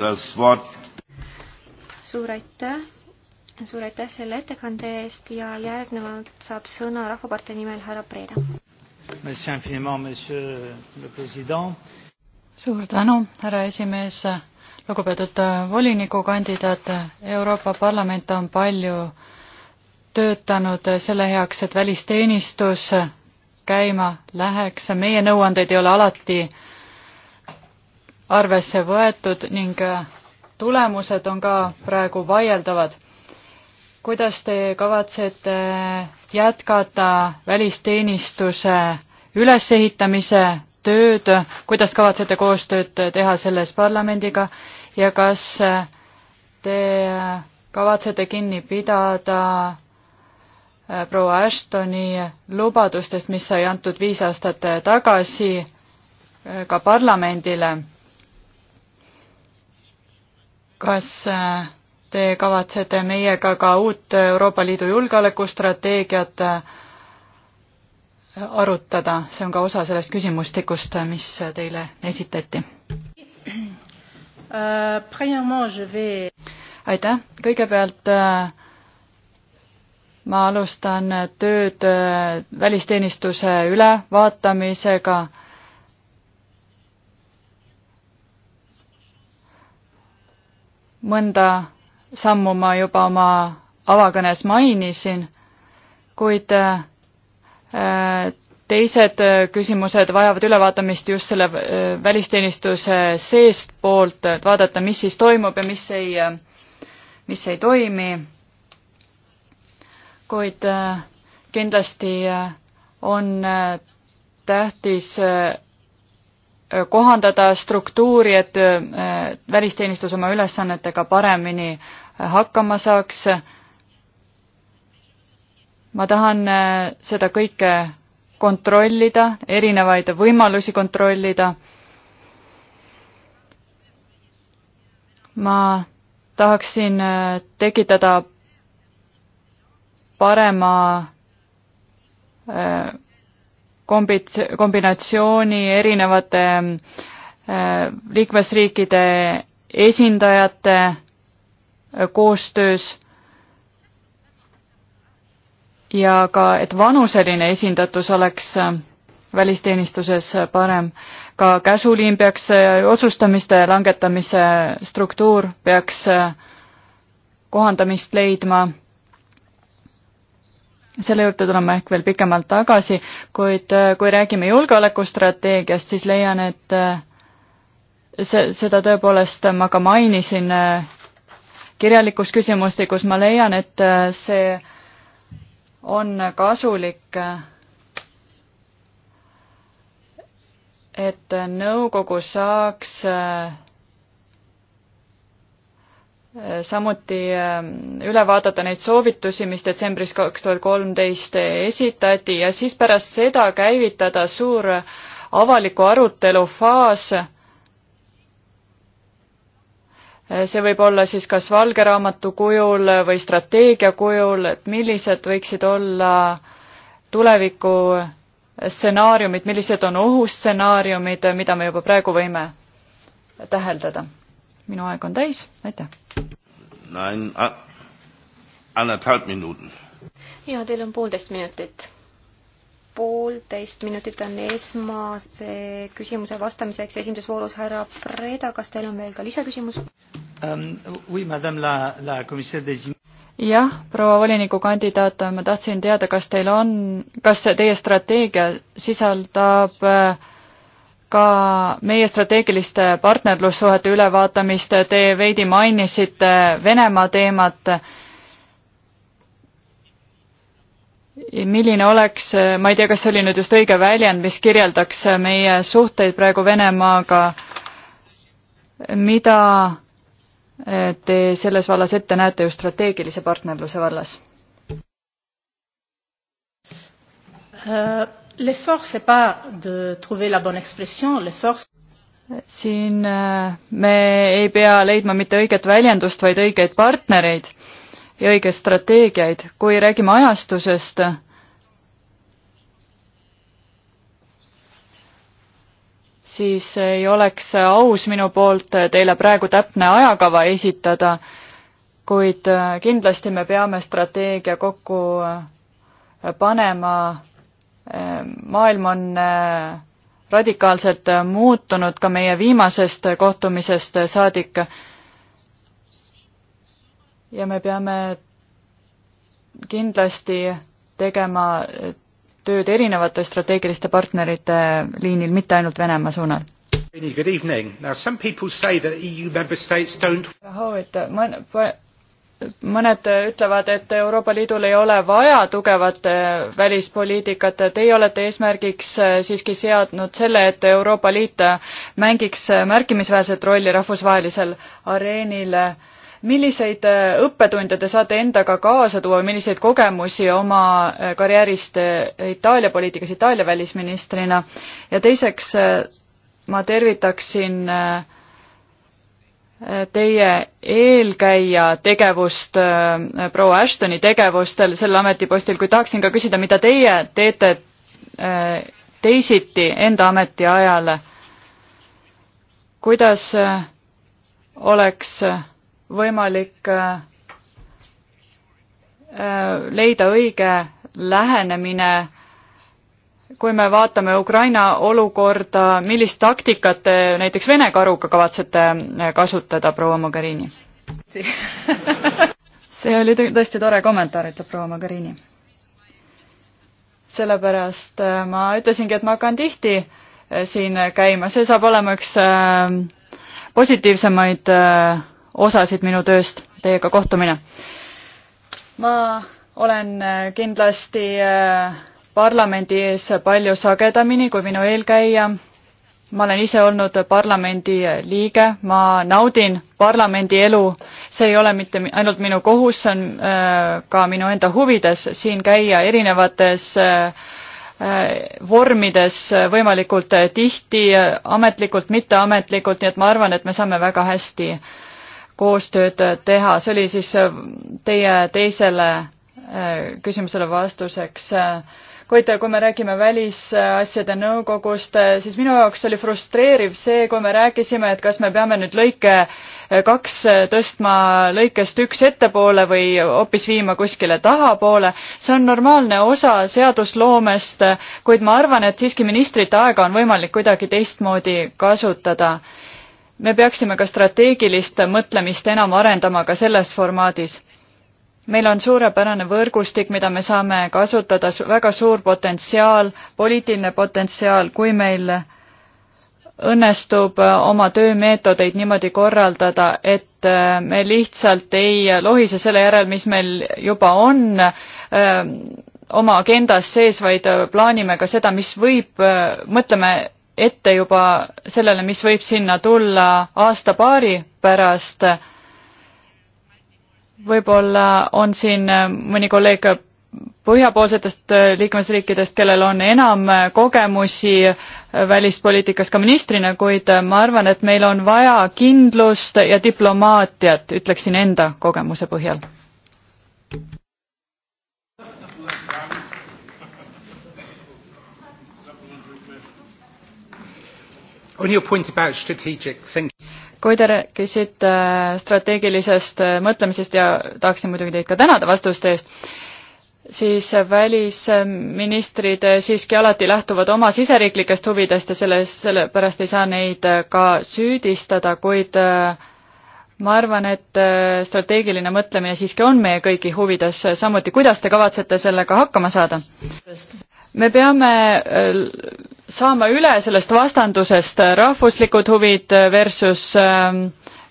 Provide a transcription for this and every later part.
das Wort. suur aitäh, suur aitäh selle ettekande eest ja järgnevalt saab sõna Rahvapartei nimel härra Preeda. suur tänu, härra esimees, lugupeetud volinikukandidaat, Euroopa Parlament on palju töötanud selle heaks, et välisteenistus käima läheks, meie nõuandeid ei ole alati äh, arvesse võetud ning äh, tulemused on ka praegu vaieldavad. kuidas te kavatsete jätkata välisteenistuse ülesehitamise tööd, kuidas kavatsete koostööd teha selles parlamendiga ja kas äh, te äh, kavatsete kinni pidada proua Ashtoni lubadustest, mis sai antud viis aastat tagasi ka parlamendile kas äh, te kavatsete meiega ka uut Euroopa Liidu julgeolekustrateegiat äh, arutada, see on ka osa sellest küsimustikust, äh, mis teile esitati. aitäh, kõigepealt ma alustan tööd välisteenistuse ülevaatamisega mõnda sammu ma juba oma avakõnes mainisin, kuid äh, teised äh, küsimused vajavad ülevaatamist just selle äh, välisteenistuse seestpoolt, et vaadata, mis siis toimub ja mis ei, mis ei toimi. kuid kindlasti on tähtis kohandada struktuuri, et välisteenistus oma ülesannetega paremini hakkama saaks. ma tahan seda kõike kontrollida, erinevaid võimalusi kontrollida. ma tahaksin tekitada parema kombits-, kombinatsiooni erinevate äh, liikmesriikide esindajate äh, koostöös ja ka, et vanuseline esindatus oleks äh, välisteenistuses parem. ka käsuliin peaks, otsustamiste langetamise struktuur peaks kohandamist leidma selle juurde tuleme ehk veel pikemalt tagasi, kuid äh, kui räägime julgeolekustrateegiast, siis leian, et äh, see, seda tõepoolest ma ka mainisin äh, kirjalikus küsimustikus, ma leian, et see on kasulik, et nõukogu saaks samuti ähm, üle vaadata neid soovitusi, mis detsembris kaks tuhat kolmteist esitati ja siis pärast seda käivitada suur avaliku arutelu faas. see võib olla siis kas valge raamatu kujul või strateegia kujul, et millised võiksid olla tuleviku stsenaariumid, millised on ohustsenaariumid, mida me juba praegu võime täheldada. minu aeg on täis, aitäh! Nein, anderthalb Minuten. ja teil on poolteist minutit. poolteist minutit on esmase küsimuse vastamiseks esimeses voorus härra Preda, kas teil on veel ka lisaküsimus um,? Oui, madame la, la commissaire des jah, proua volinikukandidaat, ma tahtsin teada, kas teil on, kas teie strateegia sisaldab äh, ka meie strateegiliste partnerlussuhete ülevaatamist, te veidi mainisite Venemaa teemat. milline oleks, ma ei tea, kas see oli nüüd just õige väljend, mis kirjeldaks meie suhteid praegu Venemaaga, mida te selles vallas ette näete just strateegilise partnerluse vallas uh...? L'effort, c'est pas de trouver la bonne expression, l'effort siin äh, me ei pea leidma mitte õiget väljendust, vaid õigeid partnereid ja õigeid strateegiaid. kui räägime ajastusest, siis ei oleks aus minu poolt teile praegu täpne ajakava esitada, kuid kindlasti me peame strateegia kokku panema maailm on äh, radikaalselt äh, muutunud ka meie viimasest kohtumisest äh, saadik. ja me peame kindlasti tegema tööd erinevate strateegiliste partnerite liinil, mitte ainult Venemaa suunal. Good evening. Now some people say that EU member states don't. Howard, mõned ütlevad, et Euroopa Liidul ei ole vaja tugevat eh, välispoliitikat, teie olete eesmärgiks eh, siiski seadnud selle, et Euroopa Liit eh, mängiks märkimisväärset rolli rahvusvahelisel areenil. milliseid õppetunde te saate endaga kaasa tuua, milliseid kogemusi oma karjäärist Itaalia poliitikas, Itaalia välisministrina ja teiseks ma tervitaksin äh, teie eelkäija tegevust, äh, proua Ashtoni tegevust sel ametipostil, kuid tahaksin ka küsida, mida teie teete äh, teisiti enda ametiajal. kuidas äh, oleks võimalik leida õige lähenemine kui me vaatame Ukraina olukorda, millist taktikat te näiteks Vene karuga kavatsete eh, kasutada, proua Mogherini? see oli tõesti tore kommentaar, ütleb proua Mogherini. sellepärast eh, ma ütlesingi, et ma hakkan tihti eh, siin käima, see saab olema üks positiivsemaid osasid minu tööst, teiega kohtumine. ma olen kindlasti äh, parlamendi ees palju sagedamini kui minu eelkäija. ma olen ise olnud parlamendi liige, ma naudin parlamendi elu, see ei ole mitte ainult minu kohus, see on äh, ka minu enda huvides siin käia erinevates äh, äh, vormides võimalikult tihti, ametlikult, mitteametlikult, nii et ma arvan, et me saame väga hästi koostööd teha, see oli siis teie teisele küsimusele vastuseks äh, kuid kui me räägime välisasjade nõukogust, siis minu jaoks oli frustreeriv see, kui me rääkisime, et kas me peame nüüd lõike kaks tõstma lõikest üks ettepoole või hoopis viima kuskile tahapoole. see on normaalne osa seadusloomest, kuid ma arvan, et siiski ministrite aega on võimalik kuidagi teistmoodi kasutada. me peaksime ka strateegilist mõtlemist enam arendama ka selles formaadis meil on suurepärane võrgustik, mida me saame kasutada, väga suur potentsiaal, poliitiline potentsiaal, kui meil õnnestub äh, oma töömeetodeid niimoodi korraldada, et äh, me lihtsalt ei lohise selle järel, mis meil juba on ähm, oma agendas sees, vaid äh, plaanime ka seda, mis võib, mõtleme ette juba sellele, mis võib sinna tulla aasta-paari pärast võib-olla on siin äh, mõni kolleeg põhjapoolsetest äh, liikmesriikidest, kellel on enam äh, kogemusi välispoliitikas ka ministrina, kuid ma arvan, et meil on vaja kindlust ja diplomaatiat, ütleksin enda kogemuse põhjal. On your point about strategic thinking kui te rääkisite äh, strateegilisest äh, mõtlemisest ja tahaksin muidugi teid ka tänada vastuste eest, siis välisministrid äh, siiski alati lähtuvad oma siseriiklikest huvidest ja selles, sellepärast ei saa neid ka süüdistada, kuid ma arvan, et strateegiline mõtlemine siiski on meie kõigi huvides, samuti kuidas te kavatsete sellega hakkama saada? me peame äh, saama üle sellest vastandusest äh, rahvuslikud huvid äh, versus ähm,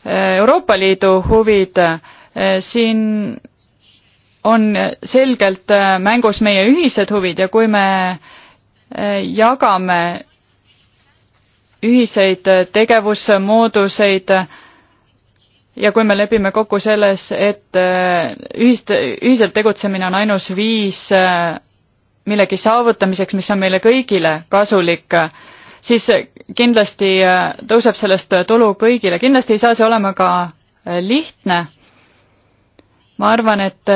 Euroopa Liidu huvid. siin on selgelt mängus meie ühised huvid ja kui me jagame ühiseid tegevusmooduseid ja kui me lepime kokku selles, et ühist, ühiselt tegutsemine on ainus viis millegi saavutamiseks, mis on meile kõigile kasulik, siis kindlasti äh, tõuseb sellest äh, tulu kõigile, kindlasti ei saa see olema ka äh, lihtne. ma arvan, et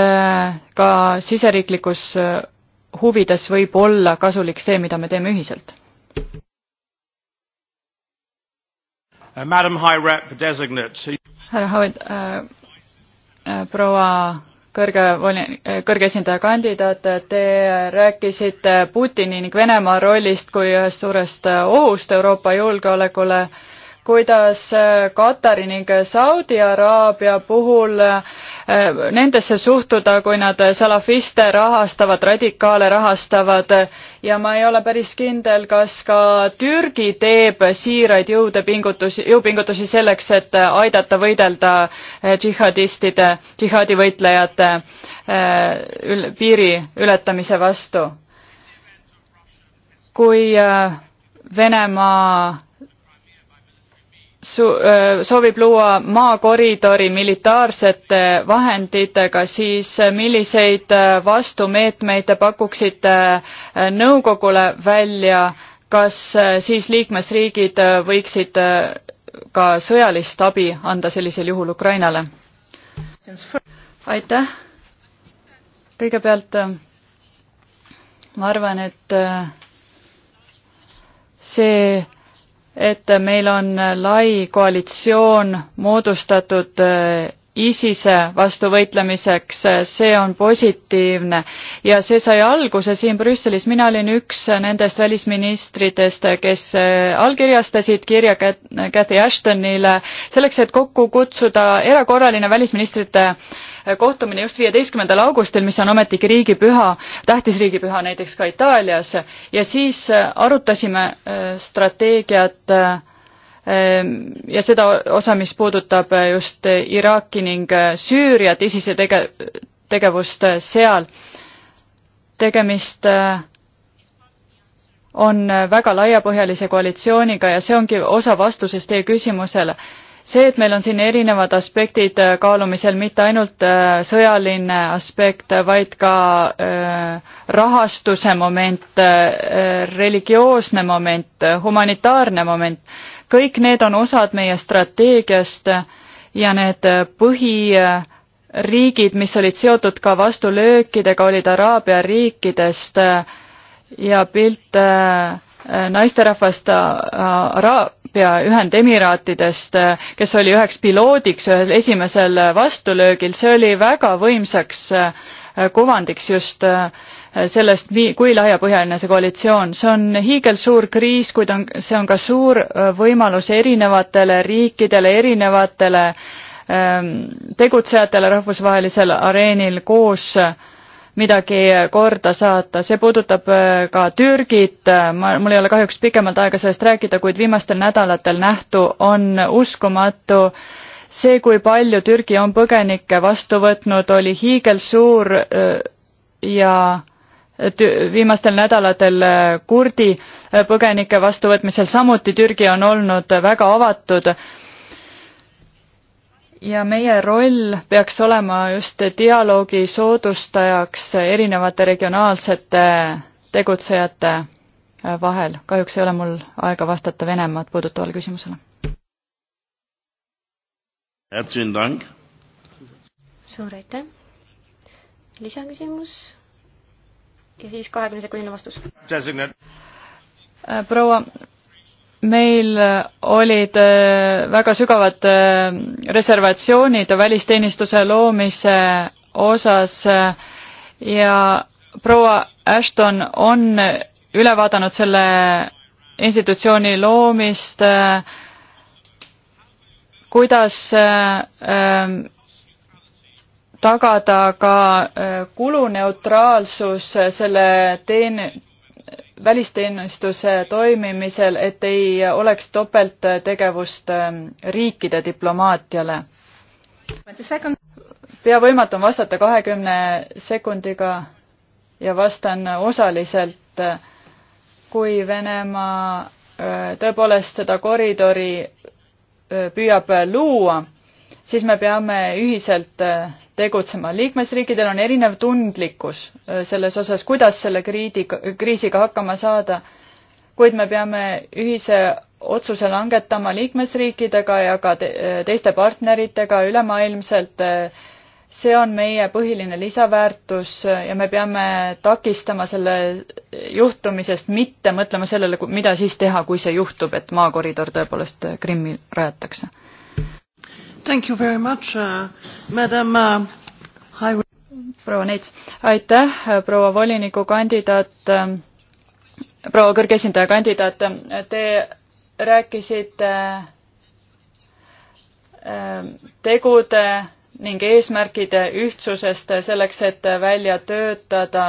ka siseriiklikus huvides võib olla kasulik see, mida me teeme ühiselt. Uh, härra Howard, proua kõrge voli-, kõrge esindaja kandidaat, te rääkisite Putini ning Venemaa rollist kui ühest suurest ohust Euroopa julgeolekule äh, kuidas äh, Katari ning Saudi Araabia puhul äh, nendesse suhtuda, kui nad salafiste rahastavad, radikaale rahastavad ja ma ei ole päris kindel, kas ka Türgi teeb siiraid jõude pingutusi, jõupingutusi selleks, et aidata võidelda äh, džihadistide, džihaadivõitlejate üle, piiri ületamise vastu. kui Venemaa su-, soovib luua maakoridori militaarsete vahenditega, siis milliseid vastumeetmeid te pakuksite nõukogule välja, kas siis liikmesriigid võiksid ka sõjalist abi anda sellisel juhul Ukrainale? aitäh! kõigepealt ma arvan, et see et meil on lai koalitsioon moodustatud äh, ISISe vastu võitlemiseks, see on positiivne ja see sai alguse siin Brüsselis, mina olin üks nendest välisministritest, kes äh, allkirjastasid kirja Cathy Ashtonile selleks, et kokku kutsuda erakorraline välisministrite äh, kohtumine just viieteistkümnendal augustil, mis on ometigi riigipüha, tähtis riigipüha näiteks ka Itaalias ja siis äh, arutasime äh, strateegiat äh, ähm, ja seda osa, mis puudutab just Iraaki ning Süüriat, ISISe tege-, tegevust seal. tegemist on väga laiapõhjalise koalitsiooniga ja see ongi osa vastusest teie küsimusele see, et meil on siin erinevad aspektid äh, kaalumisel, mitte ainult äh, sõjaline aspekt, vaid ka äh, rahastuse moment, religioosne moment, humanitaarne moment, kõik need on osad meie strateegiast ja need põhiriigid, mis olid seotud ka vastulöökidega, olid Araabia riikidest ja pilt naisterahvast Araab-, Araabia Ühendemiraatidest, kes oli üheks piloodiks ühel esimesel vastulöögil, see oli väga võimsaks äh, kuvandiks just äh, sellest, kui laiapõhjaline see koalitsioon, see on hiigelsuur kriis, kuid on, see on ka suur äh, võimalus erinevatele riikidele, erinevatele ähm, tegutsejatele rahvusvahelisel areenil koos äh, midagi korda saata, see puudutab äh, ka Türgit, äh, ma, mul ei ole kahjuks pikemalt aega sellest rääkida, kuid viimastel nädalatel nähtu on uskumatu. see, kui palju Türgi on põgenikke vastu võtnud, oli hiigelsuur äh, ja viimastel nädalatel kurdi põgenike vastuvõtmisel samuti Türgi on olnud väga avatud ja meie roll peaks olema just dialoogi soodustajaks erinevate regionaalsete tegutsejate äh, vahel. kahjuks ei ole mul aega vastata Venemaad puudutavale küsimusele. suur aitäh. lisaküsimus ja siis kahekümne sekundiline vastus. Äh, proua meil äh, olid äh, väga sügavad äh, reservatsioonid välisteenistuse loomise osas ja proua Ashton on üle vaadanud selle institutsiooni loomist, kuidas tagada ka kuluneutraalsus selle teen-, välisteenistuse toimimisel, et ei oleks topelttegevust ähm, riikide diplomaatiale. pea võimatu on vastata kahekümne sekundiga ja vastan osaliselt, äh, kui Venemaa äh, tõepoolest seda koridori äh, püüab luua, siis me peame ühiselt tegutsema. liikmesriikidel on erinev tundlikkus äh, selles osas, kuidas selle kriidiga, kriisiga hakkama saada, kuid me peame ühise otsuse langetama liikmesriikidega ja ka te teiste partneritega ülemaailmselt. Äh, see on meie põhiline lisaväärtus äh, ja me peame takistama selle juhtumisest, mitte mõtlema sellele, mida siis teha, kui see juhtub, et maakoridor tõepoolest Krimmi rajatakse Thank you very much uh,, madam uh, high proua Neits, aitäh, äh, proua volinikukandidaat, ähm, proua kõrge esindaja kandidaat, te rääkisite ähm, tegude ning eesmärkide ühtsusest selleks, et välja töötada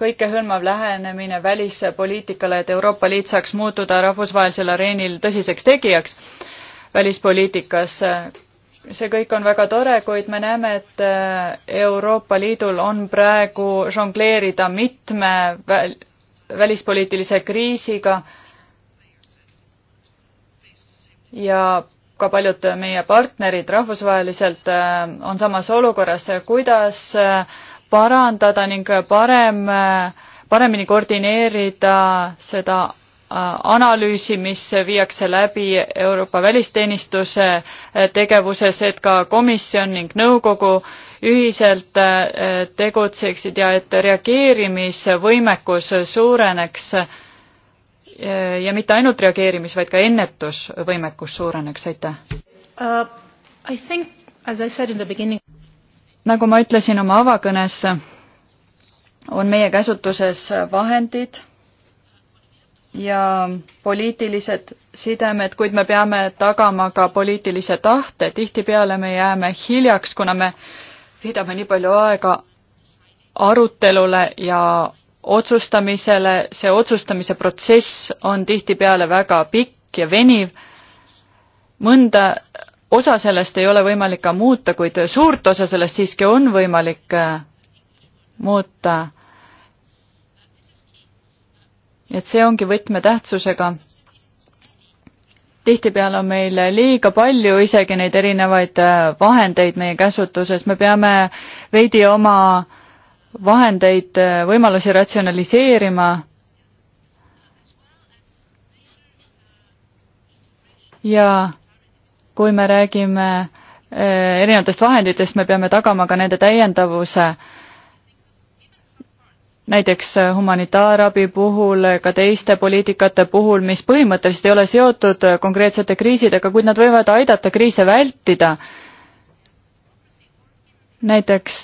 kõikehõlmav lähenemine välispoliitikale, et Euroopa Liit saaks muutuda rahvusvahelisel areenil tõsiseks tegijaks välispoliitikas. see kõik on väga tore, kuid me näeme, et äh, Euroopa Liidul on praegu žongleerida mitme väl-, välispoliitilise kriisiga ja ka paljud meie partnerid rahvusvaheliselt äh, on samas olukorras, kuidas äh, parandada ning parem, paremini koordineerida seda analüüsi, mis viiakse läbi Euroopa välisteenistuse tegevuses, et ka komisjon ning nõukogu ühiselt äh, tegutseksid ja et reageerimisvõimekus suureneks äh, ja mitte ainult reageerimis, vaid ka ennetusvõimekus suureneks, aitäh uh,! I think, as I said in the beginning nagu ma ütlesin oma avakõnes, on meie käsutuses vahendid ja poliitilised sidemed, kuid me peame tagama ka poliitilise tahte, tihtipeale me jääme hiljaks, kuna me viidame nii palju aega arutelule ja otsustamisele, see otsustamise protsess on tihtipeale väga pikk ja veniv. mõnda osa sellest ei ole võimalik ka muuta, kuid suurt osa sellest siiski on võimalik äh, muuta et see ongi võtmetähtsusega. tihtipeale on meil liiga palju isegi neid erinevaid äh, vahendeid meie käsutuses, me peame veidi oma vahendeid, äh, võimalusi ratsionaliseerima ja kui me räägime äh, erinevatest vahenditest, me peame tagama ka nende täiendavuse äh, näiteks äh, humanitaarabi puhul, äh, ka teiste poliitikate puhul, mis põhimõtteliselt ei ole seotud äh, konkreetsete kriisidega, kuid nad võivad aidata kriise vältida. näiteks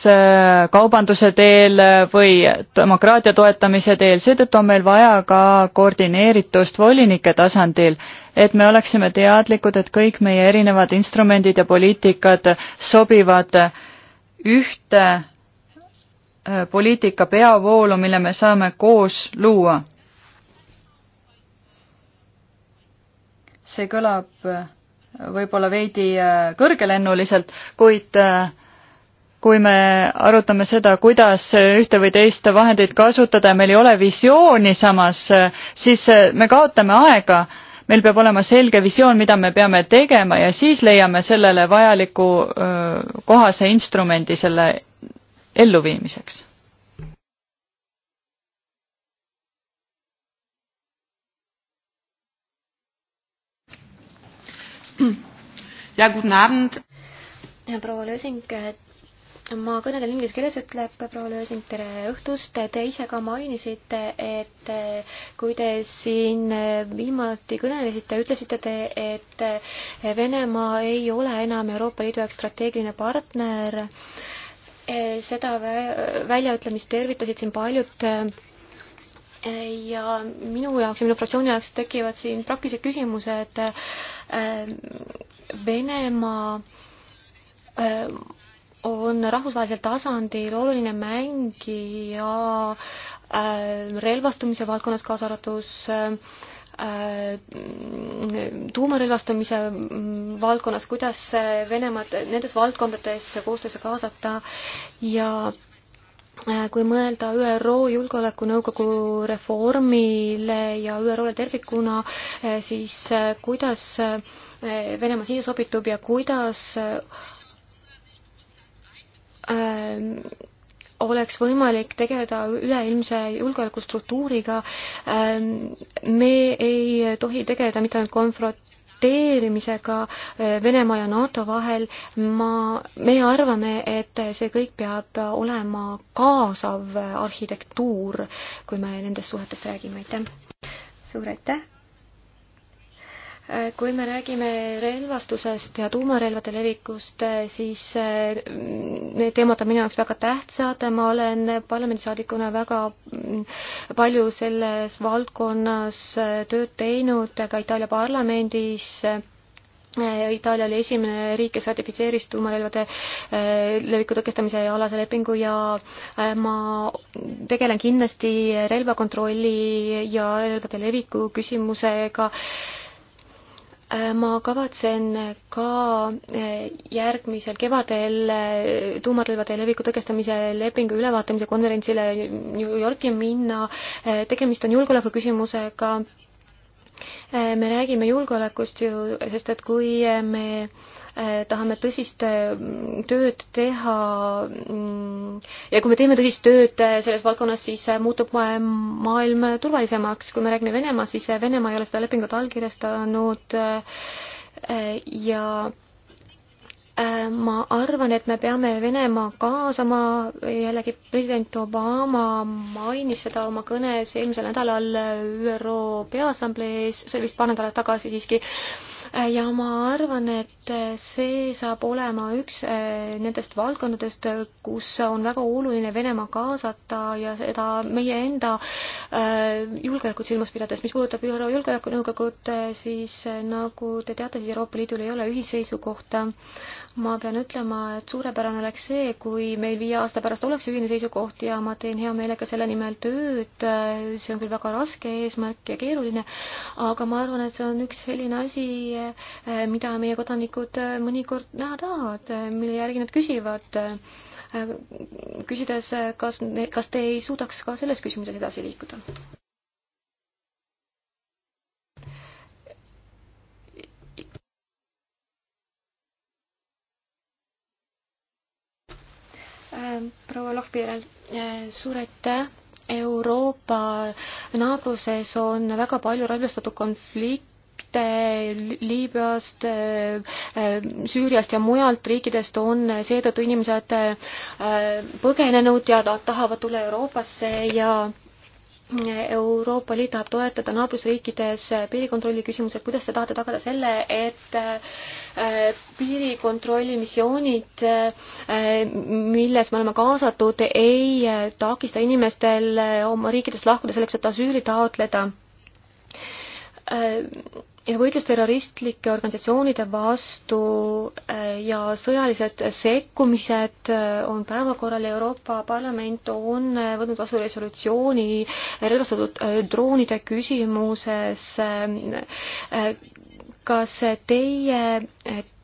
kaubanduse teel või demokraatia toetamise teel, seetõttu on meil vaja ka koordineeritust volinike tasandil, et me oleksime teadlikud, et kõik meie erinevad instrumendid ja poliitikad sobivad ühte Äh, poliitika peavoolu, mille me saame koos luua. see kõlab äh, võib-olla veidi äh, kõrgelennuliselt, kuid kui me arutame seda, kuidas ühte või teist vahendeid kasutada ja meil ei ole visiooni samas, siis me kaotame aega meil peab olema selge visioon, mida me peame tegema ja siis leiame sellele vajaliku kohase instrumendi selle elluviimiseks. ja guten Abend. proua Lösing, ma kõnelen inglise keeles, ütleb proua Lösing, tere õhtust. Te ise ka mainisite, et kui te siin viimati kõnelesite, ütlesite te, et Venemaa ei ole enam Euroopa Liidu jaoks strateegiline partner Eh, seda väljaütlemist tervitasid siin paljud eh, ja minu jaoks ja minu fraktsiooni jaoks tekivad siin praktilised küsimused. Eh, Venemaa on rahvusvahelisel tasandil oluline mängija relvastumise valdkonnas, kaasa arvatud Äh, tuumarelvastamise mm, valdkonnas, kuidas Venemaad nendes valdkondades koostöösse kaasata ja äh, kui mõelda ÜRO Julgeolekunõukogu reformile ja ÜRO-le tervikuna, äh, siis kuidas Venemaa siia sobitub ja kuidas oleks võimalik tegeleda üleilmse julgeolekustruktuuriga. Ähm, me ei tohi tegeleda mitte ainult konfront-, konfronteerimisega äh, Venemaa ja NATO vahel, ma, meie arvame, et see kõik peab olema kaasav arhitektuur, kui me nendest suhetest räägime, aitäh! suur aitäh! kui me räägime relvastusest ja tuumarelvade levikust, siis mm, need teemad on minu jaoks väga tähtsad, ma olen parlamendisaadikuna väga mm, palju selles valdkonnas tööd teinud ka Itaalia parlamendis. Itaalia oli esimene riik, kes ratifitseeris tuumarelvade eh, leviku tõkestamise alase lepingu ja eh, ma tegelen kindlasti relvakontrolli ja relvade leviku küsimusega Äh, ma kavatsen ka äh, järgmisel kevadel äh, tuumarelvade leviku tõkestamise lepingu ülevaatamise konverentsile New Yorki minna. tegemist on julgeolekuküsimusega. me räägime julgeolekust ju, sest et kui me Eh, tahame tõsist eh, tööd teha mm, ja kui me teeme tõsist tööd eh, selles valdkonnas, siis muutub maailm turvalisemaks. kui me räägime Venemaast, siis Venemaa ei ole seda lepingut allkirjastanud ja ma arvan, et me peame Venemaa kaasama, jällegi president Obama mainis seda oma kõnes eelmisel nädalal ÜRO Peaassamblee ees, see oli vist paar nädalat tagasi siiski, ja ma arvan, et see saab olema üks äh, nendest valdkondadest, kus on väga oluline Venemaa kaasata ja seda meie enda äh, julgeolekut silmas pidades. mis puudutab ÜRO Julgeolekunõukogut, äh, siis nagu te teate, siis Euroopa Liidul ei ole ühisseisukohta. ma pean ütlema, et suurepärane oleks see, kui meil viie aasta pärast oleks ühine seisukoht ja ma teen hea meelega selle nimel tööd. see on küll väga raske eesmärk ja keeruline, aga ma arvan, et see on üks selline asi, Eh, mida meie kodanikud eh, mõnikord näha tahavad, eh, mille järgi nad küsivad, küsides, kas, kas te ei suudaks ka selles küsimuses edasi liikuda? Äh, proua Lohbirel, äh, suur aitäh Euroopa naabruses on väga palju relvastatud konflikte konflikte Liibüast, eh, eh, eh, Süüriast ja mujalt riikidest on seetõttu inimesed põgenenud ja tahavad tulla Euroopasse ja Euroopa Liit tahab toetada naabrusriikides piirikontrolli küsimused, kuidas te tahate tagada selle, et piirikontrolli missioonid, milles me oleme kaasatud, ei takista inimestel oma riikidest lahkuda selleks, et asüüli taotleda? võitlus terroristlike organisatsioonide vastu eh, ja sõjalised sekkumised eh, on päevakorral ja Euroopa Parlament on eh, võtnud vastu resolutsiooni relvastatud droonide küsimuses kas teie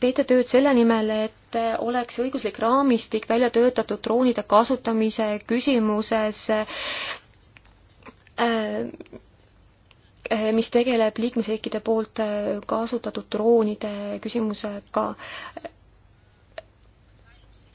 teete tööd selle nimel, et oleks õiguslik raamistik välja töötatud droonide kasutamise küsimuses äh, Eh, mis tegeleb liikmesriikide poolt eh, kasutatud droonide küsimusega ka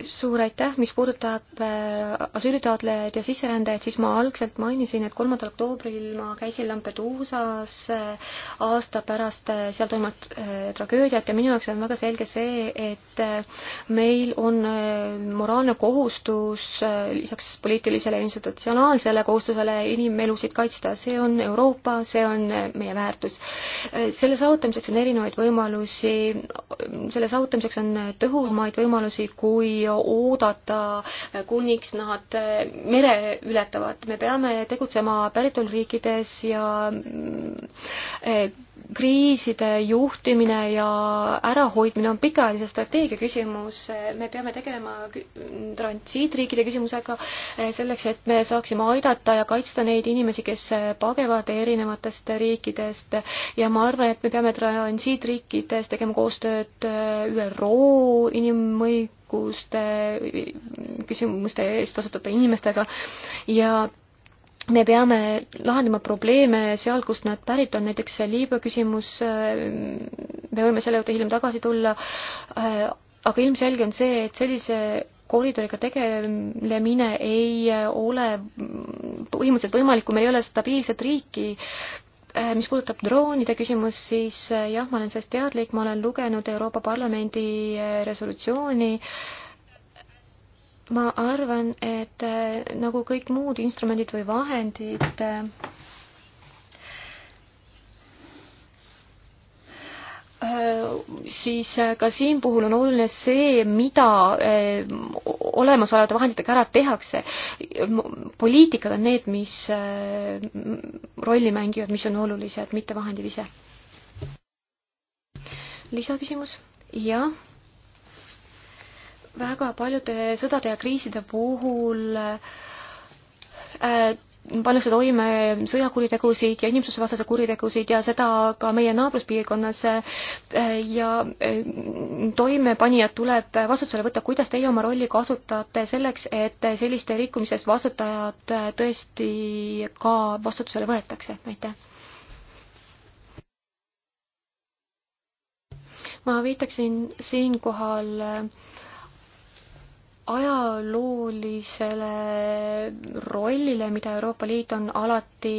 suur aitäh, mis puudutab äh, asüülitaotlejaid ja sisserändajaid, siis ma algselt mainisin, et kolmandal oktoobril ma käisin Lampeduusas äh, aasta pärast äh, seal toimunud tragöödiat ja minu jaoks on väga selge see, et meil on moraalne kohustus lisaks poliitilisele ja institutsionaalsele kohustusele inimelusid kaitsta, see on Euroopa, see on meie väärtus. selle saavutamiseks on erinevaid võimalusi, selle saavutamiseks on tõhumaid võimalusi kui oodata, kuniks nad mere ületavad. me peame tegutsema päritoluriikides ja mm, kriiside juhtimine ja ärahoidmine on pikaajalise strateegia küsimus. me peame tegelema transiitriikide küsimusega eh, selleks, et me saaksime aidata ja kaitsta neid inimesi, kes eh, pagevad erinevatest riikidest ja ma arvan, et me peame transiitriikides tegema koostööd eh, ÜRO inimõiguste küsimuste eest vastutavate inimestega ja me peame lahendama probleeme seal, kust nad pärit on, näiteks Liibüa küsimus, äh, me võime selle juurde hiljem tagasi tulla, äh, aga ilmselge on see, et sellise koridoriga tegelemine ei ole põhimõtteliselt võimalik, kui meil ei ole stabiilset riiki, äh, mis puudutab droonide küsimust, siis jah, ma olen sellest teadlik, ma olen lugenud Euroopa Parlamendi resolutsiooni äh, ma arvan, et äh, nagu kõik muud instrumendid või vahendid, äh, äh, siis ka siin puhul on oluline see, mida olemasolevate vahenditega ära tehakse. poliitikad on need, mis rolli mängivad, mis on olulised, mitte vahendid ise. lisaküsimus? jah väga paljude sõdade ja kriiside puhul äh, pannakse toime sõjakuritegusid ja inimsusevastase kuritegusid ja seda ka meie naabruspiirkonnas äh, ja äh, toimepanijad tuleb vastutusele võtta, kuidas teie oma rolli kasutate selleks, et selliste rikkumiste eest vastutajad tõesti ka vastutusele võetakse, aitäh? ma viitaksin siinkohal äh, ajaloolisele rollile, mida Euroopa Liit on alati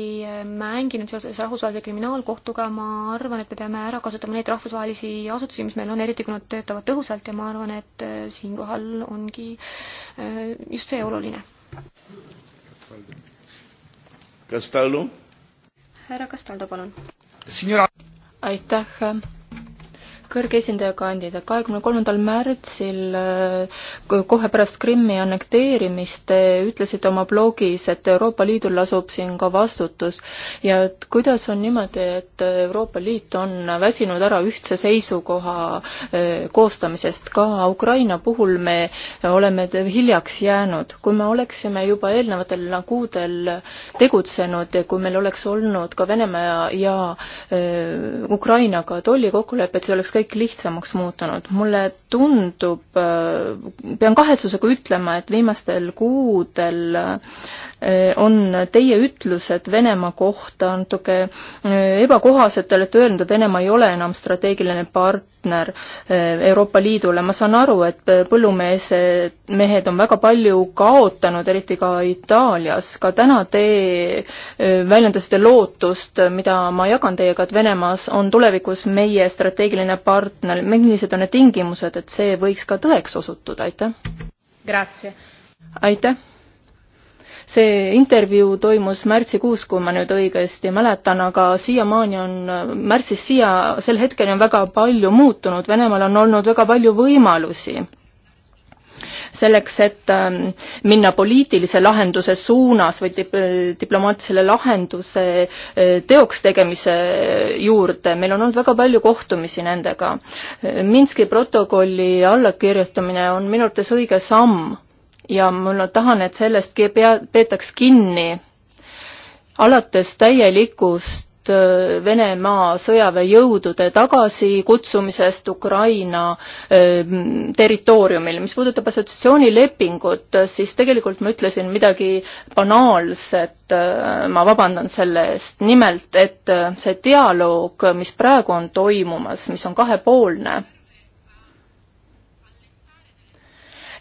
mänginud seoses rahvusvahelise kriminaalkohtuga, ma arvan, et me peame ära kasutama neid rahvusvahelisi asutusi, mis meil on, eriti kui nad töötavad tõhusalt ja ma arvan, et äh, siinkohal ongi äh, just see oluline. Castaldo. härra Castaldo, palun. aitäh kõrge esindaja kandidaat, kahekümne kolmandal märtsil äh, kohe pärast Krimmi annekteerimist te ütlesite oma blogis, et Euroopa Liidul lasub siin ka vastutus ja et kuidas on niimoodi, et Euroopa Liit on väsinud ära ühtse seisukoha äh, koostamisest, ka Ukraina puhul me oleme hiljaks jäänud. kui me oleksime juba eelnevatel kuudel tegutsenud ja kui meil oleks olnud ka Venemaa ja äh, Ukrainaga tollikokkulepped, see oleks kõik kõik lihtsamaks muutunud. mulle tundub, äh, pean kahetsusega ütlema, et viimastel kuudel Äh, on teie ütlused Venemaa kohta natuke äh, ebakohased, te olete öelnud, et Venemaa ei ole enam strateegiline partner äh, Euroopa Liidule, ma saan aru, et põllumeesed, mehed on väga palju kaotanud, eriti ka Itaalias, ka täna te väljendasite lootust, mida ma jagan teiega, et Venemaas on tulevikus meie strateegiline partner, millised on need tingimused, et see võiks ka tõeks osutuda, aitäh! aitäh! see intervjuu toimus märtsikuus, kui ma nüüd õigesti mäletan, aga siiamaani on, märtsist siia, sel hetkel on väga palju muutunud, Venemaal on olnud väga palju võimalusi selleks, et ähm, minna poliitilise lahenduse suunas või dip-, diplomaatilise lahenduse äh, teoks tegemise juurde, meil on olnud väga palju kohtumisi nendega. Äh, Minski protokolli allakirjutamine on minu arvates õige samm ja ma tahan, et sellest pea, peetaks kinni alates täielikust äh, Venemaa sõjaväejõudude tagasikutsumisest Ukraina ähm, territooriumil. mis puudutab assotsiatsioonilepingut, siis tegelikult ma ütlesin midagi banaalset, äh, ma vabandan selle eest, nimelt et äh, see dialoog, mis praegu on toimumas, mis on kahepoolne,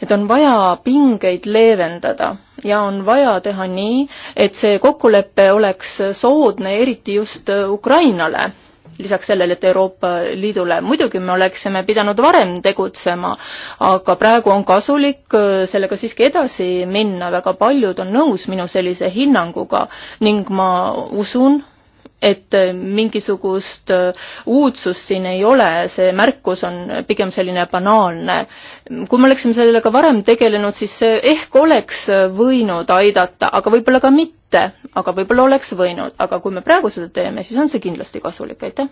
et on vaja pingeid leevendada ja on vaja teha nii, et see kokkulepe oleks soodne, eriti just Ukrainale lisaks sellele, et Euroopa Liidule. muidugi me oleksime pidanud varem tegutsema, aga praegu on kasulik sellega siiski edasi minna, väga paljud on nõus minu sellise hinnanguga ning ma usun, et äh, mingisugust äh, uudsust siin ei ole, see märkus on pigem selline banaalne. kui me oleksime sellega varem tegelenud, siis see ehk oleks võinud aidata, aga võib-olla ka mitte, aga võib-olla oleks võinud, aga kui me praegu seda teeme, siis on see kindlasti kasulik, aitäh.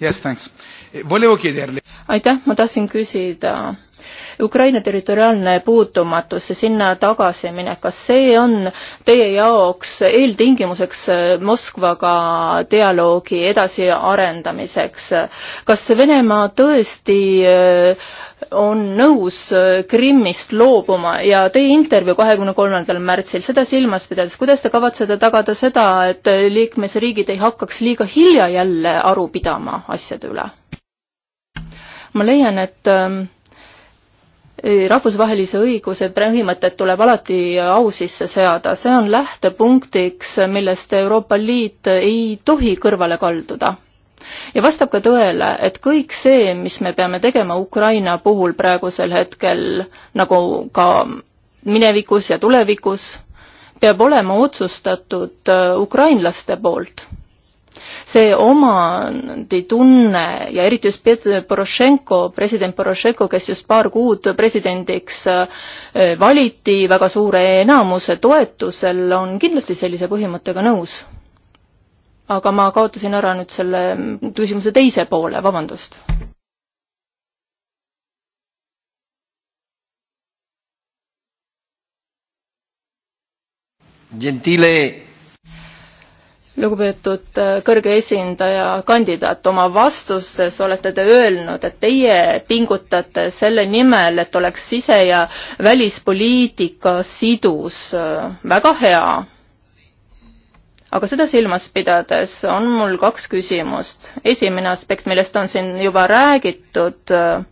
Yes, thanks. Eh, volevo chiederle. aitäh, ma tahtsin küsida Ukraina territoriaalne puutumatus ja sinna tagasiminek, kas see on teie jaoks eeltingimuseks Moskvaga dialoogi edasiarendamiseks? kas Venemaa tõesti äh, on nõus Krimmist loobuma ja teie intervjuu kahekümne kolmandal märtsil, seda silmas pidades, kuidas te kavatsete tagada seda, et liikmesriigid ei hakkaks liiga hilja jälle aru pidama asjade üle? ma leian, et ähm, rahvusvahelise õiguse põhimõtted tuleb alati au sisse seada, see on lähtepunktiks, millest Euroopa Liit ei tohi kõrvale kalduda. ja vastab ka tõele, et kõik see, mis me peame tegema Ukraina puhul praegusel hetkel, nagu ka minevikus ja tulevikus, peab olema otsustatud äh, ukrainlaste poolt see omanditunne ja eriti just Petr Porošenko, president Porošenko, kes just paar kuud presidendiks äh, valiti väga suure enamuse toetusel, on kindlasti sellise põhimõttega nõus. aga ma kaotasin ära nüüd selle küsimuse teise poole, vabandust. Gentile lugupeetud äh, kõrge esindaja kandidaat, oma vastustes olete te öelnud, et teie pingutate selle nimel, et oleks sise- ja välispoliitika sidus. Äh, väga hea. aga seda silmas pidades on mul kaks küsimust. esimene aspekt, millest on siin juba räägitud, äh,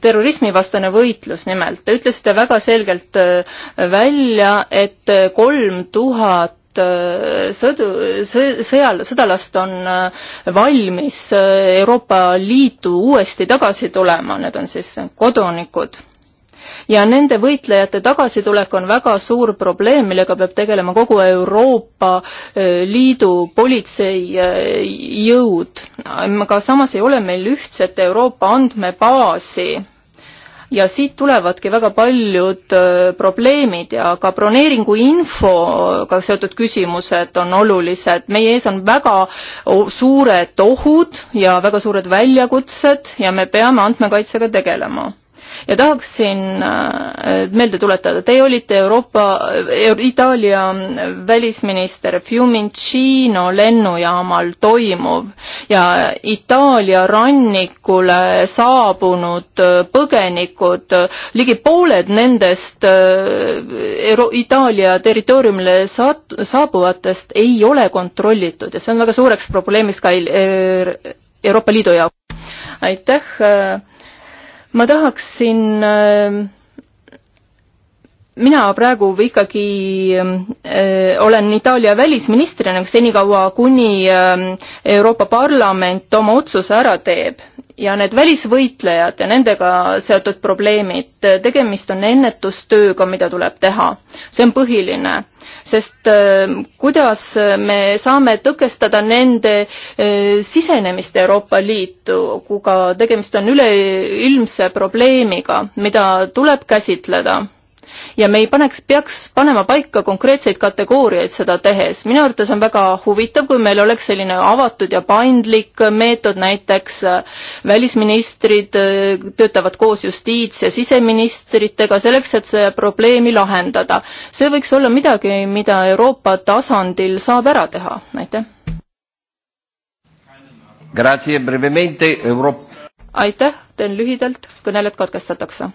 terrorismivastane võitlus nimelt. Te ütlesite väga selgelt välja, et kolm tuhat tuhat äh, sõdu, sõjal, sõdalast on äh, valmis äh, Euroopa Liitu uuesti tagasi tulema, need on siis kodanikud. ja nende võitlejate tagasitulek on väga suur probleem, millega peab tegelema kogu Euroopa Liidu politseijõud. aga samas ei ole meil ühtset Euroopa andmebaasi ja siit tulevadki väga paljud äh, probleemid ja ka broneeringu infoga seotud küsimused on olulised. meie ees on väga suured ohud ja väga suured väljakutsed ja me peame andmekaitsega tegelema ja tahaksin äh, meelde tuletada, teie olite Euroopa, Itaalia välisminister Fiumicino lennujaamal toimuv ja Itaalia rannikule saabunud äh, põgenikud, ligi pooled nendest äh, Euro-, Itaalia territooriumile saat-, saabuvatest ei ole kontrollitud ja see on väga suureks probleemiks ka Euroopa Liidu jaoks. aitäh ma tahaksin ähm, mina praegu ikkagi ähm, äh, olen Itaalia välisministrina senikaua, kuni äh, Euroopa Parlament oma otsuse ära teeb ja need välisvõitlejad ja nendega seotud probleemid, tegemist on ennetustööga, mida tuleb teha. see on põhiline, sest ähm, kuidas me saame tõkestada nende äh, sisenemist Euroopa Liitu, kui ka tegemist on üleilmse probleemiga, mida tuleb käsitleda ja me ei paneks, peaks panema paika konkreetseid kategooriaid seda tehes. minu arvates on väga huvitav, kui meil oleks selline avatud ja paindlik meetod, näiteks äh, välisministrid äh, töötavad koos justiits- ja siseministritega selleks, et see probleemi lahendada. see võiks olla midagi, mida Euroopa tasandil saab ära teha, aitäh. aitäh, teen lühidalt, kõneled katkestatakse.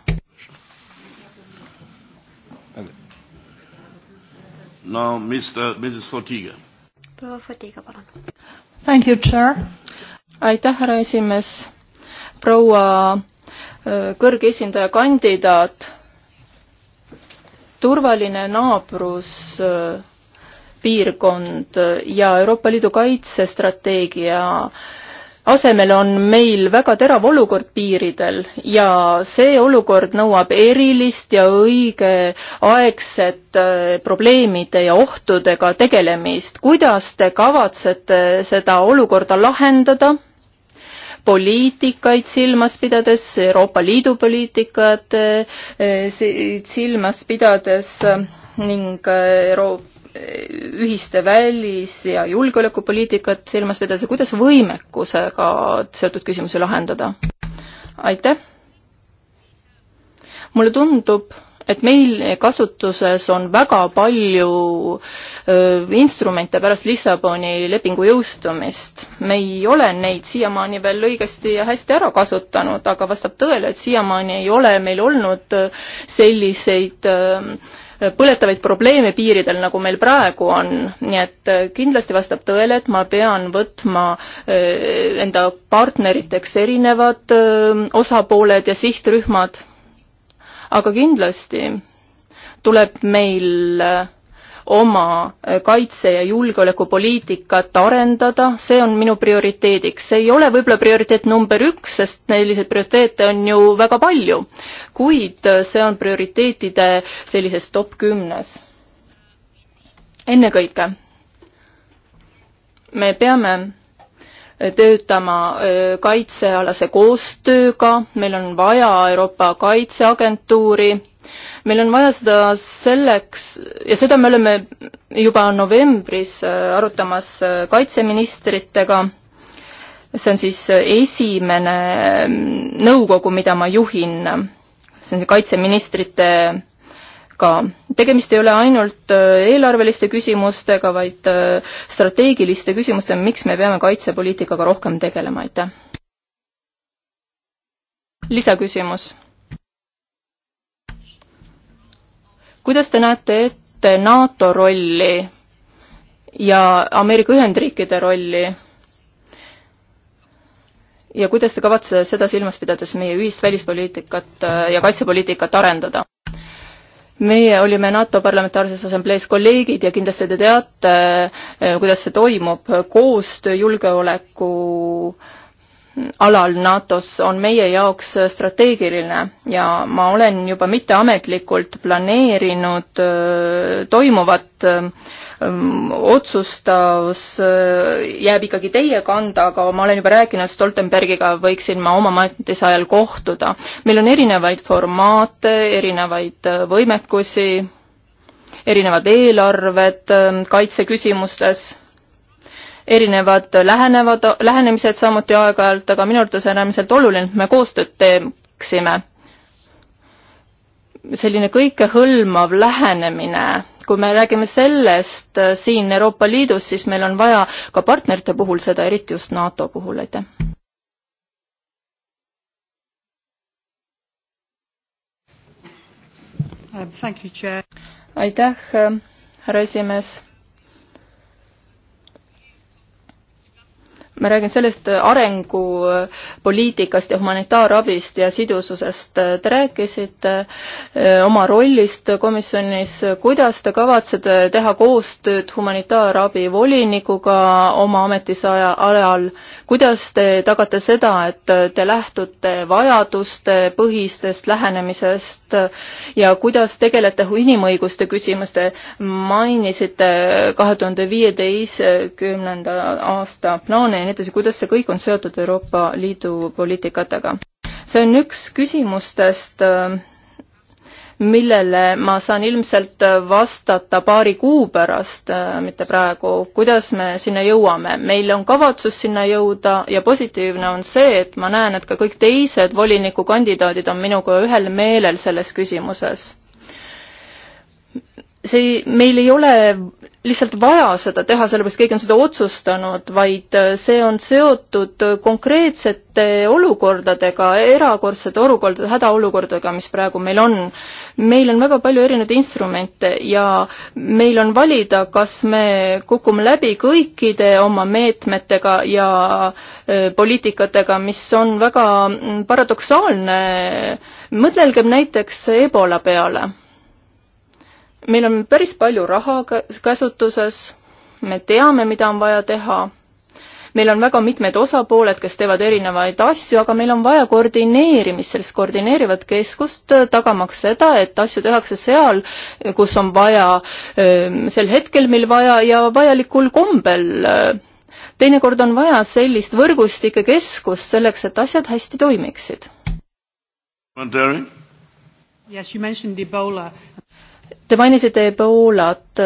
Now Mr, Mrs Fotiga. proua Fotiga, palun. Thank you, chair. aitäh, härra esimees. proua äh, kõrge esindaja kandidaat, turvaline naabrus äh, piirkond äh, ja Euroopa Liidu kaitsestrateegia asemel on meil väga terav olukord piiridel ja see olukord nõuab erilist ja õigeaegset äh, probleemide ja ohtudega tegelemist. kuidas te kavatsete seda olukorda lahendada? poliitikaid silmas pidades, Euroopa Liidu poliitikat äh, silmas pidades äh, ning Euroopa ühiste välis- ja julgeolekupoliitikat silmas pidades ja kuidas võimekusega seotud küsimusi lahendada? aitäh! mulle tundub, et meil kasutuses on väga palju öö, instrumente pärast Lissaboni lepingu jõustumist. me ei ole neid siiamaani veel õigesti ja hästi ära kasutanud, aga vastab tõele, et siiamaani ei ole meil olnud selliseid öö, põletavaid probleeme piiridel, nagu meil praegu on. nii et äh, kindlasti vastab tõele, et ma pean võtma äh, enda partneriteks erinevad äh, osapooled ja sihtrühmad. aga kindlasti tuleb meil oma kaitse- ja julgeolekupoliitikat arendada, see on minu prioriteediks. see ei ole võib-olla prioriteet number üks, sest selliseid prioriteete on ju väga palju, kuid see on prioriteetide sellises top kümnes. ennekõike me peame töötama kaitsealase koostööga, meil on vaja Euroopa Kaitseagentuuri meil on vaja seda selleks ja seda me oleme juba novembris äh, arutamas äh, kaitseministritega, see on siis äh, esimene mm, nõukogu, mida ma juhin, see on see kaitseministrite ka. tegemist ei ole ainult eelarveliste küsimustega, vaid strateegiliste küsimustega, miks me peame kaitsepoliitikaga rohkem tegelema, aitäh. lisaküsimus. kuidas te näete ette NATO rolli ja Ameerika Ühendriikide rolli? ja kuidas te kavatsete seda silmas pidades meie ühist välispoliitikat äh, ja kaitsepoliitikat arendada? meie olime NATO Parlamentaarses Assamblees kolleegid ja kindlasti te teate, äh, kuidas see toimub, koostöö julgeoleku äh, alal NATO-s on meie jaoks strateegiline ja ma olen juba mitteametlikult planeerinud äh, toimuvat ähm, otsustavus äh, jääb ikkagi teie kanda, aga ma olen juba rääkinud Stoltenbergiga, võiksin ma oma ametisse ajal kohtuda. meil on erinevaid formaate, erinevaid äh, võimekusi, erinevad eelarved kaitseküsimustes erinevad lähenevad, lähenemised samuti aeg-ajalt, aga minu arvates on äärmiselt oluline, et me koostööd teeksime. selline kõikehõlmav lähenemine, kui me räägime sellest äh, siin Euroopa Liidus, siis meil on vaja ka partnerite puhul seda, eriti just NATO puhul, aitäh. aitäh, äh, härra esimees ma räägin sellest arengupoliitikast ja humanitaarabist ja sidususest. Te rääkisite äh, oma rollist komisjonis, kuidas te kavatsete teha koostööd humanitaarabi volinikuga oma ametisse ajal, kuidas te tagate seda, et te lähtute vajadustepõhistest lähenemisest ja kuidas tegelete inimõiguste küsimuste, mainisite kahe tuhande viieteistkümnenda aasta plaani ja nii edasi, kuidas see kõik on seotud Euroopa Liidu poliitikatega? see on üks küsimustest, äh, millele ma saan ilmselt vastata paari kuu pärast, äh, mitte praegu, kuidas me sinna jõuame. meil on kavatsus sinna jõuda ja positiivne on see, et ma näen, et ka kõik teised volinikukandidaadid on minuga ühel meelel selles küsimuses see, meil ei ole lihtsalt vaja seda teha, sellepärast keegi on seda otsustanud, vaid äh, see on seotud äh, konkreetsete olukordadega, erakordsete olukordade, hädaolukordadega, mis praegu meil on. meil on väga palju erinevaid instrumente ja meil on valida, kas me kukume läbi kõikide oma meetmetega ja äh, poliitikatega, mis on väga mm, paradoksaalne. mõtelgem näiteks Ebola peale meil on päris palju raha käsutuses, me teame, mida on vaja teha, meil on väga mitmed osapooled, kes teevad erinevaid asju, aga meil on vaja koordineerimist, sellist koordineerivat keskust, tagamaks seda, et asju tehakse seal, kus on vaja, sel hetkel, mil vaja ja vajalikul kombel. teinekord on vaja sellist võrgustike keskust selleks, et asjad hästi toimiksid. Yes, you mentioned Ebola Te mainisite Ebolat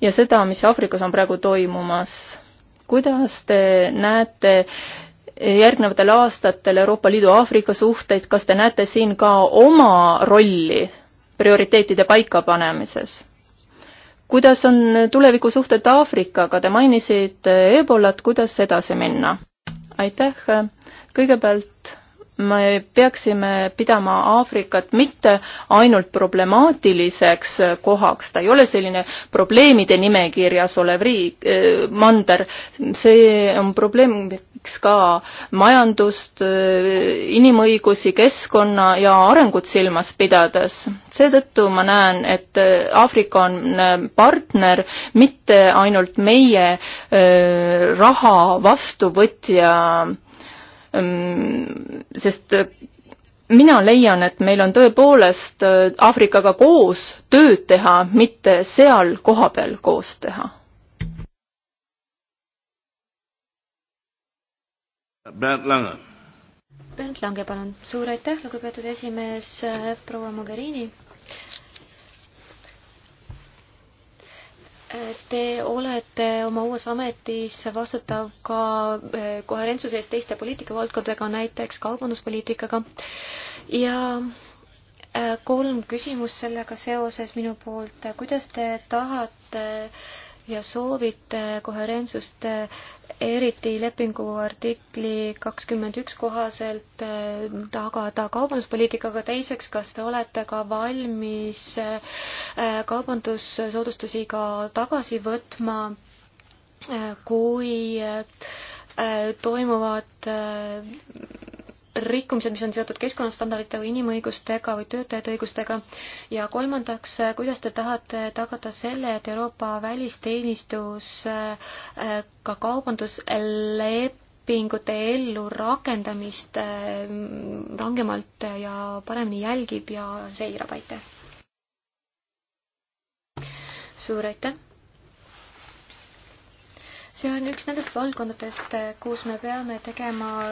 ja seda, mis Aafrikas on praegu toimumas. kuidas te näete järgnevatel aastatel Euroopa Liidu Aafrika suhteid, kas te näete siin ka oma rolli prioriteetide paikapanemises? kuidas on tulevikusuhted Aafrikaga, te mainisite Ebolat, kuidas edasi minna? aitäh, kõigepealt me peaksime pidama Aafrikat mitte ainult problemaatiliseks kohaks, ta ei ole selline probleemide nimekirjas olev riik, äh, mander, see on probleemiks ka majandust, äh, inimõigusi, keskkonna ja arengut silmas pidades. seetõttu ma näen, et äh, Aafrika on partner, mitte ainult meie raha vastuvõtja Ehm, sest äh, mina leian, et meil on tõepoolest äh, Aafrikaga koos tööd teha, mitte seal kohapeal koos teha. Bernd Lange. Bernd Lange, palun. suur aitäh, lugupeetud esimees, äh, proua Mogherini Te olete oma uues ametis vastutav ka eh, koherentsuse eest teiste poliitikavaldkondadega, näiteks kaubanduspoliitikaga. ja eh, kolm küsimust sellega seoses minu poolt. kuidas te tahate ja soovite koherentsust eriti lepingu artikli kakskümmend üks kohaselt äh, tagada kaubanduspoliitikaga, teiseks, kas te olete ka valmis äh, kaubandussoodustusi ka tagasi võtma, äh, kui toimuvad rikkumised, mis on seotud keskkonnastandardite või inimõigustega või töötajate õigustega. ja kolmandaks, äh, kuidas te tahate tagada selle, et Euroopa välisteenistus äh, ka kaubanduslepingute ellurakendamist äh, rangemalt ja paremini jälgib ja seirab, aitäh! suur aitäh! see on üks nendest valdkondadest, eh, kus me peame tegema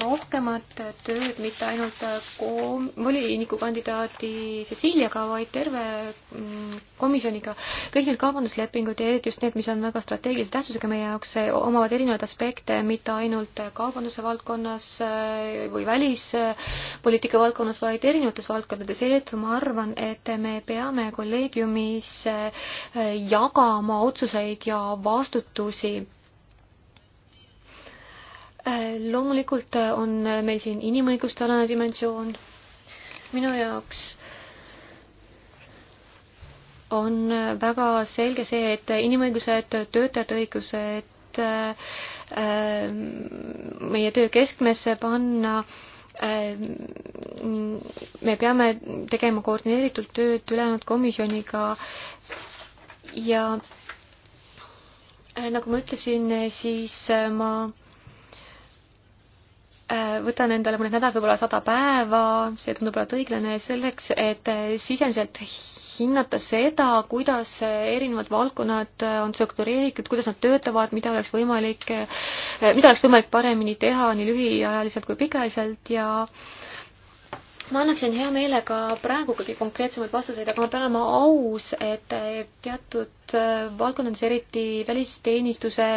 rohkemat tööd, mitte ainult eh, volinikukandidaati Cecilia'ga, vaid terve mm, komisjoniga. kõik need kaubanduslepingud ja eriti just need, mis on väga strateegilise tähtsusega meie jaoks, eh, omavad erinevaid aspekte, mitte ainult kaubanduse valdkonnas või välispoliitika valdkonnas, vaid erinevates valdkondades. seetõttu ma arvan, et me peame kolleegiumis jagama otsuseid ja vastutusi Äh, loomulikult äh, on meil siin inimõiguste alane dimensioon. minu jaoks on äh, väga selge see, et inimõigused, töötajate õigused meie töö keskmesse panna. me peame tegema koordineeritult tööd ülejäänud komisjoniga ja nagu ma ütlesin, siis ma Äh, võtan endale mõned nädalad, võib-olla sada päeva, see tundub olevat õiglane, selleks, et äh, sisemiselt hinnata seda, kuidas äh, erinevad valdkonnad on struktureeritud, kuidas nad töötavad, mida oleks võimalik, mida oleks võimalik paremini teha nii lühiajaliselt kui pikaajaliselt ja ma annaksin hea meelega praegu kõige konkreetsemaid vastuseid, aga ma pean olema aus, et teatud valdkondades, eriti välisteenistuse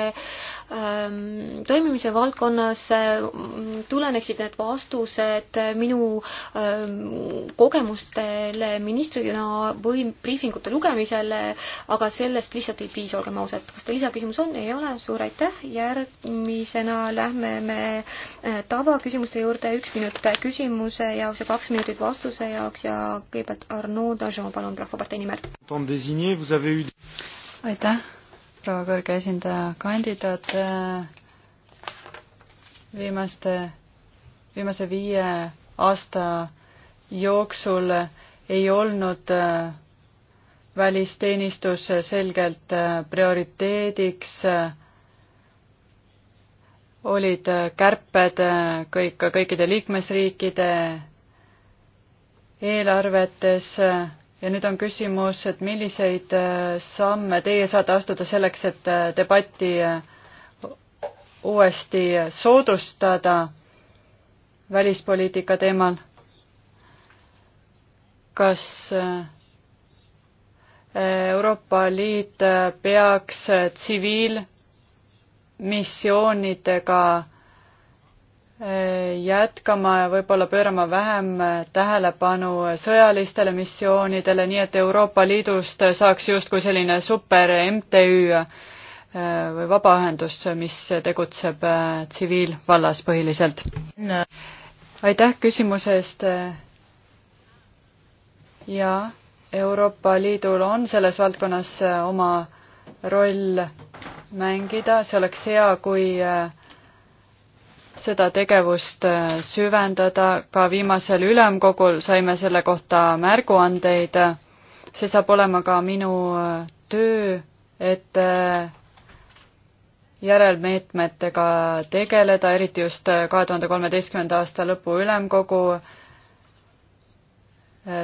Ähm, toimimise valdkonnas äh, tuleneksid need vastused minu ähm, kogemustele ministrina või briifingute lugemisele, aga sellest lihtsalt ei piisa, olgem ausad. kas teil lisaküsimus on? ei ole, suur aitäh. järgmisena lähme me äh, tavaküsimuste juurde, üks minut küsimuse jaoks ja kaks minutit vastuse jaoks ja kõigepealt Arnaud Dajon, palun, Rahvapartei nimel. aitäh proua kõrge esindaja kandidaat äh, viimaste, viimase viie aasta jooksul ei olnud äh, välisteenistus selgelt äh, prioriteediks, olid kärped kõik, kõikide liikmesriikide eelarvetes ja nüüd on küsimus, et milliseid äh, samme teie saate astuda selleks, et äh, debatti äh, uuesti soodustada välispoliitika teemal? kas Euroopa Liit peaks tsiviilmissioonidega jätkama ja võib-olla pöörama vähem tähelepanu sõjalistele missioonidele, nii et Euroopa Liidust saaks justkui selline super MTÜ äh, või vabaühendus, mis tegutseb äh, tsiviilvallas põhiliselt no.. aitäh küsimuse eest. ja Euroopa Liidul on selles valdkonnas äh, oma roll mängida, see oleks hea, kui äh, seda tegevust äh, süvendada, ka viimasel ülemkogul saime selle kohta märguandeid. see saab olema ka minu äh, töö, et äh, järelmeetmetega tegeleda, eriti just kahe tuhande kolmeteistkümnenda aasta lõpu ülemkogu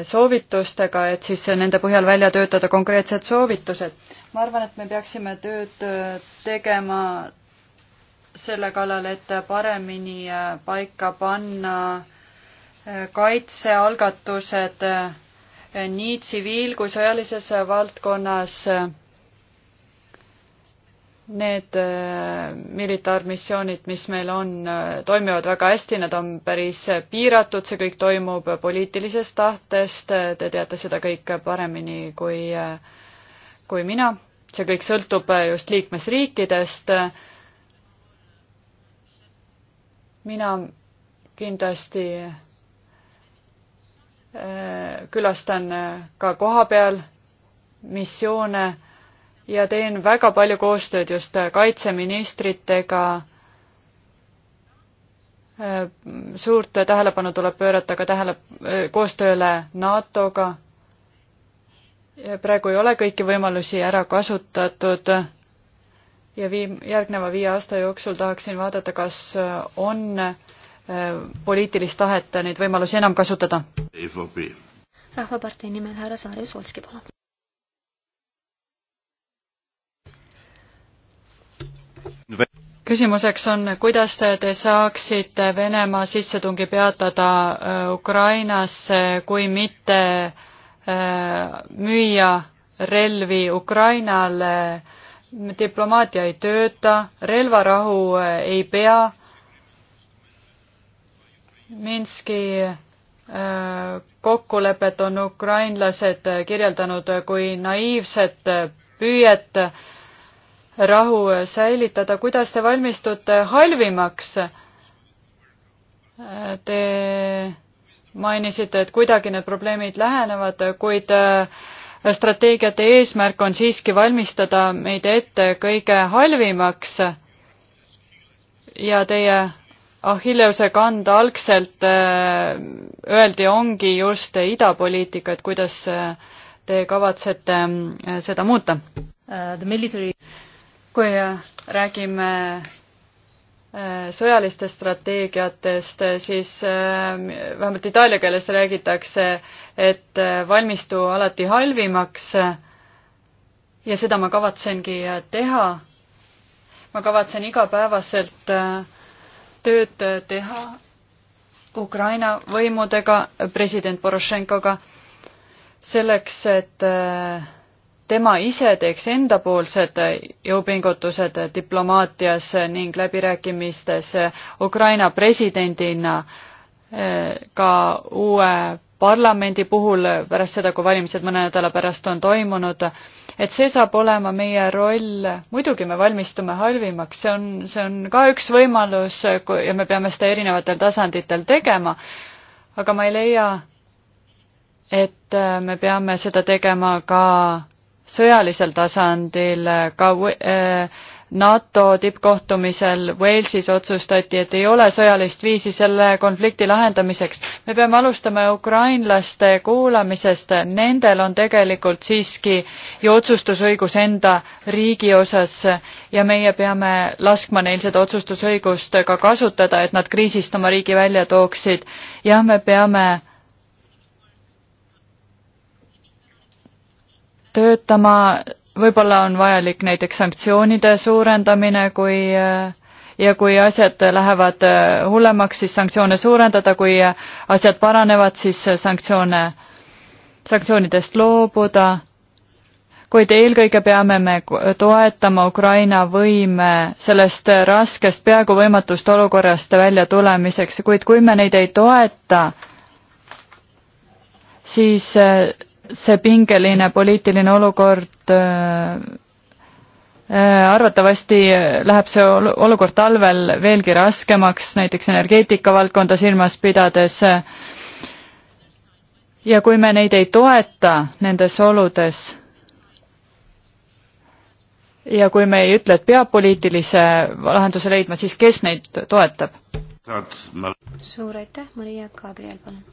soovitustega, et siis nende põhjal välja töötada konkreetsed soovitused. ma arvan, et me peaksime tööd tegema selle kallal, et paremini äh, paika panna äh, kaitsealgatused äh, nii tsiviil kui sõjalises valdkonnas. Need militaarmissioonid, mis meil on, toimivad väga hästi, nad on päris piiratud, see kõik toimub poliitilisest tahtest, te teate seda kõike paremini kui, kui mina. see kõik sõltub just liikmesriikidest mina kindlasti äh, külastan äh, ka kohapeal missioone ja teen väga palju koostööd just äh, kaitseministritega. suurt tähelepanu tuleb pöörata ka tähele, koostööle NATO-ga. praegu ei ole kõiki võimalusi ära kasutatud ja viim-, järgneva viie aasta jooksul tahaksin vaadata, kas äh, on äh, poliitilist tahet neid võimalusi enam kasutada. rahvapartei nimel härra Saarjus Volski, palun. küsimuseks on, kuidas te saaksite Venemaa sissetungi peatada äh, Ukrainasse, kui mitte müüa relvi Ukrainale äh, diplomaatia ei tööta, relvarahu eh, ei pea. Minski eh, kokkulepet on ukrainlased eh, kirjeldanud kui naiivset püüet rahu säilitada. kuidas te valmistute halvimaks? Te mainisite, et kuidagi need probleemid lähenevad, kuid äh, strateegiate eesmärk on siiski valmistada meid ette kõige halvimaks ja teie Achilleuse kand algselt äh, öeldi, ongi just idapoliitika, et kuidas äh, te kavatsete äh, seda muuta? kui räägime Äh, sõjalistest strateegiatest, äh, siis äh, vähemalt itaalia keeles räägitakse, et valmistu alati halvimaks ja seda ma kavatsengi teha. ma kavatsen igapäevaselt tööd teha Ukraina võimudega, president Porošenkoga, selleks, et äh, tema ise teeks endapoolsed jõupingutused diplomaatias ning läbirääkimistes Ukraina presidendina eh, ka uue parlamendi puhul pärast seda, kui valimised mõne nädala pärast on toimunud, et see saab olema meie roll, muidugi me valmistume halvimaks, see on, see on ka üks võimalus ja me peame seda erinevatel tasanditel tegema, aga ma ei leia, et eh, me peame seda tegema ka sõjalisel tasandil, ka äh, NATO tippkohtumisel Walesis otsustati, et ei ole sõjalist viisi selle konflikti lahendamiseks. me peame alustama ukrainlaste kuulamisest, nendel on tegelikult siiski ju otsustusõigus enda riigi osas ja meie peame laskma neil seda otsustusõigust ka kasutada, et nad kriisist oma riigi välja tooksid. jah, me peame töötama, võib-olla on vajalik näiteks sanktsioonide suurendamine, kui ja kui asjad lähevad hullemaks, siis sanktsioone suurendada, kui asjad paranevad, siis sanktsioone, sanktsioonidest loobuda. kuid eelkõige peame me toetama Ukraina võime sellest raskest, peaaegu võimatust olukorrast välja tulemiseks, kuid kui me neid ei toeta, siis see pingeline poliitiline olukord äh, äh, arvatavasti läheb see olukord talvel veelgi raskemaks, näiteks energeetikavaldkonda silmas pidades. ja kui me neid ei toeta nendes oludes ja kui me ei ütle, et peab poliitilise lahenduse leidma, siis kes neid toetab? suur aitäh, Maria Gabriel, palun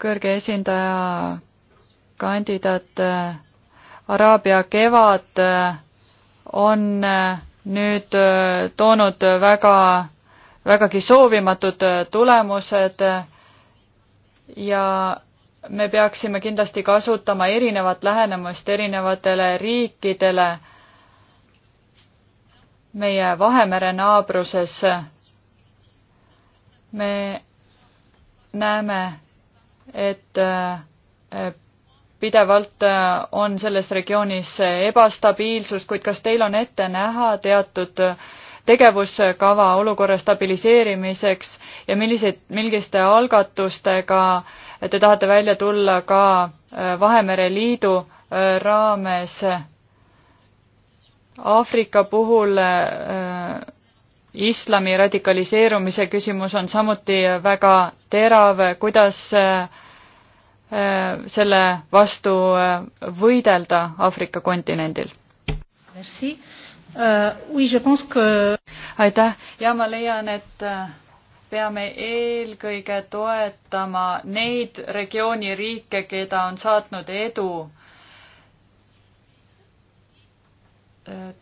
kõrge esindaja kandidaat äh, Araabia kevad äh, on äh, nüüd toonud väga, vägagi soovimatud tulemused ja me peaksime kindlasti kasutama erinevat lähenemist erinevatele riikidele meie Vahemere naabruses. me näeme et eh, pidevalt eh, on selles regioonis ebastabiilsust, kuid kas teil on ette näha teatud tegevuskava olukorra stabiliseerimiseks ja milliseid, milliste algatustega te tahate välja tulla ka eh, Vahemere Liidu raames Aafrika puhul islami radikaliseerumise küsimus on samuti väga terav, kuidas äh, äh, selle vastu äh, võidelda Aafrika kontinendil? Euh, aitäh, ja ma leian, et peame eelkõige toetama neid regiooni riike, keda on saatnud edu.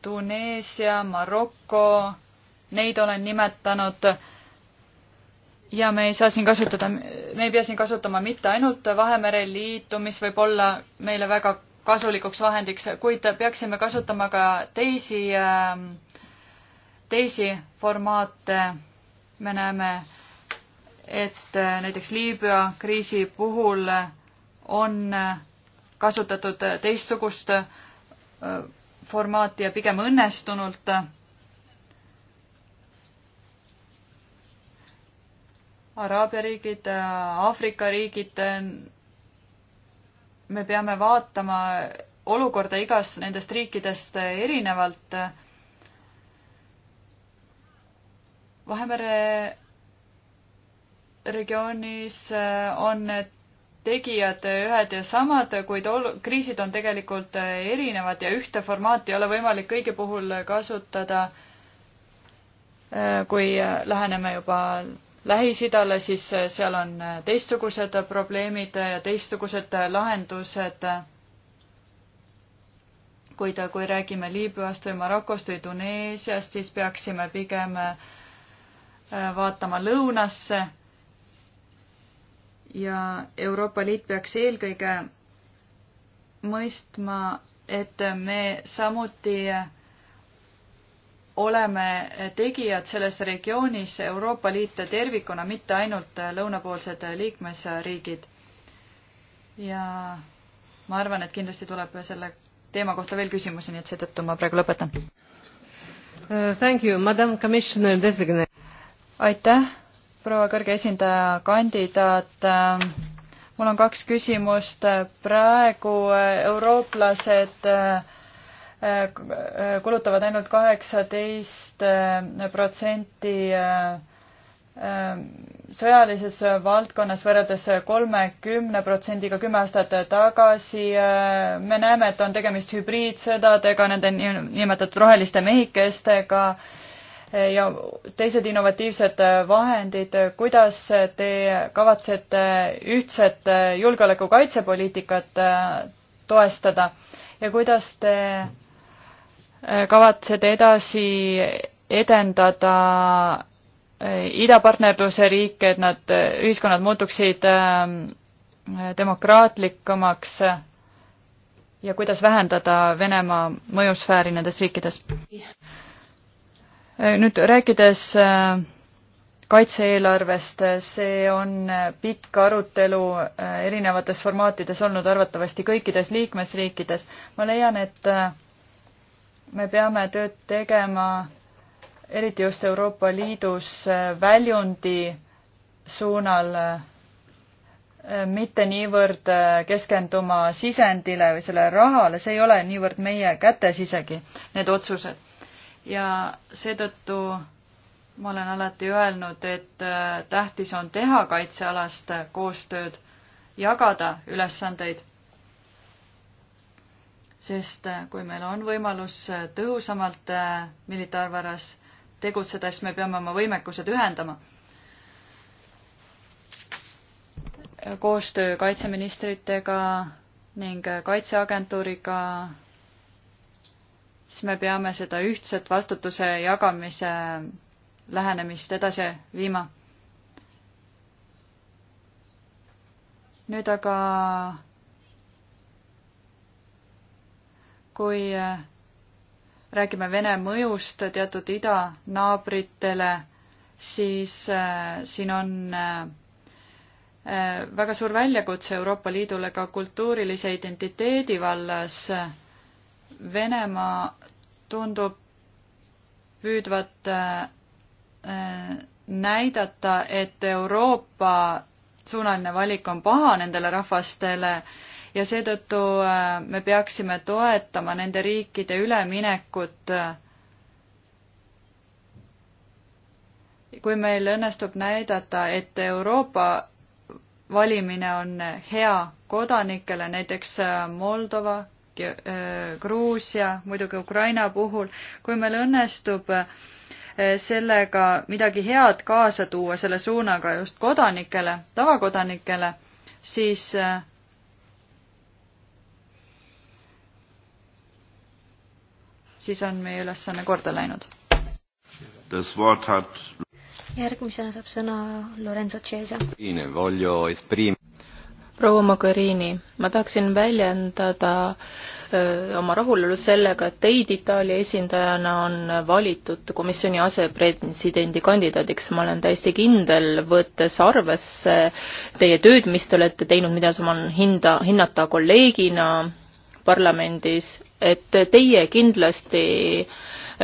Tuneesia, Maroko neid olen nimetanud ja me ei saa siin kasutada, me ei pea siin kasutama mitte ainult Vahemere Liitu, mis võib olla meile väga kasulikuks vahendiks, kuid peaksime kasutama ka teisi, ähm, teisi formaate. me näeme, et äh, näiteks Liibüa kriisi puhul on äh, kasutatud teistsugust äh, formaati ja pigem õnnestunult Araabia riigid, Aafrika riigid. me peame vaatama olukorda igas nendest riikidest erinevalt. Vahemere regioonis on need tegijad ühed ja samad, kuid ol-, kriisid on tegelikult erinevad ja ühte formaati ei ole võimalik kõigi puhul kasutada, kui läheneme juba Lähis-Idale, siis äh, seal on äh, teistsugused äh, probleemid ja teistsugused lahendused. kuid kui räägime Liibüast või Marokost või Tuneesiast, siis peaksime pigem vaatama lõunasse. ja Euroopa Liit peaks eelkõige mõistma, et me samuti oleme tegijad selles regioonis Euroopa Liit tervikuna, mitte ainult lõunapoolsed liikmesriigid. ja ma arvan, et kindlasti tuleb selle teema kohta veel küsimusi, nii et seetõttu ma praegu lõpetan uh,. Thank you, madam commissioner designate. aitäh, proua kõrge esindaja kandidaat uh, mul on kaks küsimust. praegu uh, eurooplased äh, kulutavad ainult kaheksateist äh, protsenti äh, äh, sõjalises valdkonnas võrreldes kolmekümne protsendiga kümme aastat tagasi. me näeme, et on tegemist hübriidsõdadega, nende nimetatud roheliste mehikestega ja teised innovatiivsed vahendid. kuidas te kavatsete ühtset julgeoleku kaitsepoliitikat toestada ja kuidas te Äh, kavatsed edasi edendada äh, idapartnerluse riike, et nad, äh, ühiskonnad muutuksid ähm, demokraatlikumaks ja kuidas vähendada Venemaa mõjusfääri nendes riikides? nüüd rääkides kaitse-eelarvest, see on pikk arutelu erinevates formaatides olnud arvatavasti kõikides liikmesriikides. ma leian, et me peame tööd tegema eriti just Euroopa Liidus äh, väljundi suunal, äh, mitte niivõrd äh, keskenduma sisendile või sellele rahale, see ei ole niivõrd meie kätes isegi, need otsused. ja seetõttu ma olen alati öelnud, et tähtis on teha kaitsealast koostööd, jagada ülesandeid sest äh, kui meil on võimalus äh, tõhusamalt äh, militaarvaras tegutseda, siis me peame oma võimekused ühendama. koostöö kaitseministritega ning kaitseagentuuriga, siis me peame seda ühtset vastutuse jagamise lähenemist edasi viima. nüüd aga kui äh, räägime Vene mõjust teatud idanaabritele, siis äh, siin on äh, väga suur väljakutse Euroopa Liidule ka kultuurilise identiteedi vallas. Venemaa tundub püüdvat näidata, et Euroopa suunaline valik on paha nendele rahvastele ja seetõttu äh, me peaksime toetama nende riikide üleminekut äh, kui meil õnnestub näidata, et Euroopa valimine on hea kodanikele, näiteks äh, Moldova, Gruusia, muidugi Ukraina puhul, kui meil õnnestub sellega midagi head kaasa tuua selle suunaga just kodanikele, tavakodanikele, siis äh, siis on meie ülesanne korda läinud. järgmisena saab sõna Lorenzo Cesa. proua Mogherini, ma tahaksin väljendada öö, oma rahulolu sellega, et teid Itaalia esindajana on valitud komisjoni asepresidendi kandidaadiks. ma olen täiesti kindel, võttes arvesse teie tööd, mis te olete teinud, mida ma hinda, hinnata kolleegina, parlamendis, et teie kindlasti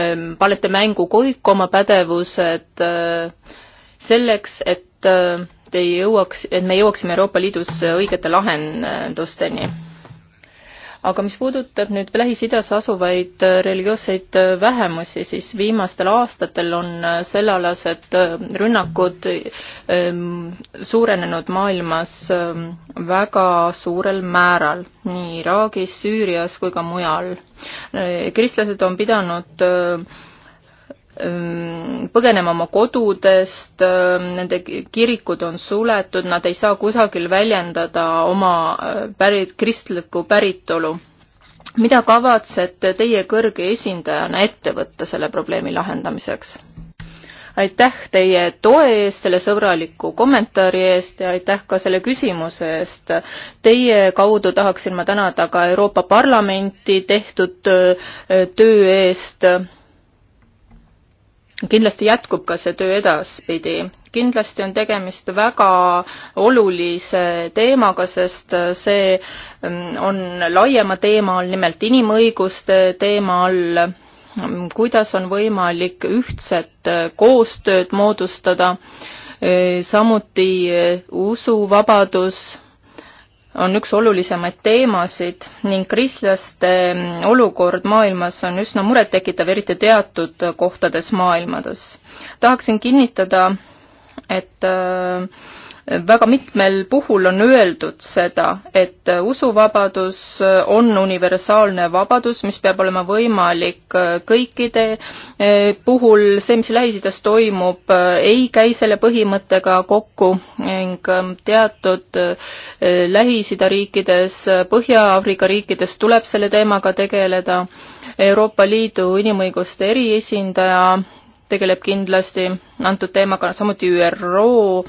ähm, panete mängu kõik oma pädevused äh, selleks, et äh, te jõuaks, et me jõuaksime Euroopa Liidus õigete lahendusteni aga mis puudutab nüüd Lähis-Idas asuvaid äh, religioosseid äh, vähemusi, siis viimastel aastatel on äh, sellealased rünnakud ähm, suurenenud maailmas ähm, väga suurel määral, nii Iraagis, Süürias kui ka mujal. kristlased on pidanud Ähm, põgenema oma kodudest, ähm, nende kirikud on suletud, nad ei saa kusagil väljendada oma äh, pärit, kristlikku päritolu. mida kavatsete teie kõrge esindajana ette võtta selle probleemi lahendamiseks? aitäh teie toe eest, selle sõbraliku kommentaari eest ja aitäh ka selle küsimuse eest. Teie kaudu tahaksin ma tänada ka Euroopa Parlamenti tehtud äh, töö eest kindlasti jätkub ka see töö edaspidi. kindlasti on tegemist väga olulise teemaga, sest see mm, on laiema teema all, nimelt inimõiguste teema all, kuidas on võimalik ühtset koostööd moodustada, samuti usuvabadus on üks olulisemaid teemasid ning kristlaste mm, olukord maailmas on üsna murettekitav, eriti teatud kohtades maailmades. tahaksin kinnitada, et äh, väga mitmel puhul on öeldud seda, et usuvabadus on universaalne vabadus, mis peab olema võimalik kõikide eh, puhul. see, mis Lähis-Idas toimub, eh, ei käi selle põhimõttega kokku ning eh, teatud Lähis-Ida riikides, Põhja-Aafrika riikides tuleb selle teemaga tegeleda. Euroopa Liidu inimõiguste eriesindaja tegeleb kindlasti antud teemaga, samuti ÜRO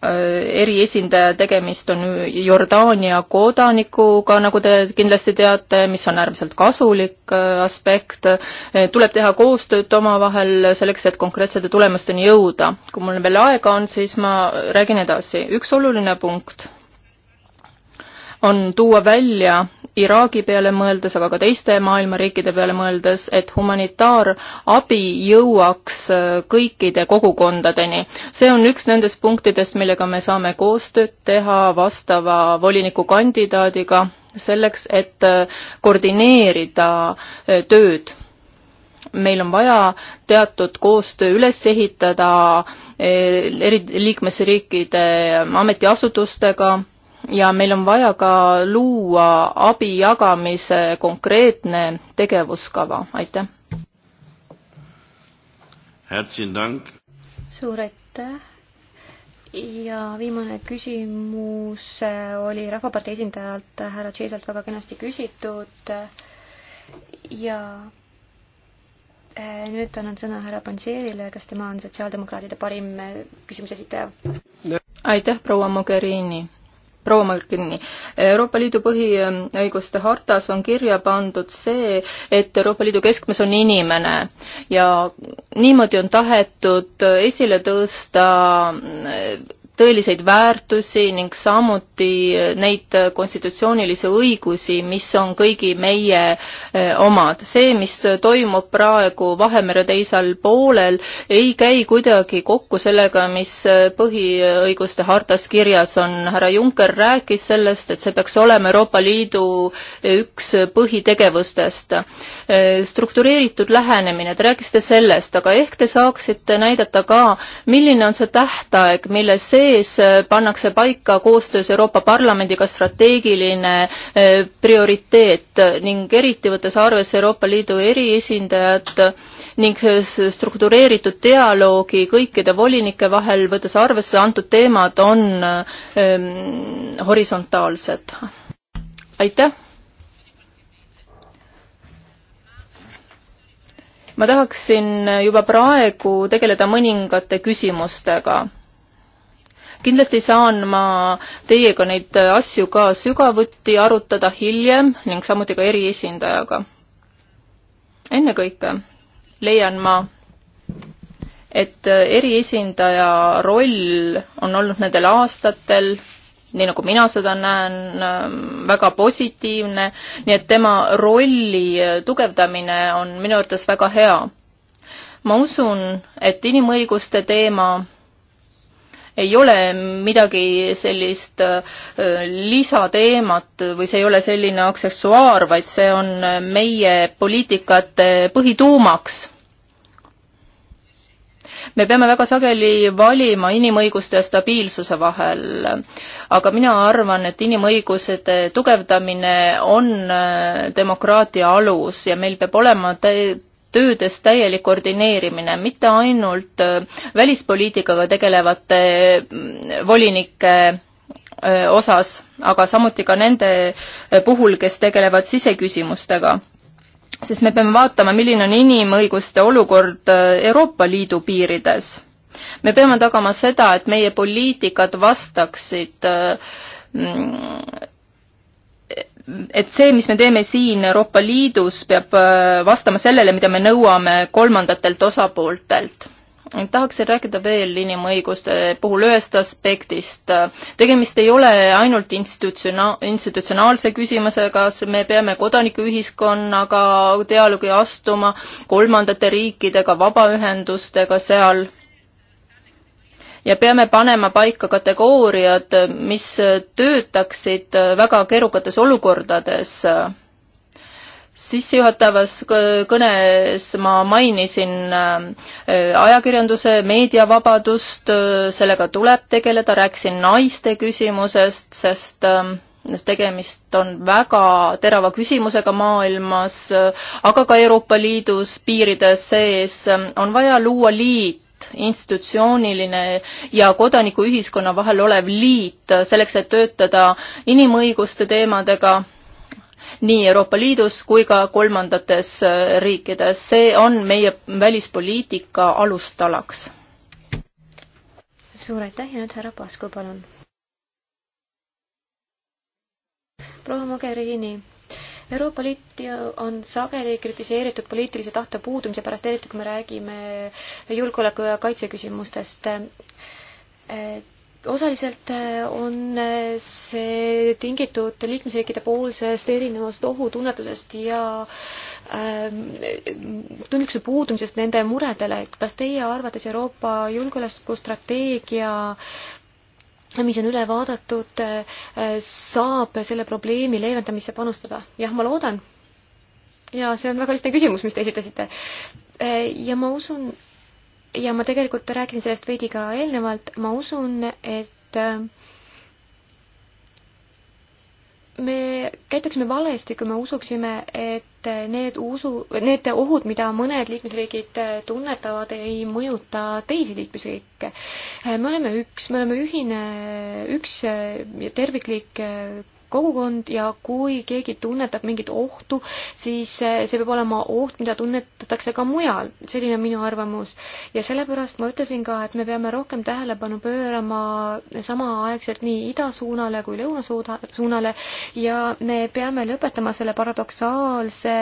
Äh, eriesindaja, tegemist on Jordaania kodanikuga, nagu te kindlasti teate, mis on äärmiselt kasulik äh, aspekt. Äh, tuleb teha koostööd omavahel selleks, et konkreetsete tulemusteni jõuda. kui mul veel aega on, siis ma räägin edasi. üks oluline punkt on tuua välja Iraagi peale mõeldes, aga ka teiste maailma riikide peale mõeldes, et humanitaarabi jõuaks äh, kõikide kogukondadeni. see on üks nendest punktidest, millega me saame koostööd teha vastava volinikukandidaadiga, selleks et äh, koordineerida äh, tööd. meil on vaja teatud koostöö üles ehitada eri liikmesriikide ametiasutustega ja meil on vaja ka luua abi jagamise konkreetne tegevuskava, aitäh. suur aitäh ja viimane küsimus eh, oli Rahvapartei esindajalt eh, härra Tšeisalt väga kenasti küsitud ja eh, nüüd annan sõna härra Panseerile, kas tema on sotsiaaldemokraadide parim küsimuse esitaja? aitäh, proua Mogherini proua Markini, Euroopa Liidu põhiõiguste hartas on kirja pandud see, et Euroopa Liidu keskmes on inimene ja niimoodi on tahetud esile tõsta tõeliseid väärtusi ning samuti eh, neid eh, konstitutsioonilisi õigusi, mis on kõigi meie eh, omad. see, mis toimub praegu Vahemere teisel poolel, ei käi kuidagi kokku sellega, mis põhiõiguste hartas kirjas on. härra Juncker rääkis sellest, et see peaks olema Euroopa Liidu üks põhitegevustest. struktureeritud lähenemine, te rääkisite sellest, aga ehk te saaksite näidata ka, milline on see tähtaeg, milles see sees äh, pannakse paika koostöös Euroopa Parlamendiga strateegiline äh, prioriteet ning eriti võttes arvesse Euroopa Liidu eriesindajat ning struktureeritud dialoogi kõikide volinike vahel, võttes arvesse antud teemad, on ähm, horisontaalsed. aitäh! ma tahaksin juba praegu tegeleda mõningate küsimustega kindlasti saan ma teiega neid asju ka sügavuti arutada hiljem ning samuti ka eriesindajaga. ennekõike leian ma, et eriesindaja roll on olnud nendel aastatel nii nagu mina seda näen, väga positiivne, nii et tema rolli tugevdamine on minu arvates väga hea. ma usun, et inimõiguste teema ei ole midagi sellist äh, lisateemat või see ei ole selline aksessuaar, vaid see on äh, meie poliitikate põhituumaks me peame väga sageli valima inimõiguste ja stabiilsuse vahel. aga mina arvan, et inimõigused tugevdamine on äh, demokraatia alus ja meil peab olema töödes täielik koordineerimine, mitte ainult äh, välispoliitikaga tegelevate mm, volinike äh, osas, aga samuti ka nende äh, puhul, kes tegelevad siseküsimustega. sest me peame vaatama, milline on inimõiguste olukord Euroopa Liidu piirides. me peame tagama seda, et meie poliitikad vastaksid mm, et see, mis me teeme siin Euroopa Liidus, peab äh, vastama sellele, mida me nõuame kolmandatelt osapooltelt. tahaksin rääkida veel inimõiguste puhul ühest aspektist. tegemist ei ole ainult institutsiona-, institutsionaalse küsimusega, me peame kodanikuühiskonnaga dialoogi astuma, kolmandate riikidega, vabaühendustega seal ja peame panema paika kategooriad, mis töötaksid väga keerukates olukordades. sissejuhatavas kõnes ma mainisin äh, ajakirjanduse, meediavabadust, sellega tuleb tegeleda, rääkisin naiste küsimusest, sest äh, tegemist on väga terava küsimusega maailmas, äh, aga ka Euroopa Liidus piiride sees on vaja luua liit, institutsiooniline ja kodanikuühiskonna vahel olev liit selleks, et töötada inimõiguste teemadega nii Euroopa Liidus kui ka kolmandates äh, riikides. see on meie välispoliitika alustalaks. suur aitäh ja nüüd härra Pasku, palun. proua Mogherini Euroopa Liit on sageli kritiseeritud poliitilise tahte puudumise pärast, eriti kui me räägime julgeoleku ja kaitse küsimustest eh, osaliselt eh, on eh, see tingitud liikmesriikide poolsest erinevast ohutunnetusest ja tunnetuse puudumisest nende muredele, et kas teie arvates Euroopa julgeolekustrateegia äh, mis on üle vaadatud, äh, saab selle probleemi leevendamisse panustada? jah, ma loodan. ja see on väga lihtne küsimus, mis te esitasite. Äh, ja ma usun, ja ma tegelikult rääkisin sellest veidi ka eelnevalt, ma usun, et äh, me käituksime valesti, kui me usuksime, et need usu, need ohud, mida mõned liikmesriigid tunnetavad, ei mõjuta teisi liikmesriike. me oleme üks, me oleme ühine, üks terviklik kogukond ja kui keegi tunnetab mingit ohtu, siis see peab olema oht, mida tunnetatakse ka mujal. selline on minu arvamus. ja sellepärast ma ütlesin ka, et me peame rohkem tähelepanu pöörama samaaegselt nii idasuunale kui lõunasuunale ja me peame lõpetama selle paradoksaalse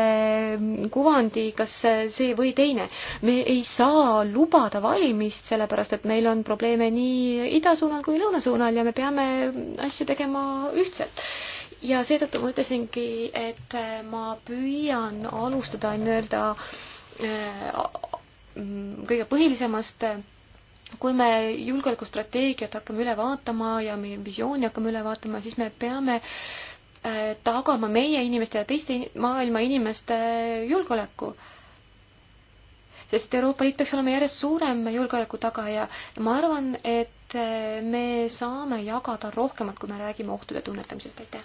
kuvandi, kas see või teine. me ei saa lubada valimist, sellepärast et meil on probleeme nii idasuunal kui lõunasuunal ja me peame asju tegema ühtselt ja seetõttu ma ütlesingi, et äh, ma püüan alustada nii-öelda äh, mm, kõige põhilisemast kui me julgeolekustrateegiat hakkame üle vaatama ja meie visiooni hakkame üle vaatama, siis me peame äh, tagama meie inimeste ja teiste maailma inimeste julgeoleku. sest Euroopa Liit peaks olema järjest suurem julgeoleku tagaja. ma arvan, et me saame jagada rohkemat, kui me räägime ohtude tunnetamisest, aitäh.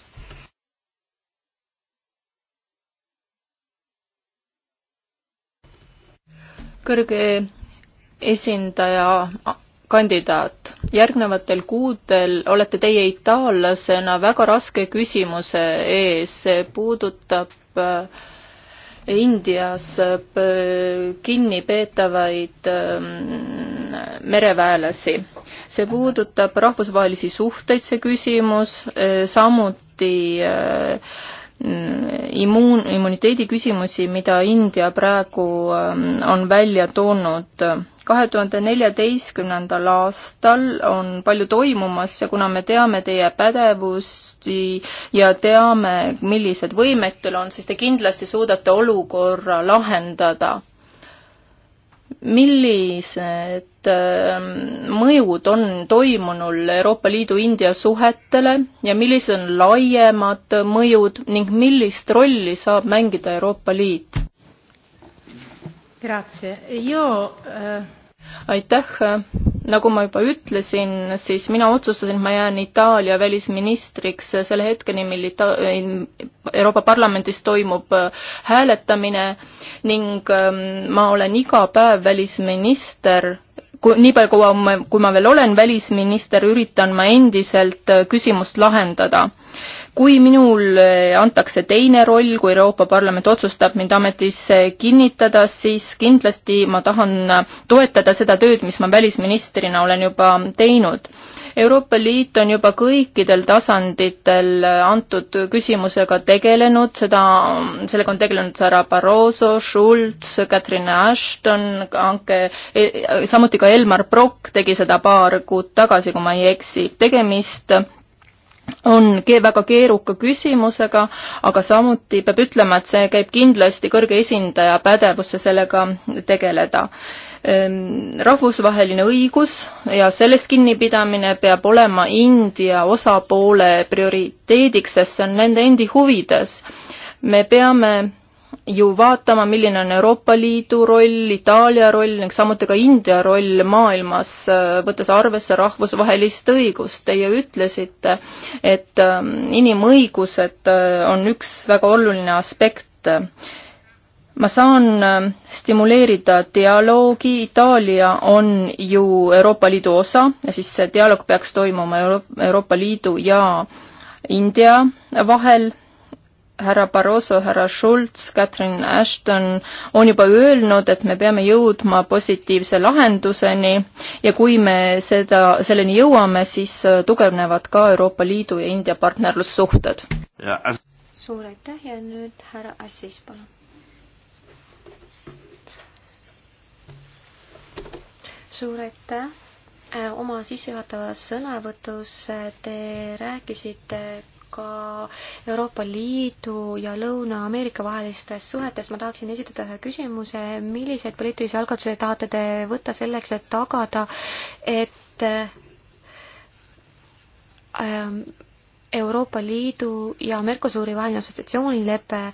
kõrge esindaja kandidaat, järgnevatel kuudel olete teie itaallasena väga raske küsimuse ees, see puudutab äh, Indias äh, kinni peetavaid ähm, mereväelasi. see puudutab rahvusvahelisi suhteid, see küsimus, äh, samuti Mm, immuun, immuniteedi küsimusi, mida India praegu ähm, on välja toonud. kahe tuhande neljateistkümnendal aastal on palju toimumas ja kuna me teame teie pädevust ja teame, millised võimed teil on, siis te kindlasti suudate olukorra lahendada millised ähm, mõjud on toimunul Euroopa Liidu India suhetele ja millised on laiemad mõjud ning millist rolli saab mängida Euroopa Liit? Äh, aitäh nagu ma juba ütlesin, siis mina otsustasin, et ma jään Itaalia välisministriks selle hetkeni, mil Ita-, Euroopa Parlamendis toimub äh, hääletamine ning ähm, ma olen iga päev välisminister, kui, nii palju, kui ma, kui ma veel olen välisminister, üritan ma endiselt äh, küsimust lahendada kui minul eh, antakse teine roll, kui Euroopa Parlament otsustab mind ametisse kinnitada, siis kindlasti ma tahan eh, toetada seda tööd, mis ma välisministrina olen juba teinud. Euroopa Liit on juba kõikidel tasanditel eh, antud küsimusega tegelenud, seda, sellega on tegelenud härra Barroso, Schulz, Catherine Ashton, Anke, samuti ka Elmar Brokk tegi seda paar kuud tagasi, kui ma ei eksi. tegemist on väga keeruka küsimusega, aga samuti peab ütlema, et see käib kindlasti kõrge esindaja pädevusse sellega tegeleda. Ehm, rahvusvaheline õigus ja sellest kinnipidamine peab olema India osapoole prioriteediks, sest see on nende endi huvides. me peame ju vaatama, milline on Euroopa Liidu roll, Itaalia roll ning samuti ka India roll maailmas, äh, võttes arvesse rahvusvahelist õigust. Teie ütlesite, et ähm, inimõigused äh, on üks väga oluline aspekt ma saan ähm, stimuleerida dialoogi, Itaalia on ju Euroopa Liidu osa ja siis see dialoog peaks toimuma Euro Euroopa Liidu ja India vahel härra Barroso, härra Schulz, Catherine Ashton on juba öelnud, et me peame jõudma positiivse lahenduseni ja kui me seda, selleni jõuame, siis tugevnevad ka Euroopa Liidu ja India partnerlussuhted. suur aitäh ja nüüd härra Assis, palun. suur aitäh oma sissejuhatavas sõnavõtus te rääkisite ka Euroopa Liidu ja Lõuna-Ameerika vahelistes suhetes, ma tahaksin esitada ühe küsimuse, milliseid poliitilisi algatusi tahate te võtta selleks, et tagada, et ähm, Euroopa Liidu ja Mercosuri vaheline assotsiatsioonilepe äh,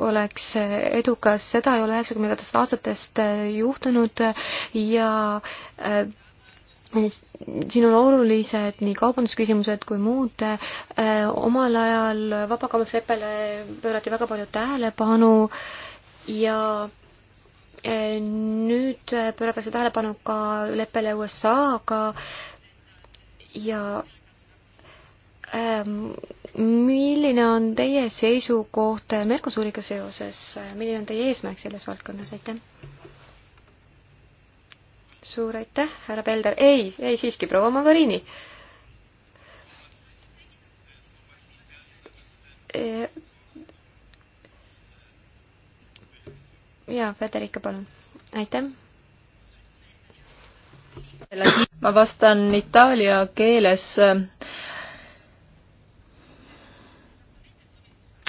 oleks edukas, seda ei ole üheksakümnendatest aastatest äh, juhtunud ja öö, äh, siin on olulised nii kaubandusküsimused kui muud. Äh, omal ajal vabakaubandusleppele pöörati väga palju tähelepanu ja äh, nüüd pööratakse tähelepanu ka leppele USA-ga ja ähm, milline on teie seisukoht Mercosuriga seoses, milline on teie eesmärk selles valdkonnas, aitäh? suur aitäh, härra Pelder, ei, ei siiski, proua Magarini. E, jaa, Federica, palun. aitäh. ma vastan itaalia keeles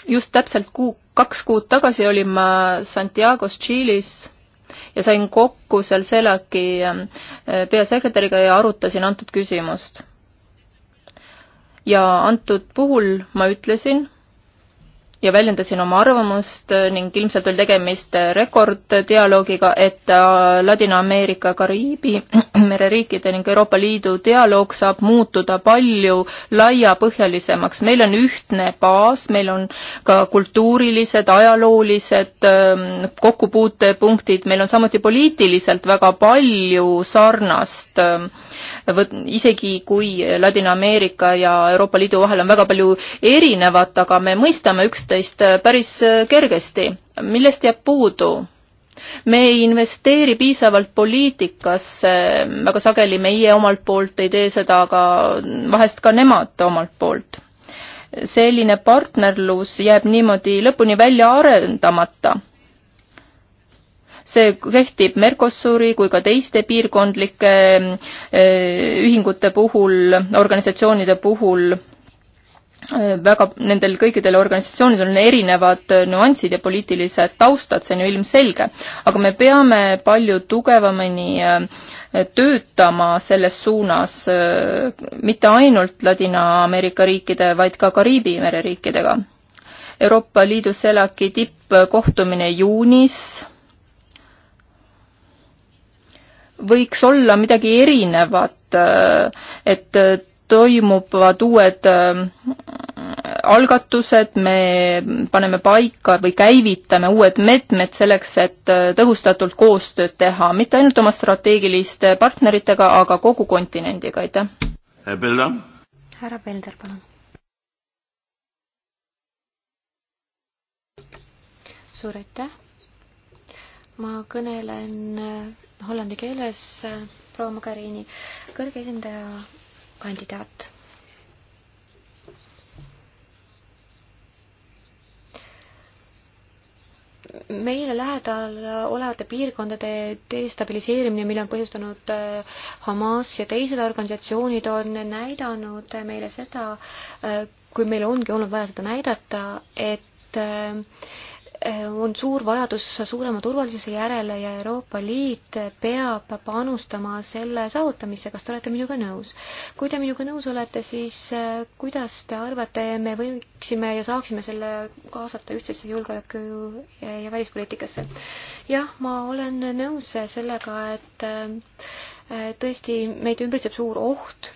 just täpselt kuu, kaks kuud tagasi olin ma Santiago's Tšiilis ja sain kokku seal SELAC-i ähm, äh, peasekretäriga ja arutasin antud küsimust. ja antud puhul ma ütlesin, ja väljendasin oma arvamust eh, ning ilmselt oli tegemist eh, rekorddialoogiga, et eh, Ladina-Ameerika, Kariibi mereriikide ning Euroopa Liidu dialoog saab muutuda palju laiapõhjalisemaks. meil on ühtne baas, meil on ka kultuurilised, ajaloolised ehm, kokkupuutepunktid, meil on samuti poliitiliselt väga palju sarnast ehm, isegi kui Ladina-Ameerika ja Euroopa Liidu vahel on väga palju erinevat, aga me mõistame üksteist päris kergesti. millest jääb puudu? me ei investeeri piisavalt poliitikasse, väga sageli meie omalt poolt ei tee seda, aga vahest ka nemad omalt poolt. selline partnerlus jääb niimoodi lõpuni välja arendamata see kehtib Mercosuri kui ka teiste piirkondlike eh, ühingute puhul, organisatsioonide puhul eh, väga, nendel kõikidel organisatsioonidel on erinevad eh, nüansid ja poliitilised taustad, see on ju ilmselge. aga me peame palju tugevamini töötama selles suunas mitte ainult Ladina-Ameerika riikide, vaid ka Kariibi mereriikidega. Euroopa Liidu CELAC-i tippkohtumine juunis võiks olla midagi erinevat, et toimuvad uued äh, algatused, me paneme paika või käivitame uued meetmed selleks, et äh, tõhustatult koostööd teha, mitte ainult oma strateegiliste partneritega, aga kogu kontinendiga, aitäh! Äh, härra Pelder, palun! suur aitäh! ma kõnelen hollandi keeles äh, proua Mogherini, kõrge esindaja kandidaat. meile lähedal olevate piirkondade destabiliseerimine, mille on põhjustanud äh, Hamas ja teised organisatsioonid, on näidanud meile seda, äh, kui meil ongi olnud vaja seda näidata, et on suur vajadus suurema turvalisuse järele ja Euroopa Liit peab panustama selle saavutamisse, kas te olete minuga nõus? kui te minuga nõus olete, siis äh, kuidas te arvate, me võiksime ja saaksime selle kaasata ühtsesse julgeoleku ja välispoliitikasse? jah, ma olen nõus sellega, et äh, tõesti meid ümbritseb suur oht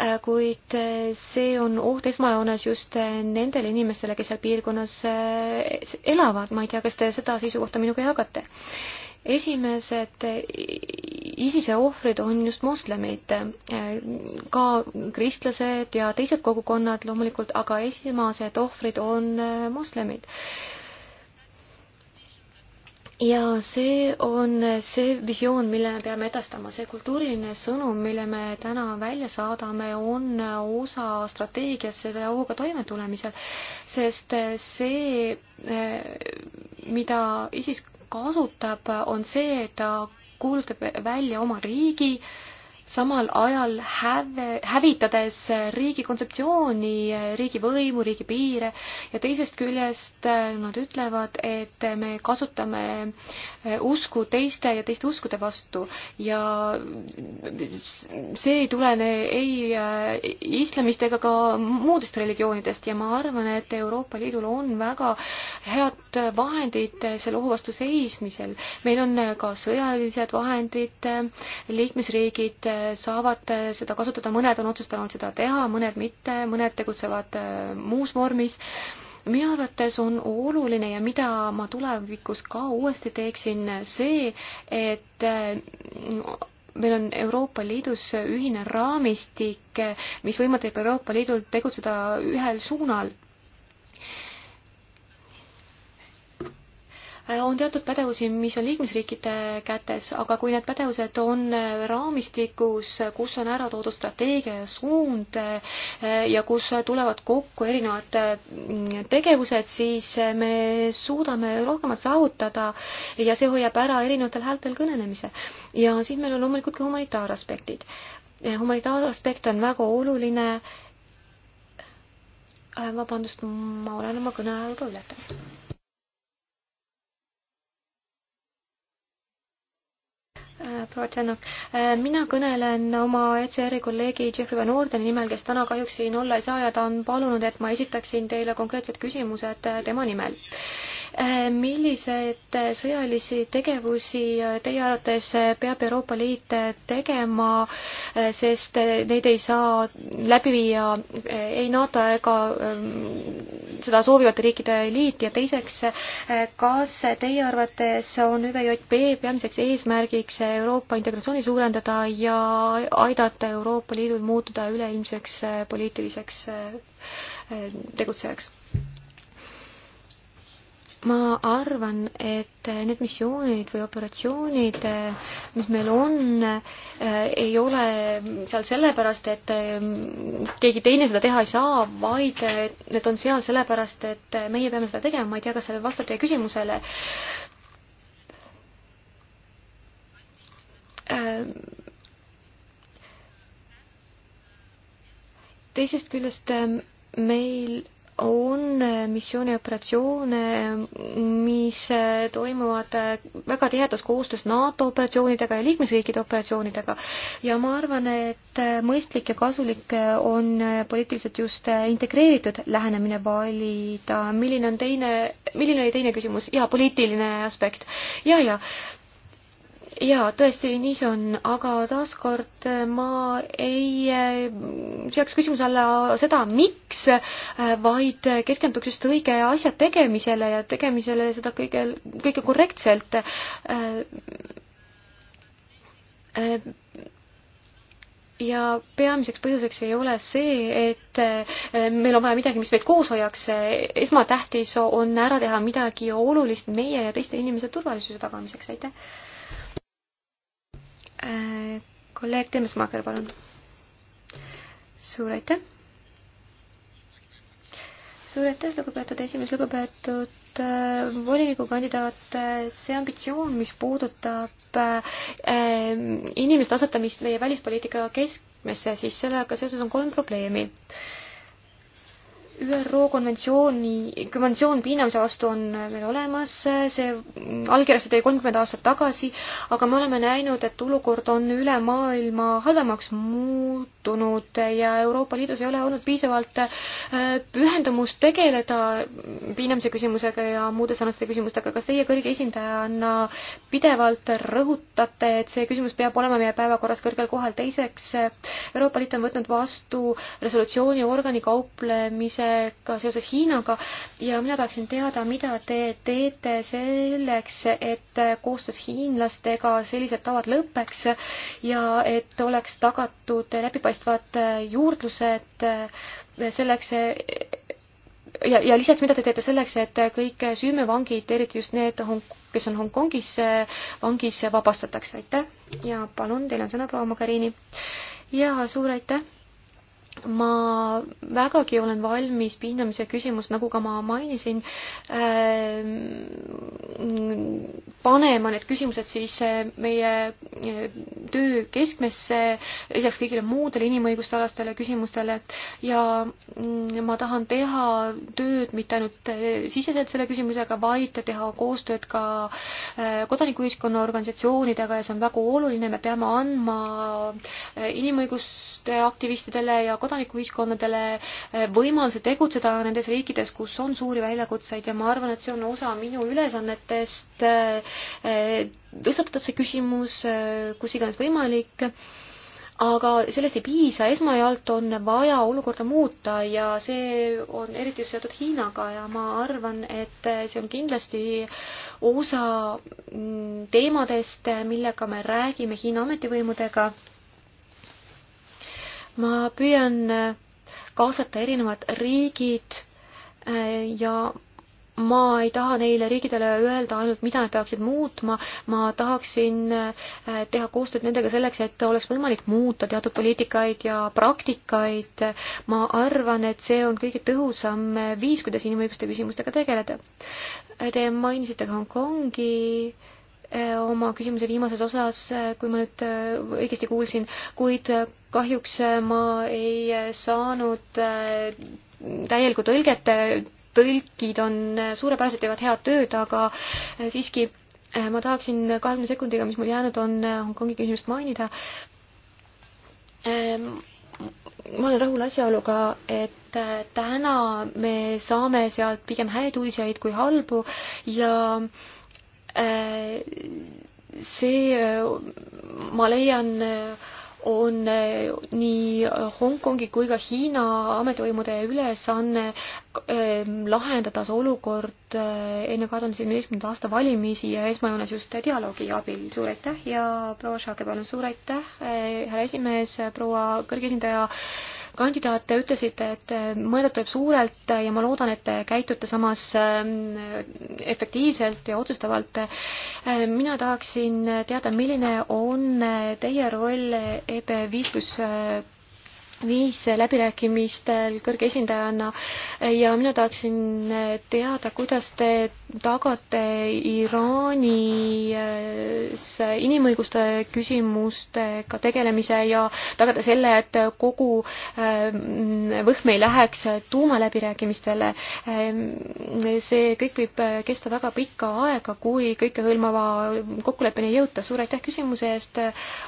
Äh, kuid äh, see on oht esmajoones just äh, nendele inimestele, kes seal piirkonnas elavad, ma ei tea, kas te seda seisukohta minuga jagate. esimesed ISISe ohvrid on just moslemid, ka kristlased ja teised kogukonnad loomulikult, aga esimesed ohvrid on moslemid ja see on see visioon, mille me peame edastama, see kultuuriline sõnum, mille me täna välja saadame, on osa strateegiast selle hooga toimetulemisel, sest see, eh, mida ISIS kasutab, on see, et ta kuulutab välja oma riigi äh, samal ajal häve, hävitades riigi kontseptsiooni, riigivõimu, riigi piire ja teisest küljest äh, nad ütlevad, et me kasutame äh, usku teiste ja teiste uskude vastu ja see ei tulene ei äh, islamist ega ka muudest religioonidest ja ma arvan, et Euroopa Liidul on väga head vahendid selle ohu vastu seismisel. meil on ka sõjalised vahendid, liikmesriigid saavad äh, seda kasutada, mõned on otsustanud seda teha, mõned mitte, mõned tegutsevad äh, muus vormis. minu arvates on oluline ja mida ma tulevikus ka uuesti teeksin, see, et äh, meil on Euroopa Liidus ühine raamistik, mis võimaldab Euroopa Liidul tegutseda ühel suunal on teatud pädevusi, mis on liikmesriikide kätes, aga kui need pädevused on raamistikus, kus on ära toodud strateegia ja suund eh, ja kus tulevad kokku erinevad mm, tegevused, siis me suudame rohkemat saavutada ja see hoiab ära erinevatel häältel kõnelemise. ja siis meil on loomulikult ka humanitaaraspektid. Eh, humanitaaraspekt on väga oluline. Eh, vabandust, ma olen oma kõne juba ületanud Äh, proua Tšennok, äh, mina kõnelen oma ECR-i kolleegi Jeffrey Van Ordeni nimel, kes täna kahjuks siin olla ei saa ja ta on palunud, et ma esitaksin teile konkreetsed küsimused äh, tema nimel. Äh, milliseid äh, sõjalisi tegevusi äh, teie arvates peab Euroopa Liit tegema, sest neid ei saa läbi viia ei NATO ega ähm, seda soovivate riikide liit ja teiseks, kas teie arvates on ÜVJP peamiseks eesmärgiks Euroopa integratsiooni suurendada ja aidata Euroopa Liidul muutuda üleilmseks poliitiliseks tegutsejaks? ma arvan, et need missioonid või operatsioonid, mis meil on, eh, ei ole seal sellepärast, et eh, keegi teine seda teha ei saa, vaid eh, need on seal sellepärast, et meie peame seda tegema, ma ei tea, kas see vastab teie küsimusele. teisest küljest meil on missioonioperatsioone, mis toimuvad väga tihedas koostöös NATO operatsioonidega ja liikmesriikide operatsioonidega ja ma arvan, et mõistlik ja kasulik on poliitiliselt just integreeritud lähenemine valida, milline on teine, milline oli teine küsimus, jaa, poliitiline aspekt ja,. jaa-jaa, jaa, tõesti, nii see on, aga taaskord äh, ma ei äh, seaks küsimuse alla seda, miks, äh, vaid keskenduks just õige asja tegemisele ja tegemisele seda kõige, kõige korrektselt. ja peamiseks põhjuseks ei ole see, et meil on vaja midagi, mis meid koos hoiaks, esmatähtis on ära teha midagi olulist meie ja teiste inimese turvalisuse tagamiseks, aitäh kolleeg Temesmaager, palun. suur aitäh. suur aitäh, lugupeetud esimees, lugupeetud äh, volinikukandidaat, see ambitsioon, mis puudutab äh, inimeste asetamist meie välispoliitika keskmesse, siis sellega seoses on kolm probleemi. ÜRO konventsiooni, konventsioon piinamise vastu on meil olemas, see allkirjastati kolmkümmend aastat tagasi, aga me oleme näinud, et olukord on üle maailma halvemaks muutunud ja Euroopa Liidus ei ole olnud piisavalt äh, pühendumust tegeleda piinamise küsimusega ja muude sarnaste küsimustega. kas teie kõrge esindajana pidevalt rõhutate, et see küsimus peab olema meie päevakorras kõrgel kohal? teiseks, Euroopa Liit on võtnud vastu resolutsiooni organikauplemise ka seoses Hiinaga ja mina tahaksin teada, mida te teete selleks, et koostöös hiinlastega sellised tavad lõpeks ja et oleks tagatud läbipaistvad juurdlused selleks, ja, ja lisaks, mida te teete selleks, et kõik süümevangid, eriti just need, kes on Hongkongis vangis, vabastatakse, aitäh ja palun, teil on sõna, proua Magarini. ja suur aitäh ma vägagi olen valmis piinamise küsimust, nagu ka ma mainisin äh,, panema need küsimused siis äh, meie äh, töö keskmesse, lisaks kõigile muudele inimõiguste alastele küsimustele ja mm, ma tahan teha tööd mitte ainult äh, siseselt selle küsimusega, vaid teha koostööd ka kodanikuühiskonna organisatsioonidega ja see on väga oluline, me peame andma inimõiguste aktivistidele ja kodanikele kodanikuühiskonnadele eh, võimaluse tegutseda nendes riikides, kus on suuri väljakutseid ja ma arvan, et see on osa minu ülesannetest eh, tõstatada see küsimus eh, kus iganes võimalik aga sellest ei piisa, esmajalt on vaja olukorda muuta ja see on eriti just seotud Hiinaga ja ma arvan, et see on kindlasti osa mm, teemadest, millega me räägime Hiina ametivõimudega ma püüan äh, kaasata erinevad riigid äh, ja ma ei taha neile riigidele öelda ainult, mida nad peaksid muutma, ma tahaksin äh, teha koostööd nendega selleks, et oleks võimalik muuta teatud poliitikaid ja praktikaid. ma arvan, et see on kõige tõhusam viis, kuidas inimõiguste küsimustega tegeleda. Te mainisite Hongkongi äh, Eh, oma küsimuse viimases osas, eh, kui ma nüüd eh, õigesti kuulsin, kuid kahjuks ma ei saanud täielikku tõlget. tõlgid on suurepärased, teevad head tööd, aga siiski ma tahaksin kahekümne sekundiga, mis mul jäänud on, Hongkongi küsimust mainida ma olen rahul asjaoluga, et täna me saame sealt pigem häid uudiseid kui halbu ja äh, Äh, see, äh, ma leian, äh, on nii Hongkongi kui ka Hiina ametivõimude ülesanne lahendada see olukord enne kahe tuhande seitsmeteistkümnenda aasta valimisi ja esmajoones just dialoogi abil. suur aitäh ja proua Šake, palun suur aitäh, härra esimees, proua kõrgesindaja kandidaat, te ütlesite, et eh, mõõdet tuleb suurelt ja ma loodan, et te käitute samas ehm, efektiivselt ja otsustavalt. Ehm, mina tahaksin teada, milline on eh, teie roll EB viis pluss eh, viis läbirääkimistel kõrge esindajana ja mina tahaksin teada, kuidas te tagate Iraanis inimõiguste küsimustega tegelemise ja tagate selle, et kogu äh, võhm ei läheks tuumaläbirääkimistele. Äh, see kõik võib kesta väga pikka aega, kui kõikehõlmava kokkuleppeni ei jõuta. suur aitäh küsimuse eest.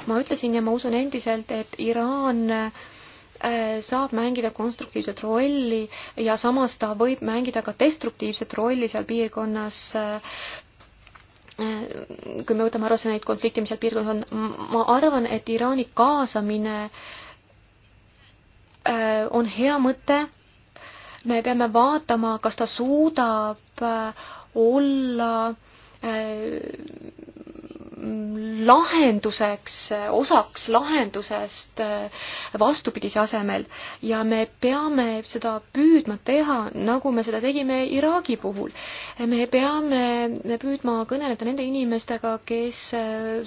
ma ütlesin ja ma usun endiselt, et Iraan Äh, saab mängida konstruktiivset rolli ja samas ta võib mängida ka destruktiivset rolli seal piirkonnas äh, äh, kui me võtame arvesse neid konflikte, mis seal piirkonnas on, ma arvan, et Iraani kaasamine on hea mõte. me peame vaatama, kas ta suudab olla lahenduseks, osaks lahendusest vastupidise asemel ja me peame seda püüdma teha, nagu me seda tegime Iraagi puhul. me peame püüdma kõneleda nende inimestega, kes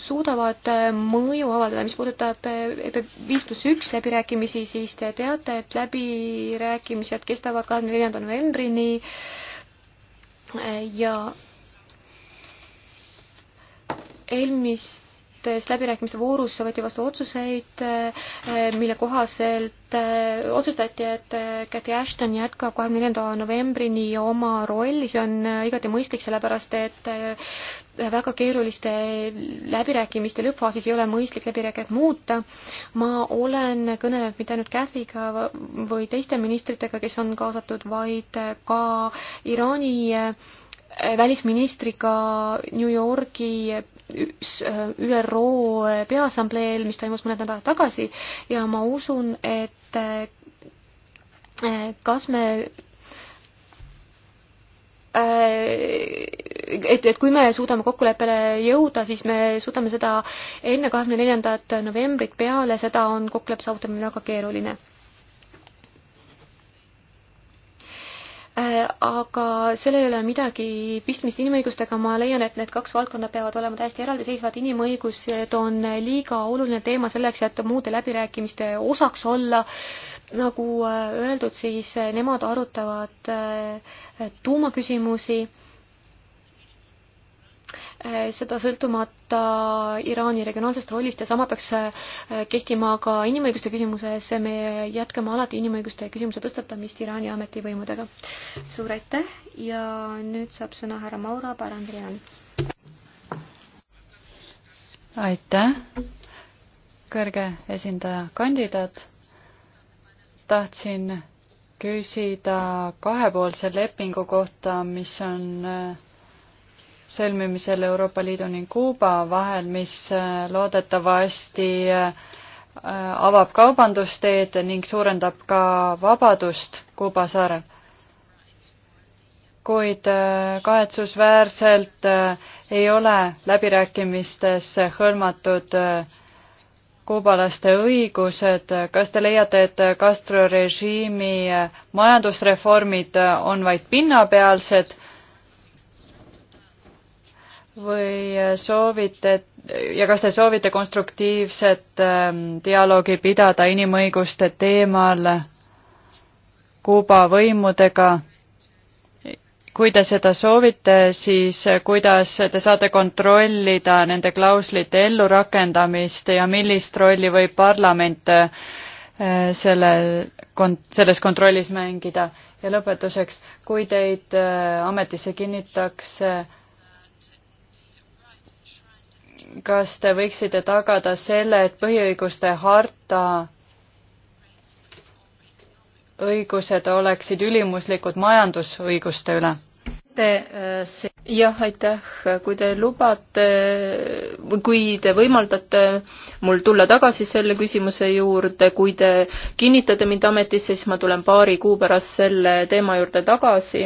suudavad mõju avaldada, mis puudutab viis pluss üks läbirääkimisi, siis te teate, et läbirääkimised kestavad kahekümne neljanda novembrini ja eelmistes läbirääkimiste voorus võeti vastu otsuseid, eh, mille kohaselt eh, otsustati, et eh, Cathy Ashton jätkab kahekümne neljanda novembrini oma rolli, see on igati mõistlik, sellepärast et väga keeruliste läbirääkimiste lõppfaasis ei ole mõistlik läbirääkijat muuta. ma olen kõnelenud mitte ainult Cathy'ga või teiste ministritega, kes on kaasatud, vaid ka Iraani välisministriga New Yorgi Äh, ÜRO äh, Peaassambleel, mis toimus mõned nädalad tagasi ja ma usun, et äh, kas me et, et kui me suudame kokkuleppele jõuda, siis me suudame seda enne kahekümne neljandat novembrit, peale seda on kokkuleppe saavutamine väga keeruline Äh, aga sellel ei ole midagi pistmist inimõigustega, ma leian, et need kaks valdkonda peavad olema täiesti eraldiseisvad, inimõigused on liiga oluline teema selleks, et muude läbirääkimiste osaks olla, nagu äh, öeldud, siis äh, nemad arutavad tuumaküsimusi Eh, seda sõltumata Iraani regionaalsest rollist ja sama peaks eh, kehtima ka inimõiguste küsimuses. me jätkame alati inimõiguste küsimuse tõstatamist Iraani ametivõimudega. suur aitäh ja nüüd saab sõna härra Maura Parandrian. aitäh, kõrge esindaja kandidaat. tahtsin küsida kahepoolse lepingu kohta, mis on eh, sõlmimisel Euroopa Liidu ning Kuuba vahel, mis äh, loodetavasti äh, avab kaubandusteed ning suurendab ka vabadust Kuuba saarel. kuid äh, kahetsusväärselt ei ole läbirääkimistes hõlmatud kuubalaste õigused, kas te leiate, et Castro režiimi majandusreformid on vaid pinnapealsed või soovite ja kas te soovite konstruktiivset ähm, dialoogi pidada inimõiguste teemal Kuuba võimudega? kui te seda soovite, siis kuidas te saate kontrollida nende klauslite ellurakendamist ja millist rolli võib parlament äh, selle, selles kontrollis mängida? ja lõpetuseks, kui teid äh, ametisse kinnitakse äh, kas te võiksite tagada selle, et põhiõiguste harta õigused oleksid ülimuslikud majandusõiguste üle? Äh, jah, aitäh, kui te lubate või kui te võimaldate mul tulla tagasi selle küsimuse juurde, kui te kinnitate mind ametisse, siis ma tulen paari kuu pärast selle teema juurde tagasi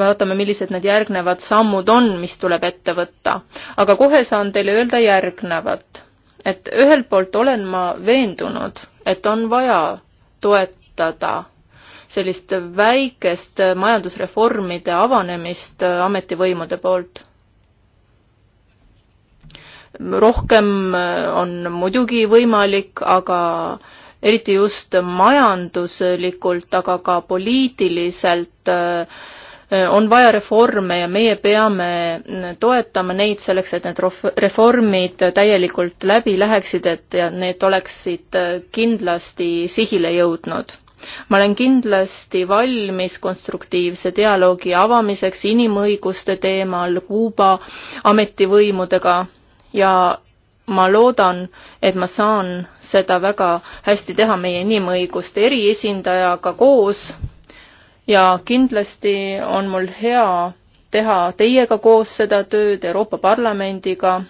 vaatame, millised need järgnevad sammud on, mis tuleb ette võtta. aga kohe saan teile öelda järgnevat, et ühelt poolt olen ma veendunud, et on vaja toetada sellist väikest majandusreformide avanemist ametivõimude poolt rohkem on muidugi võimalik, aga eriti just majanduslikult, aga ka poliitiliselt on vaja reforme ja meie peame toetama neid selleks, et need reformid täielikult läbi läheksid, et need oleksid äh, kindlasti sihile jõudnud ma olen kindlasti valmis konstruktiivse dialoogi avamiseks inimõiguste teemal Kuuba ametivõimudega ja ma loodan, et ma saan seda väga hästi teha meie inimõiguste eriesindajaga koos ja kindlasti on mul hea teha teiega koos seda tööd, Euroopa Parlamendiga,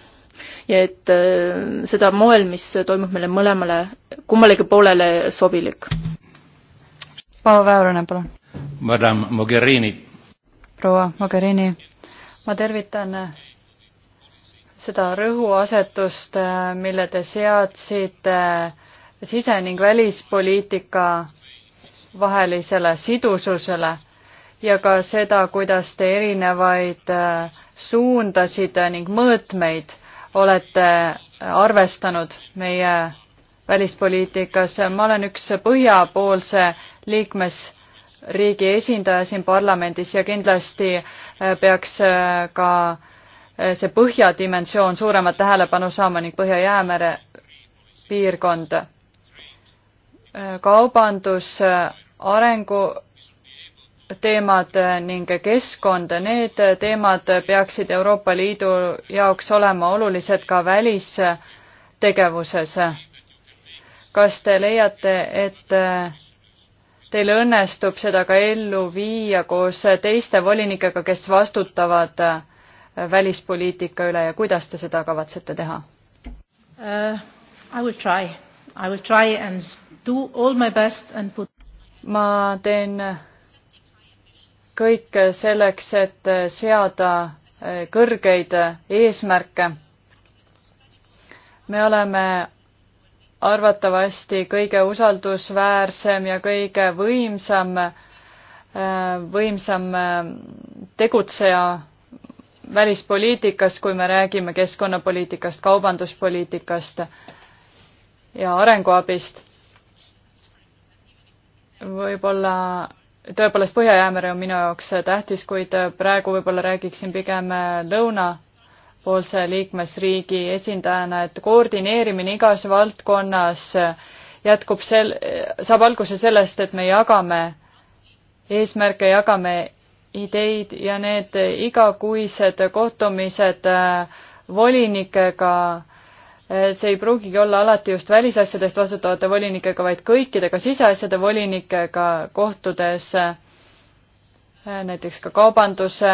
ja et äh, seda moel, mis toimub meile mõlemale, kummalegi poolele sobilik. Paavo Väärane, palun. Madame Mogherini. proua Mogherini, ma tervitan äh, seda rõhuasetust, äh, mille te seadsite sise- ning välispoliitika vahelisele sidususele ja ka seda, kuidas te erinevaid äh, suundasid ning mõõtmeid olete äh, arvestanud meie välispoliitikas. ma olen üks põhjapoolse liikmesriigi esindaja siin parlamendis ja kindlasti äh, peaks ka see põhjadimensioon suuremat tähelepanu saama ning Põhja-Jäämere piirkond. kaubandus arenguteemad ning keskkond, need teemad peaksid Euroopa Liidu jaoks olema olulised ka välistegevuses. kas te leiate, et teil õnnestub seda ka ellu viia koos teiste volinikega, kes vastutavad välispoliitika üle ja kuidas te seda kavatsete teha uh,? I will try, I will try and do all my best and put ma teen kõik selleks, et seada kõrgeid eesmärke. me oleme arvatavasti kõige usaldusväärsem ja kõige võimsam, võimsam tegutseja välispoliitikas, kui me räägime keskkonnapoliitikast, kaubanduspoliitikast ja arenguabist võib-olla tõepoolest Põhja-Jäämere on minu jaoks tähtis, kuid praegu võib-olla räägiksin pigem lõunapoolse liikmesriigi esindajana, et koordineerimine igas valdkonnas jätkub sel-, saab alguse sellest, et me jagame eesmärke, jagame ideid ja need igakuised kohtumised volinikega Äh, see ei pruugigi olla alati just välisasjadest vastutavate volinikega, vaid kõikidega siseasjade volinikega kohtudes, äh, näiteks ka kaubanduse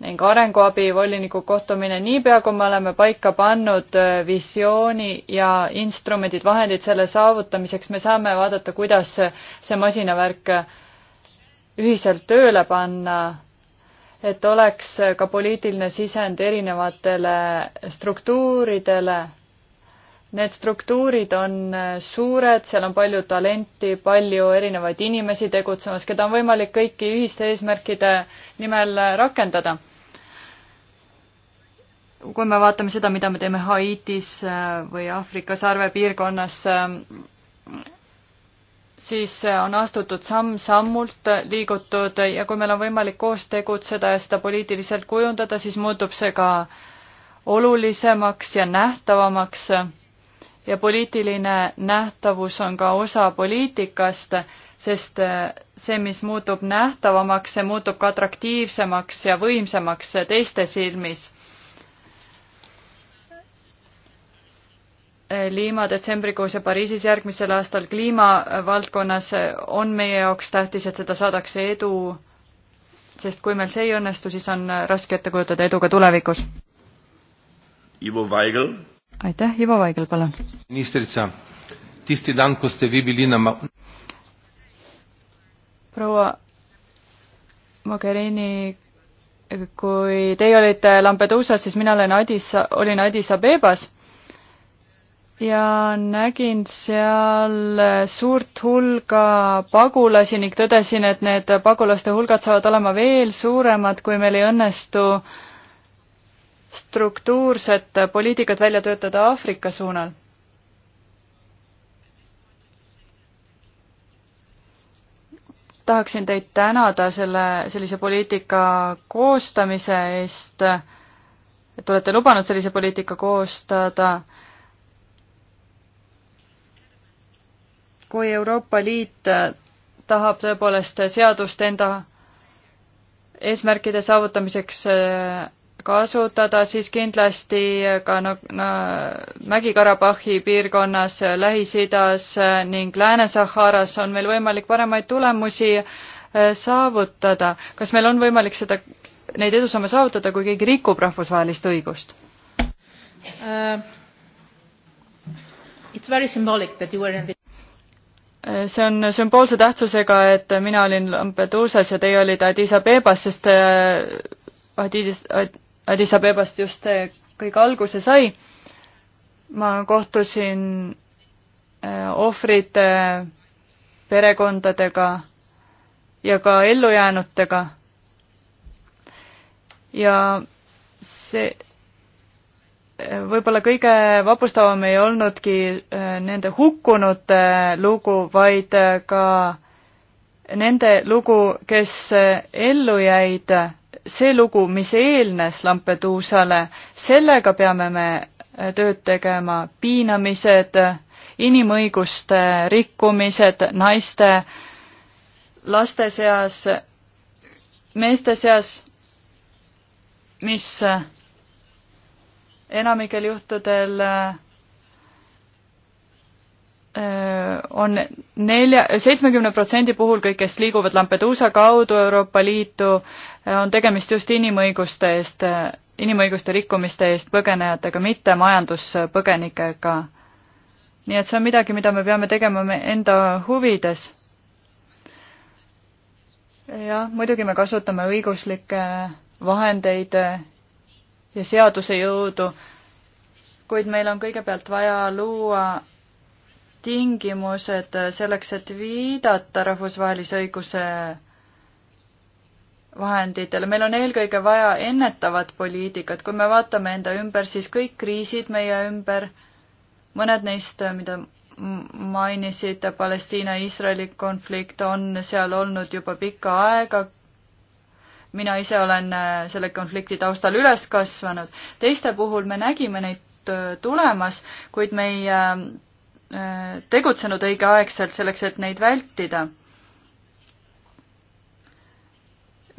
ning arenguabi voliniku kohtumine, niipea kui me oleme paika pannud äh, visiooni ja instrumendid, vahendid selle saavutamiseks, me saame vaadata, kuidas see masinavärk ühiselt tööle panna et oleks ka poliitiline sisend erinevatele struktuuridele Need struktuurid on äh, suured, seal on palju talenti, palju erinevaid inimesi tegutsemas, keda on võimalik kõiki ühiste eesmärkide nimel äh, rakendada. kui me vaatame seda, mida me teeme Haitis äh, või Aafrika sarvepiirkonnas, siis on astutud samm-sammult, liigutud ja kui meil on võimalik koos tegutseda ja seda poliitiliselt kujundada, siis muutub see ka olulisemaks ja nähtavamaks ja poliitiline nähtavus on ka osa poliitikast, sest äh, see, mis muutub nähtavamaks, see muutub ka atraktiivsemaks ja võimsamaks teiste silmis. Äh, Liima detsembrikuus ja Pariisis järgmisel aastal kliimavaldkonnas äh, on meie jaoks tähtis, et seda saadakse edu, sest kui meil see ei õnnestu, siis on raske ette kujutada edu ka tulevikus. Ivo Vaigel aitäh, Ivo Vaigel, palun. ministrica, tisti dan, kus te viibili na proua Mogherini, kui teie olite Lampeduusas, siis mina olen Addis, olin Addis Abebas ja nägin seal suurt hulga pagulasi ning tõdesin, et need pagulaste hulgad saavad olema veel suuremad, kui meil ei õnnestu äh, struktuurset poliitikat välja töötada Aafrika suunal. tahaksin teid tänada selle, sellise poliitika koostamise eest, et olete lubanud sellise poliitika koostada. kui Euroopa Liit tahab tõepoolest seadust enda eesmärkide saavutamiseks kasutada, siis kindlasti ka no, no, Mägi-Karabahhi piirkonnas, Lähis-Idas ning Lääne-Saharas on meil võimalik paremaid tulemusi äh, saavutada. kas meil on võimalik seda, neid edusamme saavutada, kui keegi rikub rahvusvahelist õigust uh,? It's very symbolic that you were in the äh, see on sümboolse tähtsusega, et mina olin Lampeduusas ja teie olite Addis Abebas, sest äh, Addis, Addis Abebast just kõige alguse sai. ma kohtusin äh, ohvrite perekondadega ja ka ellujäänutega. ja see äh, võib-olla kõige vapustavam ei olnudki äh, nende hukkunute lugu, vaid ka nende lugu, kes ellu jäid see lugu, mis eelnes Lampeduusale, sellega peame me äh, tööd tegema, piinamised, inimõiguste rikkumised naiste, laste seas, meeste seas, mis äh, enamikel juhtudel äh, on nelja, seitsmekümne protsendi puhul kõik, kes liiguvad Lampeduusa kaudu Euroopa Liitu, on tegemist just inimõiguste eest, inimõiguste rikkumiste eest põgenejatega, mitte majanduspõgenikega. nii et see on midagi, mida me peame tegema me enda huvides. jah, muidugi me kasutame õiguslikke vahendeid ja seaduse jõudu, kuid meil on kõigepealt vaja luua tingimused selleks, et viidata rahvusvahelise õiguse vahenditele, meil on eelkõige vaja ennetavat poliitikat, kui me vaatame enda ümber, siis kõik kriisid meie ümber, mõned neist, mida mainisite, Palestiina-Iisraeli konflikt on seal olnud juba pikka aega, mina ise olen äh, selle konflikti taustal üles kasvanud, teiste puhul me nägime neid äh, tulemas, kuid me ei äh, tegutsenud õigeaegselt selleks, et neid vältida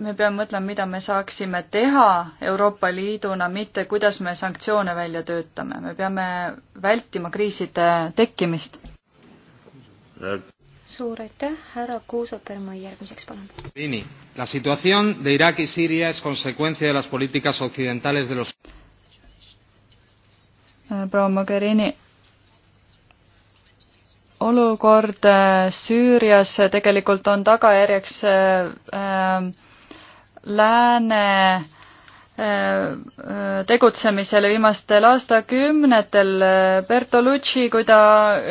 me peame mõtlema, mida me saaksime teha Euroopa Liiduna, mitte kuidas me sanktsioone välja töötame. me peame vältima kriiside tekkimist. suur aitäh, härra Kuuseperma, järgmiseks palun. Vini, la situación de Irak y Siria es consecuencia de las políticas occidentales de los proua Mogherini, olukord äh, Süürias äh, tegelikult on tagajärjeks äh, äh lääne äh, äh, tegutsemisele viimastel aastakümnetel. Bertolucci, kui ta äh,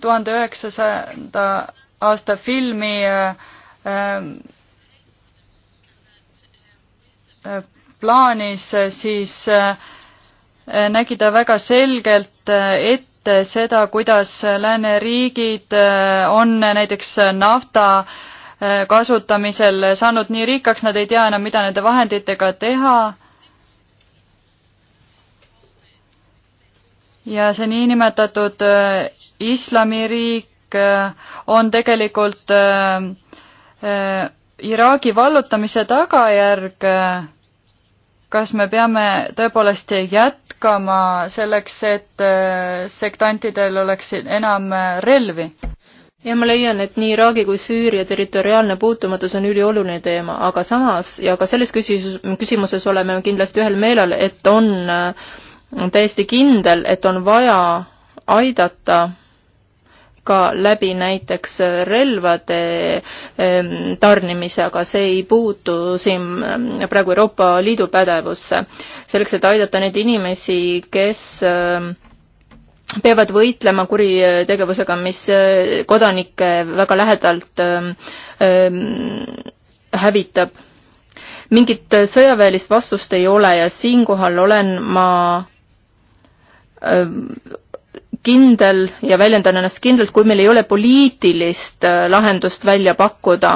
tuhande üheksasada aasta filmi plaanis, siis nägi ta väga selgelt ette seda, kuidas lääneriigid on näiteks nafta äh, kasutamisel saanud nii rikkaks, nad ei tea enam, mida nende vahenditega teha. ja see niinimetatud äh, islamiriik äh, on tegelikult äh, Iraagi vallutamise tagajärg. kas me peame tõepoolest jätkama selleks, et sektantidel oleks enam relvi? ja ma leian, et nii Iraagi kui Süüria territoriaalne puutumatus on ülioluline teema, aga samas ja ka selles küsis-, küsimuses oleme kindlasti ühel meelel, et on äh, täiesti kindel, et on vaja aidata ka läbi näiteks relvade ähm, tarnimise, aga see ei puutu siin äh, praegu Euroopa Liidu pädevusse. selleks, et aidata neid inimesi, kes ähm, peavad võitlema kuritegevusega, mis äh, kodanikke väga lähedalt ähm, ähm, hävitab. mingit sõjaväelist vastust ei ole ja siinkohal olen ma ähm, kindel ja väljendan ennast kindlalt, kui meil ei ole poliitilist äh, lahendust välja pakkuda,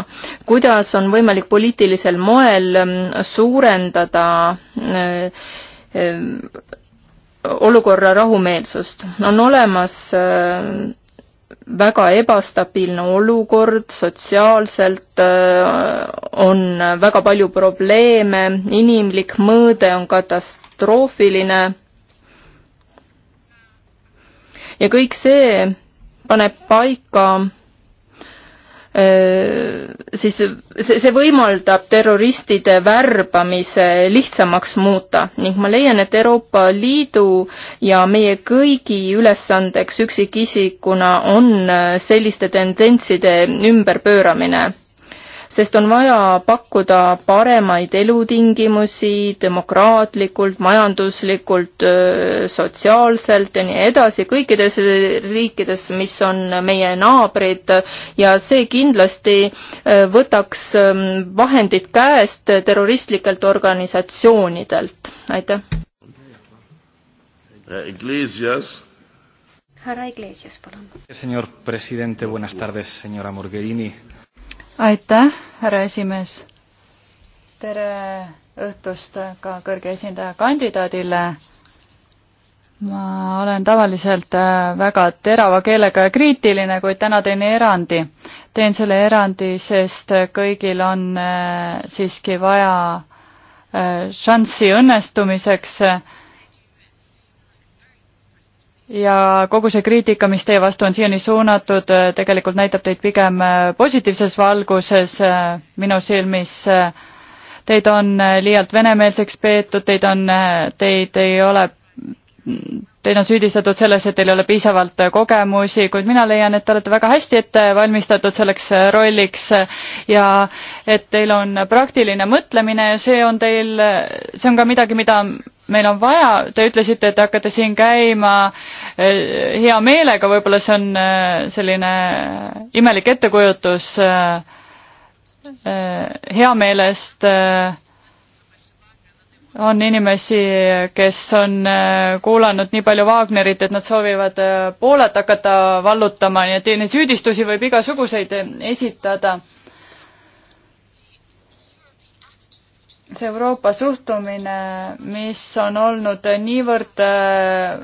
kuidas on võimalik poliitilisel moel suurendada äh, olukorra rahumeelsust. on olemas äh, väga ebastabiilne olukord sotsiaalselt, äh, on väga palju probleeme, inimlik mõõde on katastroofiline ja kõik see paneb paika siis see, see võimaldab terroristide värbamise lihtsamaks muuta ning ma leian, et Euroopa Liidu ja meie kõigi ülesandeks üksikisikuna on äh, selliste tendentside ümberpööramine sest on vaja pakkuda paremaid elutingimusi demokraatlikult, majanduslikult, sotsiaalselt ja nii edasi kõikides riikides, mis on meie naabrid ja see kindlasti võtaks vahendid käest terroristlikelt organisatsioonidelt. aitäh. Eh, Iglesias härra Iglesias, palun. Señor presidente, buenas tardes, señora Morgherini aitäh, härra esimees. tere õhtust ka kõrge esindaja kandidaadile. ma olen tavaliselt äh, väga terava keelega ja kriitiline, kuid täna teen erandi. teen selle erandi, sest kõigil on äh, siiski vaja äh, šanssi õnnestumiseks ja kogu see kriitika, mis teie vastu on siiani suunatud, äh, tegelikult näitab teid pigem äh, positiivses valguses äh, minu silmis. Teid on liialt venemeelseks peetud, teid on, teid ei ole, teid on süüdistatud selles, et teil ei ole piisavalt kogemusi, kuid mina leian, et te olete väga hästi ette valmistatud selleks rolliks ja et teil on praktiline mõtlemine ja see on teil, see on ka midagi, mida meil on vaja, te ütlesite, et te hakkate siin käima eh, hea meelega, võib-olla see on eh, selline eh, imelik ettekujutus hea meelest on inimesi, kes on kuulanud nii palju Wagnerit, et nad soovivad Poolat hakata vallutama, nii et neid süüdistusi võib igasuguseid esitada see Euroopa suhtumine, mis on olnud niivõrd äh,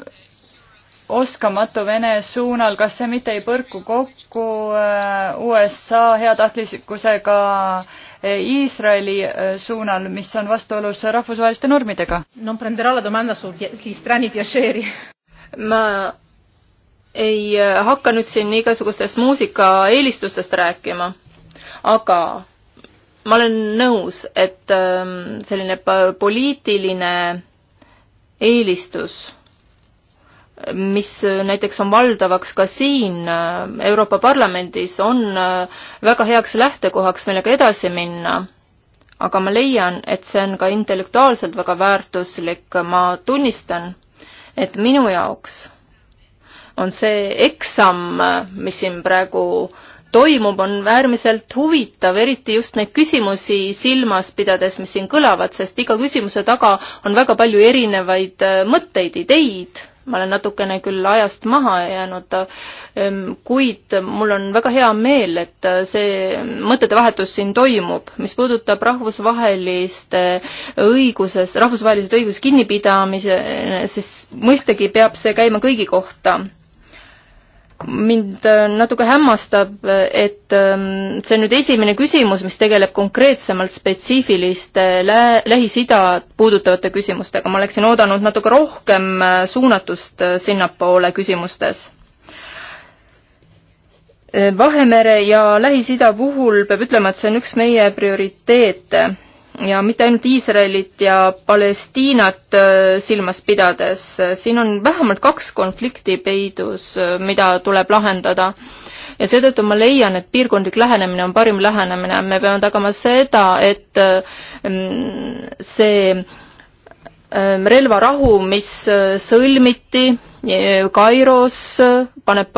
oskamatu Vene suunal, kas see mitte ei põrku kokku äh, USA heatahtlikkusega äh, Iisraeli suunal, mis on vastuolus rahvusvaheliste normidega? ma ei hakka nüüd siin igasugustest muusikaeelistustest rääkima, aga ma olen nõus, et ähm, selline poliitiline eelistus, mis näiteks on valdavaks ka siin äh, Euroopa Parlamendis, on äh, väga heaks lähtekohaks millega edasi minna. aga ma leian, et see on ka intellektuaalselt väga väärtuslik, ma tunnistan, et minu jaoks on see eksam, äh, mis siin praegu äh, toimub, on äärmiselt huvitav, eriti just neid küsimusi silmas pidades, mis siin kõlavad, sest iga küsimuse taga on väga palju erinevaid äh, mõtteid, ideid. ma olen natukene küll ajast maha jäänud, äh, kuid mul on väga hea meel, et äh, see mõtetevahetus siin toimub. mis puudutab rahvusvaheliste õiguses, rahvusvahelisest õigusest kinnipidamise, siis mõistagi peab see käima kõigi kohta mind äh, natuke hämmastab, et ähm, see on nüüd esimene küsimus, mis tegeleb konkreetsemalt spetsiifiliste lä-, Lähis-Ida puudutavate küsimustega. ma oleksin oodanud natuke rohkem äh, suunatust äh, sinnapoole küsimustes. Vahemere ja Lähis-Ida puhul peab ütlema, et see on üks meie prioriteete ja mitte ainult Iisraelit ja Palestiinat äh, silmas pidades, siin on vähemalt kaks konflikti peidus, äh, mida tuleb lahendada. ja seetõttu ma leian, et piirkondlik lähenemine on parim lähenemine, me peame tagama seda, et äh, see relvarahu, mis sõlmiti Kairos, paneb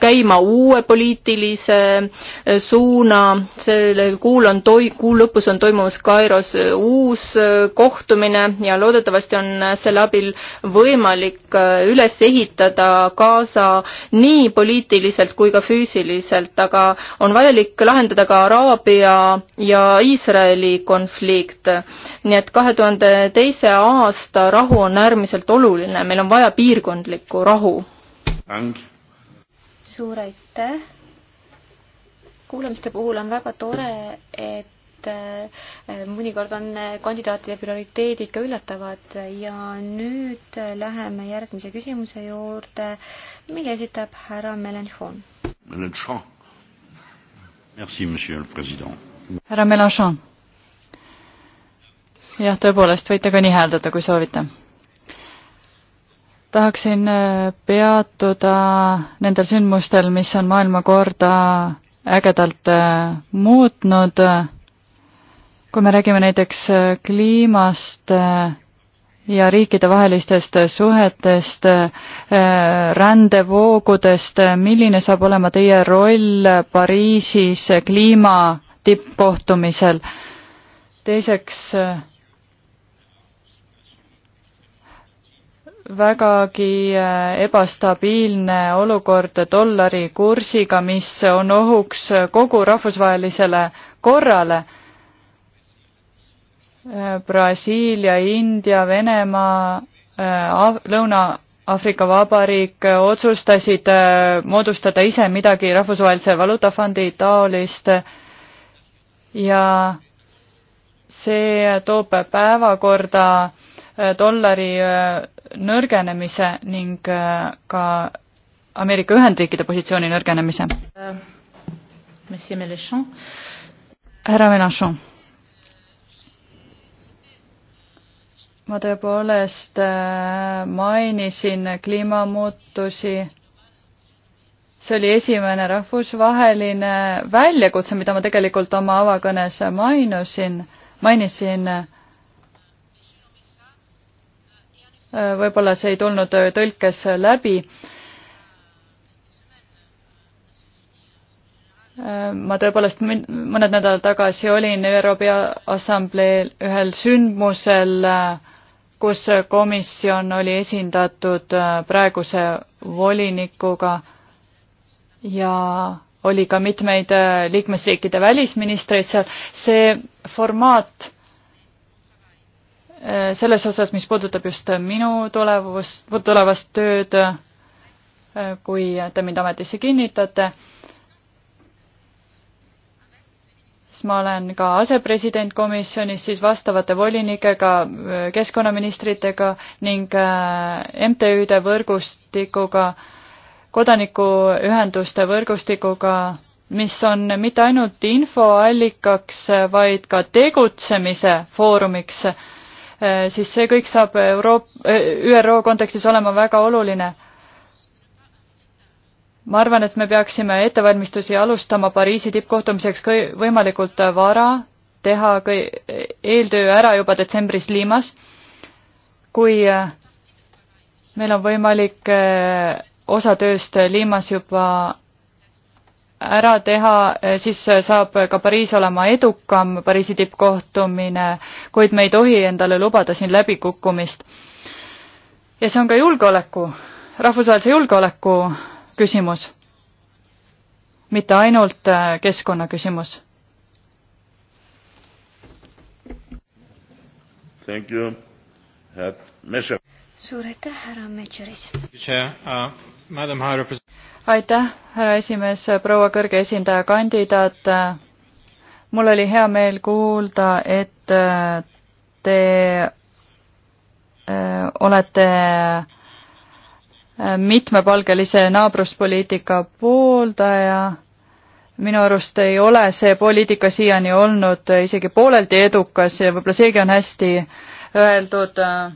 käima uue poliitilise eh, suuna, selle kuul on toi-, kuu lõpus on toimumas Kairos eh, uus eh, kohtumine ja loodetavasti on selle abil võimalik üles ehitada Gaza nii poliitiliselt kui ka füüsiliselt, aga on vajalik lahendada ka Araabia ja Iisraeli konflikt. nii et kahe tuhande teise aasta rahu on äärmiselt oluline, meil on vaja piirkondlikku rahu. Dank suur aitäh. kuulamiste puhul on väga tore, et äh, mõnikord on äh, kandidaatide prioriteedid ka üllatavad ja nüüd läheme järgmise küsimuse juurde, mille esitab härra Melenchon. Melenchon. Merci, monsieur le president. härra Melenchon. jah, tõepoolest, võite ka nii hääldada, kui soovite tahaksin äh, peatuda nendel sündmustel, mis on maailmakorda ägedalt äh, muutnud. kui me räägime näiteks äh, kliimast ja riikidevahelistest suhetest, rändevoogudest, milline saab olema teie roll Pariisis kliima tippkohtumisel? teiseks vägagi äh, ebastabiilne olukord dollari kursiga, mis on ohuks kogu rahvusvahelisele korrale. Äh, Brasiilia, India, Venemaa, äh, Lõuna-Aafrika Vabariik otsustasid moodustada ise midagi rahvusvahelise valuutafondi taolist ja see toob päevakorda dollari nõrgenemise ning äh, ka Ameerika Ühendriikide positsiooni nõrgenemise. härra Mélenchon. ma tõepoolest äh, mainisin kliimamuutusi. see oli esimene rahvusvaheline väljakutse, mida ma tegelikult oma avakõnes mainusin, mainisin, mainisin võib-olla see ei tulnud äh, tõlkes läbi. Äh, ma tõepoolest mõned nädalad tagasi olin ÜRO Peaassambleel ühel sündmusel, äh, kus komisjon oli esindatud praeguse volinikuga ja oli ka mitmeid liikmesriikide välisministreid seal. see formaat Äh, selles osas, mis puudutab just minu tulevust, tulevast tööd, äh, kui te mind ametisse kinnitate, siis ma olen ka asepresident komisjonis, siis vastavate volinikega, äh, keskkonnaministritega ning MTÜ-de võrgustikuga, kodanikuühenduste võrgustikuga, mis on mitte ainult infoallikaks, vaid ka tegutsemise foorumiks Äh, siis see kõik saab Euroop-, äh, ÜRO kontekstis olema väga oluline. ma arvan, et me peaksime ettevalmistusi alustama Pariisi tippkohtumiseks kõi-, võimalikult vara, teha kõi-, eeltöö ära juba detsembris Liimas, kui äh, meil on võimalik osa tööst Liimas juba ära teha, eh, siis eh, saab ka Pariis olema edukam, Pariisi tippkohtumine, kuid me ei tohi endale lubada siin läbikukkumist. ja see on ka julgeoleku, rahvusvahelise julgeoleku küsimus, mitte ainult eh, keskkonna küsimus. suur aitäh, härra Metšeris! Uh, aitäh, härra esimees, proua kõrge esindaja kandidaat. mul oli hea meel kuulda, et äh, te äh, olete äh, mitmepalgelise naabruspoliitika pooldaja. minu arust ei ole see poliitika siiani olnud isegi pooleldi edukas ja võib-olla seegi on hästi öeldud äh,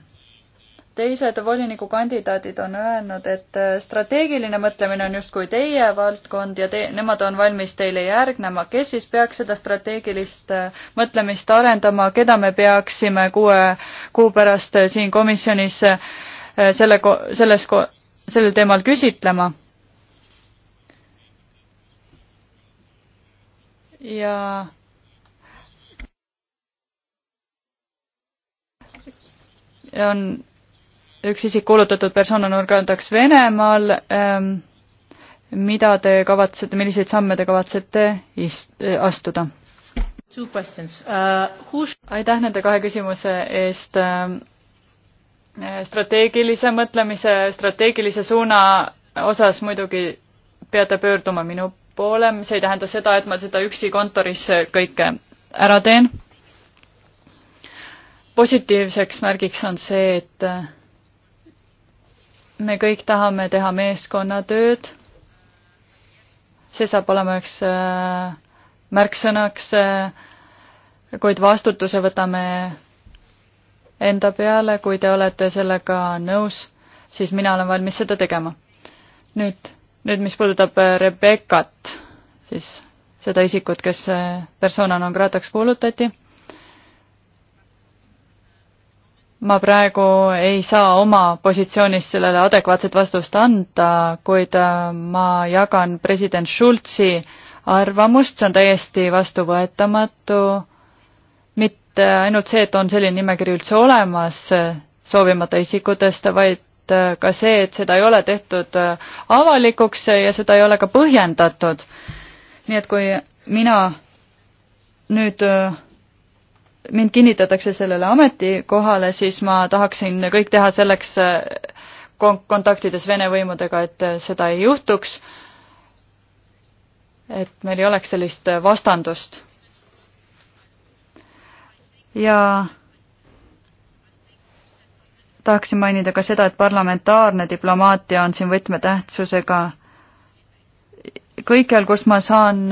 teised volinikukandidaadid on öelnud, et äh, strateegiline mõtlemine on justkui teie valdkond ja te, nemad on valmis teile järgnema. kes siis peaks seda strateegilist äh, mõtlemist arendama, keda me peaksime kuue kuu pärast äh, siin komisjonis selle, selles, sellel teemal küsitlema? ja on üks isik kuulutatud persoon on organdaks Venemaal ähm,, mida te kavatsete, milliseid samme te kavatsete ist-, astuda? Uh, aitäh nende kahe küsimuse eest ähm,. strateegilise mõtlemise, strateegilise suuna osas muidugi peate pöörduma minu poole, see ei tähenda seda, et ma seda üksi kontoris kõike ära teen. positiivseks märgiks on see, et me kõik tahame teha meeskonnatööd. see saab olema üks äh, märksõnaks, äh, kuid vastutuse võtame enda peale, kui te olete sellega nõus, siis mina olen valmis seda tegema. nüüd, nüüd mis puudutab äh, Rebekat, siis seda isikut, kes persona non grata'ks kuulutati ma praegu ei saa oma positsioonist sellele adekvaatset vastust anda, kuid äh, ma jagan president Schulzi arvamust, see on täiesti vastuvõetamatu. mitte ainult see, et on selline nimekiri üldse olemas soovimata isikutest, vaid äh, ka see, et seda ei ole tehtud äh, avalikuks ja seda ei ole ka põhjendatud. nii et kui mina nüüd mind kinnitatakse sellele ametikohale, siis ma tahaksin kõik teha selleks eh, kontaktides Vene võimudega, et eh, seda ei juhtuks. et meil ei oleks sellist eh, vastandust. ja tahaksin mainida ka seda, et parlamentaarne diplomaatia on siin võtmetähtsusega. kõikjal, kus ma saan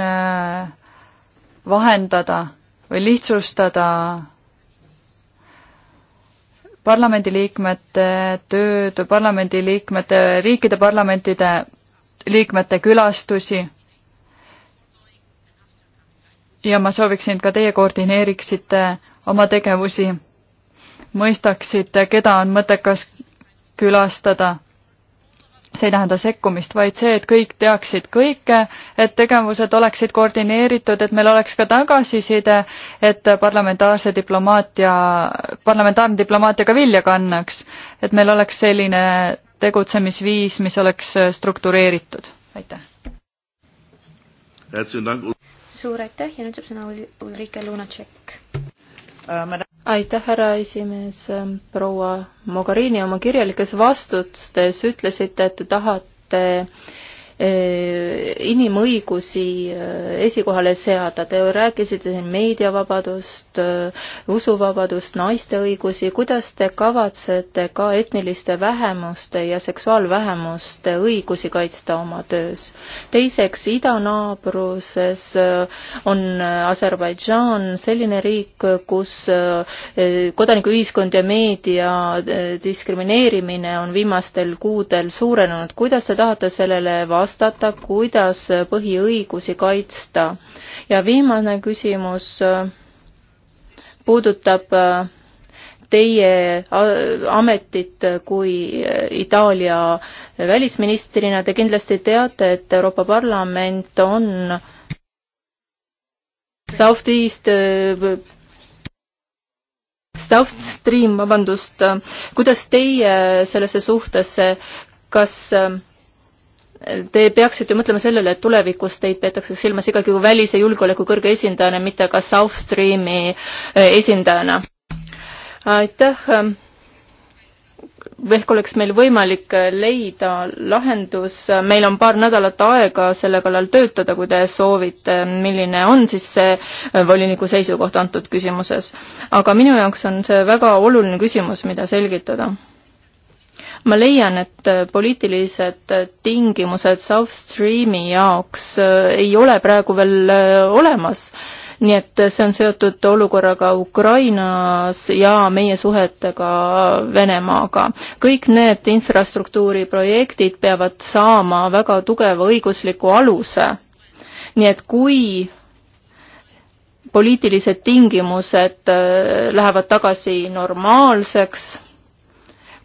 vahendada või lihtsustada parlamendiliikmete tööd, parlamendiliikmete, riikide parlamentide liikmete külastusi. ja ma sooviksin, et ka teie koordineeriksite oma tegevusi, mõistaksite, keda on mõttekas külastada see ei tähenda sekkumist, vaid see, et kõik teaksid kõike, et tegevused oleksid koordineeritud, et meil oleks ka tagasiside, et parlamentaarse diplomaatia, parlamentaarne diplomaatia ka vilja kannaks. et meil oleks selline tegutsemisviis, mis oleks struktureeritud. aitäh! suur aitäh ja nüüd saab sõna Ulrike Lunatšek. Äh, aitäh, härra esimees, proua Mogherini, oma kirjalikes vastustes ütlesite, et tahate Eh, inimõigusi eh, esikohale seada, te rääkisite siin meediavabadust, eh, usuvabadust, naiste õigusi, kuidas te kavatsete ka etniliste vähemuste ja seksuaalvähemuste õigusi kaitsta oma töös? teiseks, idanaabruses on Aserbaidžaan selline riik, kus kodanikuühiskond ja meedia diskrimineerimine on viimastel kuudel suurenenud, kuidas te tahate sellele vastu vastata, kuidas põhiõigusi kaitsta. ja viimane küsimus äh, puudutab äh, teie äh, ametit kui Itaalia välisministrina. Te kindlasti teate, et Euroopa Parlament on South East South Stream, vabandust, kuidas teie sellesse suhtesse, kas äh, Te peaksite mõtlema sellele, et tulevikus teid peetakse silmas ikkagi kui välise julgeoleku kõrge esindajana, mitte ka South Streami äh, esindajana. aitäh. ehk oleks meil võimalik äh, leida lahendus, meil on paar nädalat aega selle kallal töötada, kui te soovite, milline on siis see äh, voliniku seisukoht antud küsimuses. aga minu jaoks on see väga oluline küsimus, mida selgitada ma leian, et äh, poliitilised äh, tingimused South Streami jaoks äh, ei ole praegu veel olemas. nii et see on seotud olukorraga Ukrainas ja meie suhetega Venemaaga. kõik need infrastruktuuriprojektid peavad saama väga tugeva õigusliku aluse. nii et kui poliitilised tingimused lähevad tagasi normaalseks,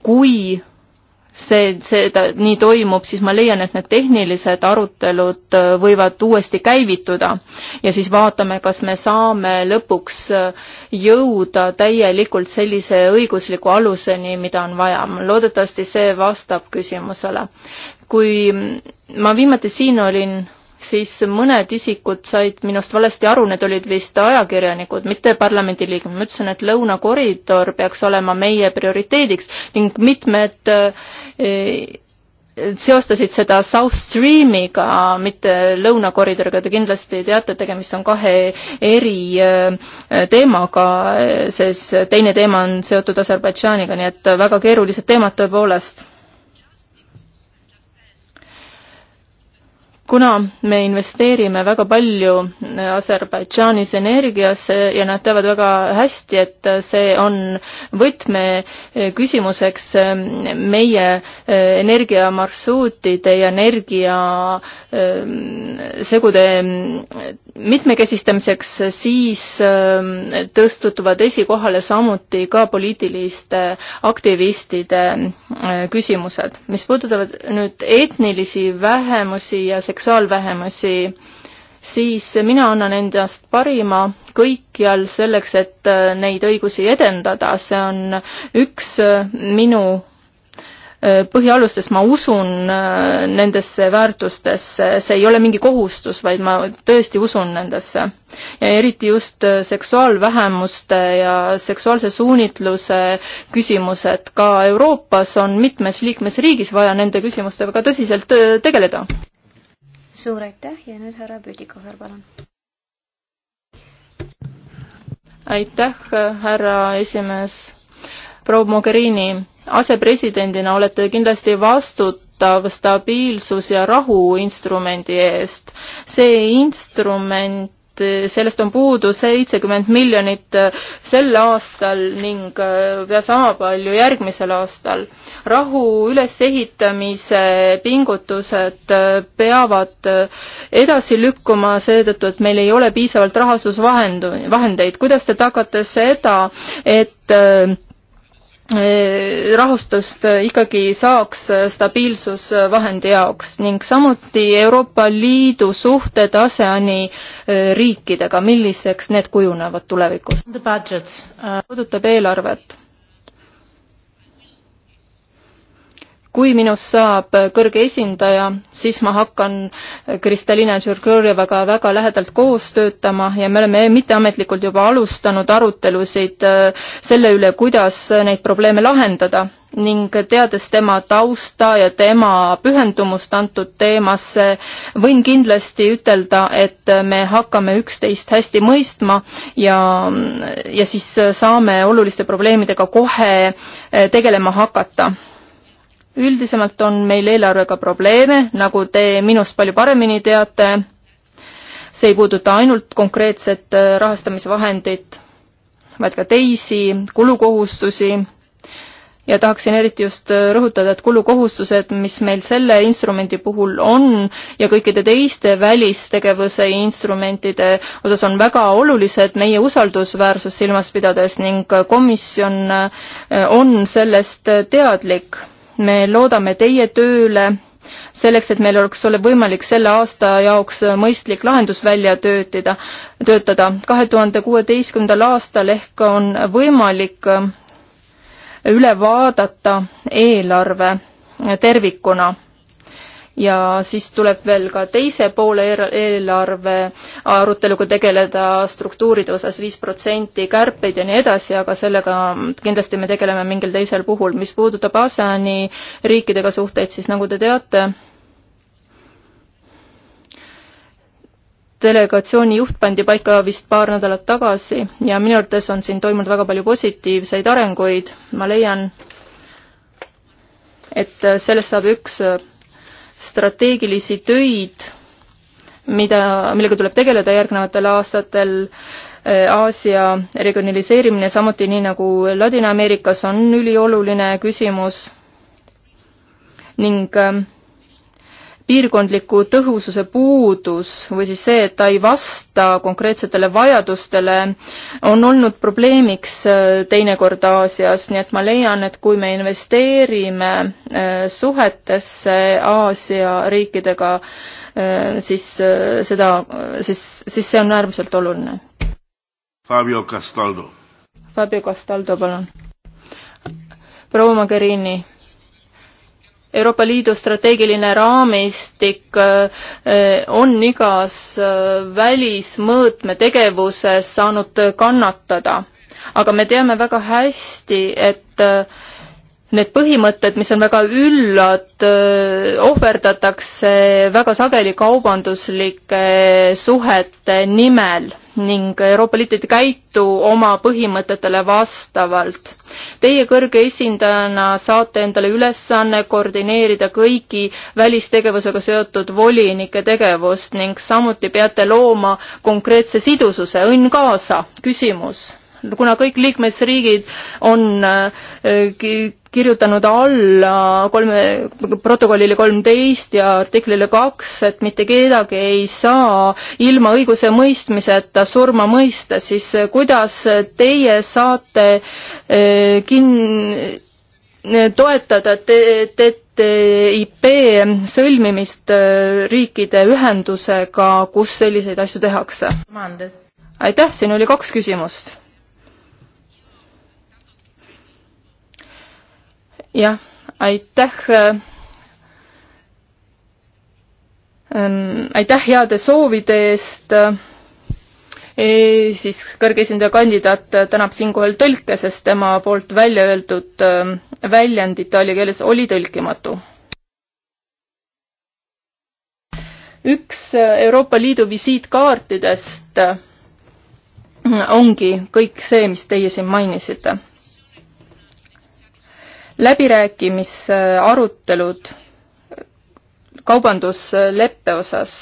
kui see, seda nii toimub, siis ma leian, et need tehnilised arutelud äh, võivad uuesti käivituda ja siis vaatame, kas me saame lõpuks äh, jõuda täielikult sellise õigusliku aluseni, mida on vaja. loodetavasti see vastab küsimusele. kui mm, ma viimati siin olin, siis mõned isikud said minust valesti aru, need olid vist ajakirjanikud, mitte parlamendiliikmed. ma ütlesin, et lõunakoridor peaks olema meie prioriteediks ning mitmed eh, eh, seostasid seda South Streamiga, mitte lõunakoridoriga, te kindlasti teate, tegemist on kahe eri eh, teemaga, sest teine teema on seotud Aserbaidžaaniga, nii et väga keerulised teemad tõepoolest kuna me investeerime väga palju äh, Aserbaidžaanis energiasse ja nad teavad väga hästi, et äh, see on võtmeküsimuseks äh, meie energiamarsruutide ja energiasegude mitmekesistamiseks, siis tõstutuvad esikohale samuti ka poliitiliste aktivistide küsimused. mis puudutavad nüüd etnilisi vähemusi ja sek-, seksuaalvähemusi, siis mina annan endast parima kõikjal selleks, et äh, neid õigusi edendada, see on üks äh, minu äh, põhialustest ma usun nendesse väärtustesse, see ei ole mingi kohustus, vaid ma tõesti usun nendesse. ja eriti just seksuaalvähemuste ja seksuaalse suunitluse küsimused, ka Euroopas on mitmes liikmesriigis vaja nende küsimustega tõsiselt tegeleda suur aitäh ja nüüd härra Püdikohver, palun. aitäh, härra esimees. proua Mogherini, asepresidendina olete kindlasti vastut-, vastutab stabiilsus ja rahu instrumendi eest. see instrument Eh, sellest on puudu seitsekümmend miljonit eh, sel aastal ning eh, pea sama palju järgmisel aastal. rahu ülesehitamise pingutused peavad edasi lükkuma seetõttu, et meil ei ole piisavalt rahastusvahendu, vahendeid. kuidas te tagate seda, et Äh, rahastust ikkagi saaks stabiilsusvahendi jaoks ning samuti Euroopa Liidu suhted ASEAN-i äh, riikidega, milliseks need kujunevad tulevikus? Äh, puudutab eelarvet kui minust saab kõrge esindaja, siis ma hakkan Kristalina Tšurgõrjevaga väga lähedalt koos töötama ja me oleme mitteametlikult juba alustanud arutelusid äh, selle üle, kuidas neid probleeme lahendada ning teades tema tausta ja tema pühendumust antud teemasse, võin kindlasti ütelda, et me hakkame üksteist hästi mõistma ja, ja siis saame oluliste probleemidega kohe äh, tegelema hakata üldisemalt on meil eelarvega probleeme, nagu te minust palju paremini teate. see ei puuduta ainult konkreetset äh, rahastamisvahendit, vaid ka teisi kulukohustusi. ja tahaksin eriti just äh, rõhutada, et kulukohustused, mis meil selle instrumendi puhul on ja kõikide teiste välistegevuse instrumentide osas on väga olulised meie usaldusväärsust silmas pidades ning äh, komisjon on sellest teadlik me loodame teie tööle selleks, et meil oleks ole võimalik selle aasta jaoks mõistlik lahendus välja töötada, töötada. kahe tuhande kuueteistkümnendal aastal ehk on võimalik äh, üle vaadata eelarve tervikuna ja siis tuleb veel ka teise poole eelarve aruteluga tegeleda, struktuuride osas viis protsenti, kärpeid ja nii edasi, aga sellega kindlasti me tegeleme mingil teisel puhul. mis puudutab ASEAN-i riikidega suhteid, siis nagu te teate, delegatsiooni juht pandi paika vist paar nädalat tagasi ja minu arvates on siin toimunud väga palju positiivseid arenguid, ma leian, et sellest saab üks strateegilisi töid, mida, millega tuleb tegeleda järgnevatel aastatel, äh, Aasia regionaliseerimine, samuti nii nagu Ladina-Ameerikas, on ülioluline küsimus ning äh, piirkondliku tõhususe puudus või siis see, et ta ei vasta konkreetsetele vajadustele, on olnud probleemiks äh, teinekord Aasias, nii et ma leian, et kui me investeerime äh, suhetesse Aasia riikidega, äh, siis seda, siis, siis see on äärmiselt oluline. Fabio Castaldo. Fabio Castaldo, palun. proua Mogherini Euroopa Liidu strateegiline raamistik eh, on igas eh, välismõõtme tegevuses saanud kannatada. aga me teame väga hästi, et eh, need põhimõtted, mis on väga üllad, ohverdatakse väga sageli kaubanduslike suhete nimel ning Euroopa Liit ei käitu oma põhimõtetele vastavalt. Teie kõrge esindajana saate endale ülesanne koordineerida kõigi välistegevusega seotud volinike tegevust ning samuti peate looma konkreetse sidususe. õnn kaasa, küsimus kuna kõik liikmesriigid on äh, kirjutanud alla kolme, protokollile kolmteist ja artiklile kaks, et mitte kedagi ei saa ilma õigusemõistmiseta surma mõista, siis kuidas teie saate äh, kin-, toetada TTIP sõlmimist äh, riikide ühendusega, kus selliseid asju tehakse? aitäh, siin oli kaks küsimust jah, aitäh. Äh, aitäh heade soovide eest e. siis kõrge esindaja kandidaat tänab siinkohal tõlke, sest tema poolt välja öeldud äh, väljend itaalia keeles oli tõlkimatu. üks Euroopa Liidu visiitkaartidest ongi kõik see, mis teie siin mainisite läbirääkimisarutelud kaubandusleppe osas.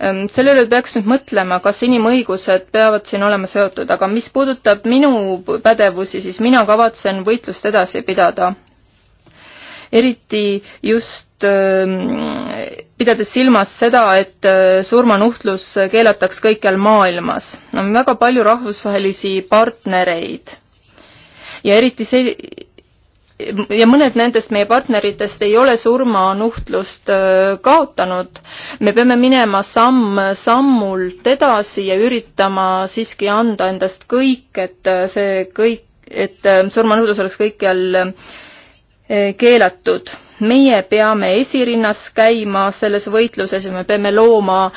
Ehm, selle üle peaks nüüd mõtlema, kas inimõigused peavad siin olema seotud, aga mis puudutab minu pädevusi, siis mina kavatsen võitlust edasi pidada. eriti just ehm, pidades silmas seda, et ehm, surmanuhtlus keelataks kõikjal maailmas. on väga palju rahvusvahelisi partnereid ja eriti see, ja mõned nendest meie partneritest ei ole surmanuhtlust äh, kaotanud. me peame minema samm-sammult edasi ja üritama siiski anda endast kõik, et äh, see kõik, et äh, surmanuhtlus oleks kõikjal keelatud. meie peame esirinnas käima selles võitluses ja me peame looma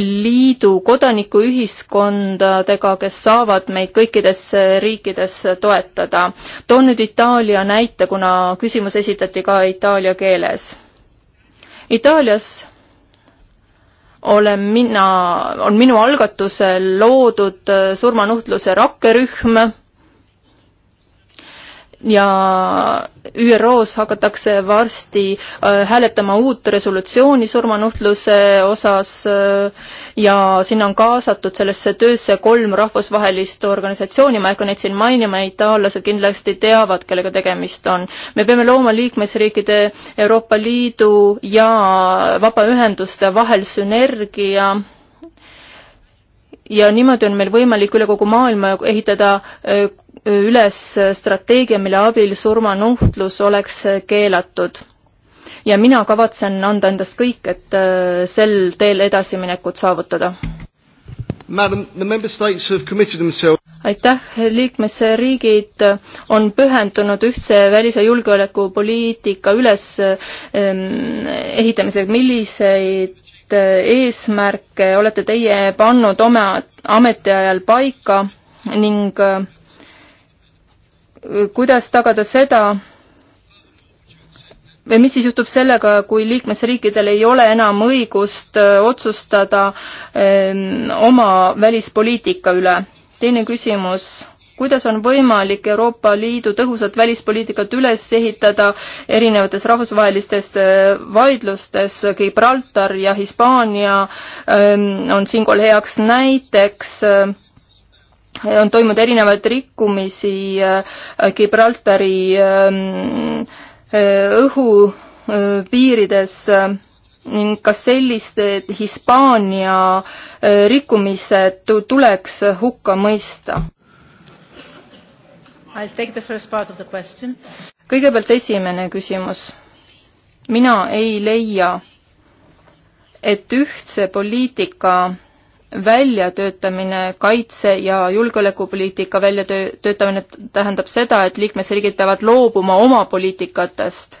liidu kodanikuühiskondadega, kes saavad meid kõikides riikides toetada. toon nüüd Itaalia näite, kuna küsimus esitati ka itaalia keeles. Itaalias olen mina, on minu algatusel loodud surmanuhtluse rakkerühm ja ÜRO-s hakatakse varsti äh, hääletama uut resolutsiooni surmanuhtluse osas äh, ja sinna on kaasatud sellesse töösse kolm rahvusvahelist organisatsiooni, ma ei hakka neid siin mainima, itaallased kindlasti teavad, kellega tegemist on. me peame looma liikmesriikide, Euroopa Liidu ja vabaühenduste vahel sünergia ja niimoodi on meil võimalik üle kogu maailma ehitada äh, üles strateegia, mille abil surmanuhtlus oleks keelatud. ja mina kavatsen anda endast kõik, et äh, sel teel edasiminekut saavutada. aitäh, liikmesriigid on pühendunud ühtse välis- ja julgeolekupoliitika ülesehitamisega, ähm, milliseid äh, eesmärke olete teie pannud oma ametiajal paika ning äh, kuidas tagada seda, või mis siis juhtub sellega, kui liikmesriikidel ei ole enam õigust äh, otsustada ähm, oma välispoliitika üle? teine küsimus, kuidas on võimalik Euroopa Liidu tõhusat välispoliitikat üles ehitada erinevates rahvusvahelistes äh, vaidlustes, Gibraltar ja Hispaania ähm, on siinkohal heaks näiteks äh, on toimunud erinevaid rikkumisi äh, Gibraltari ähm, äh, õhupiirides äh, ning kas sellised Hispaania rikkumised tuleks hukka mõista? kõigepealt esimene küsimus. mina ei leia, et ühtse poliitika väljatöötamine, kaitse- ja julgeolekupoliitika väljatöötamine tähendab seda, et liikmesriigid peavad loobuma oma poliitikatest,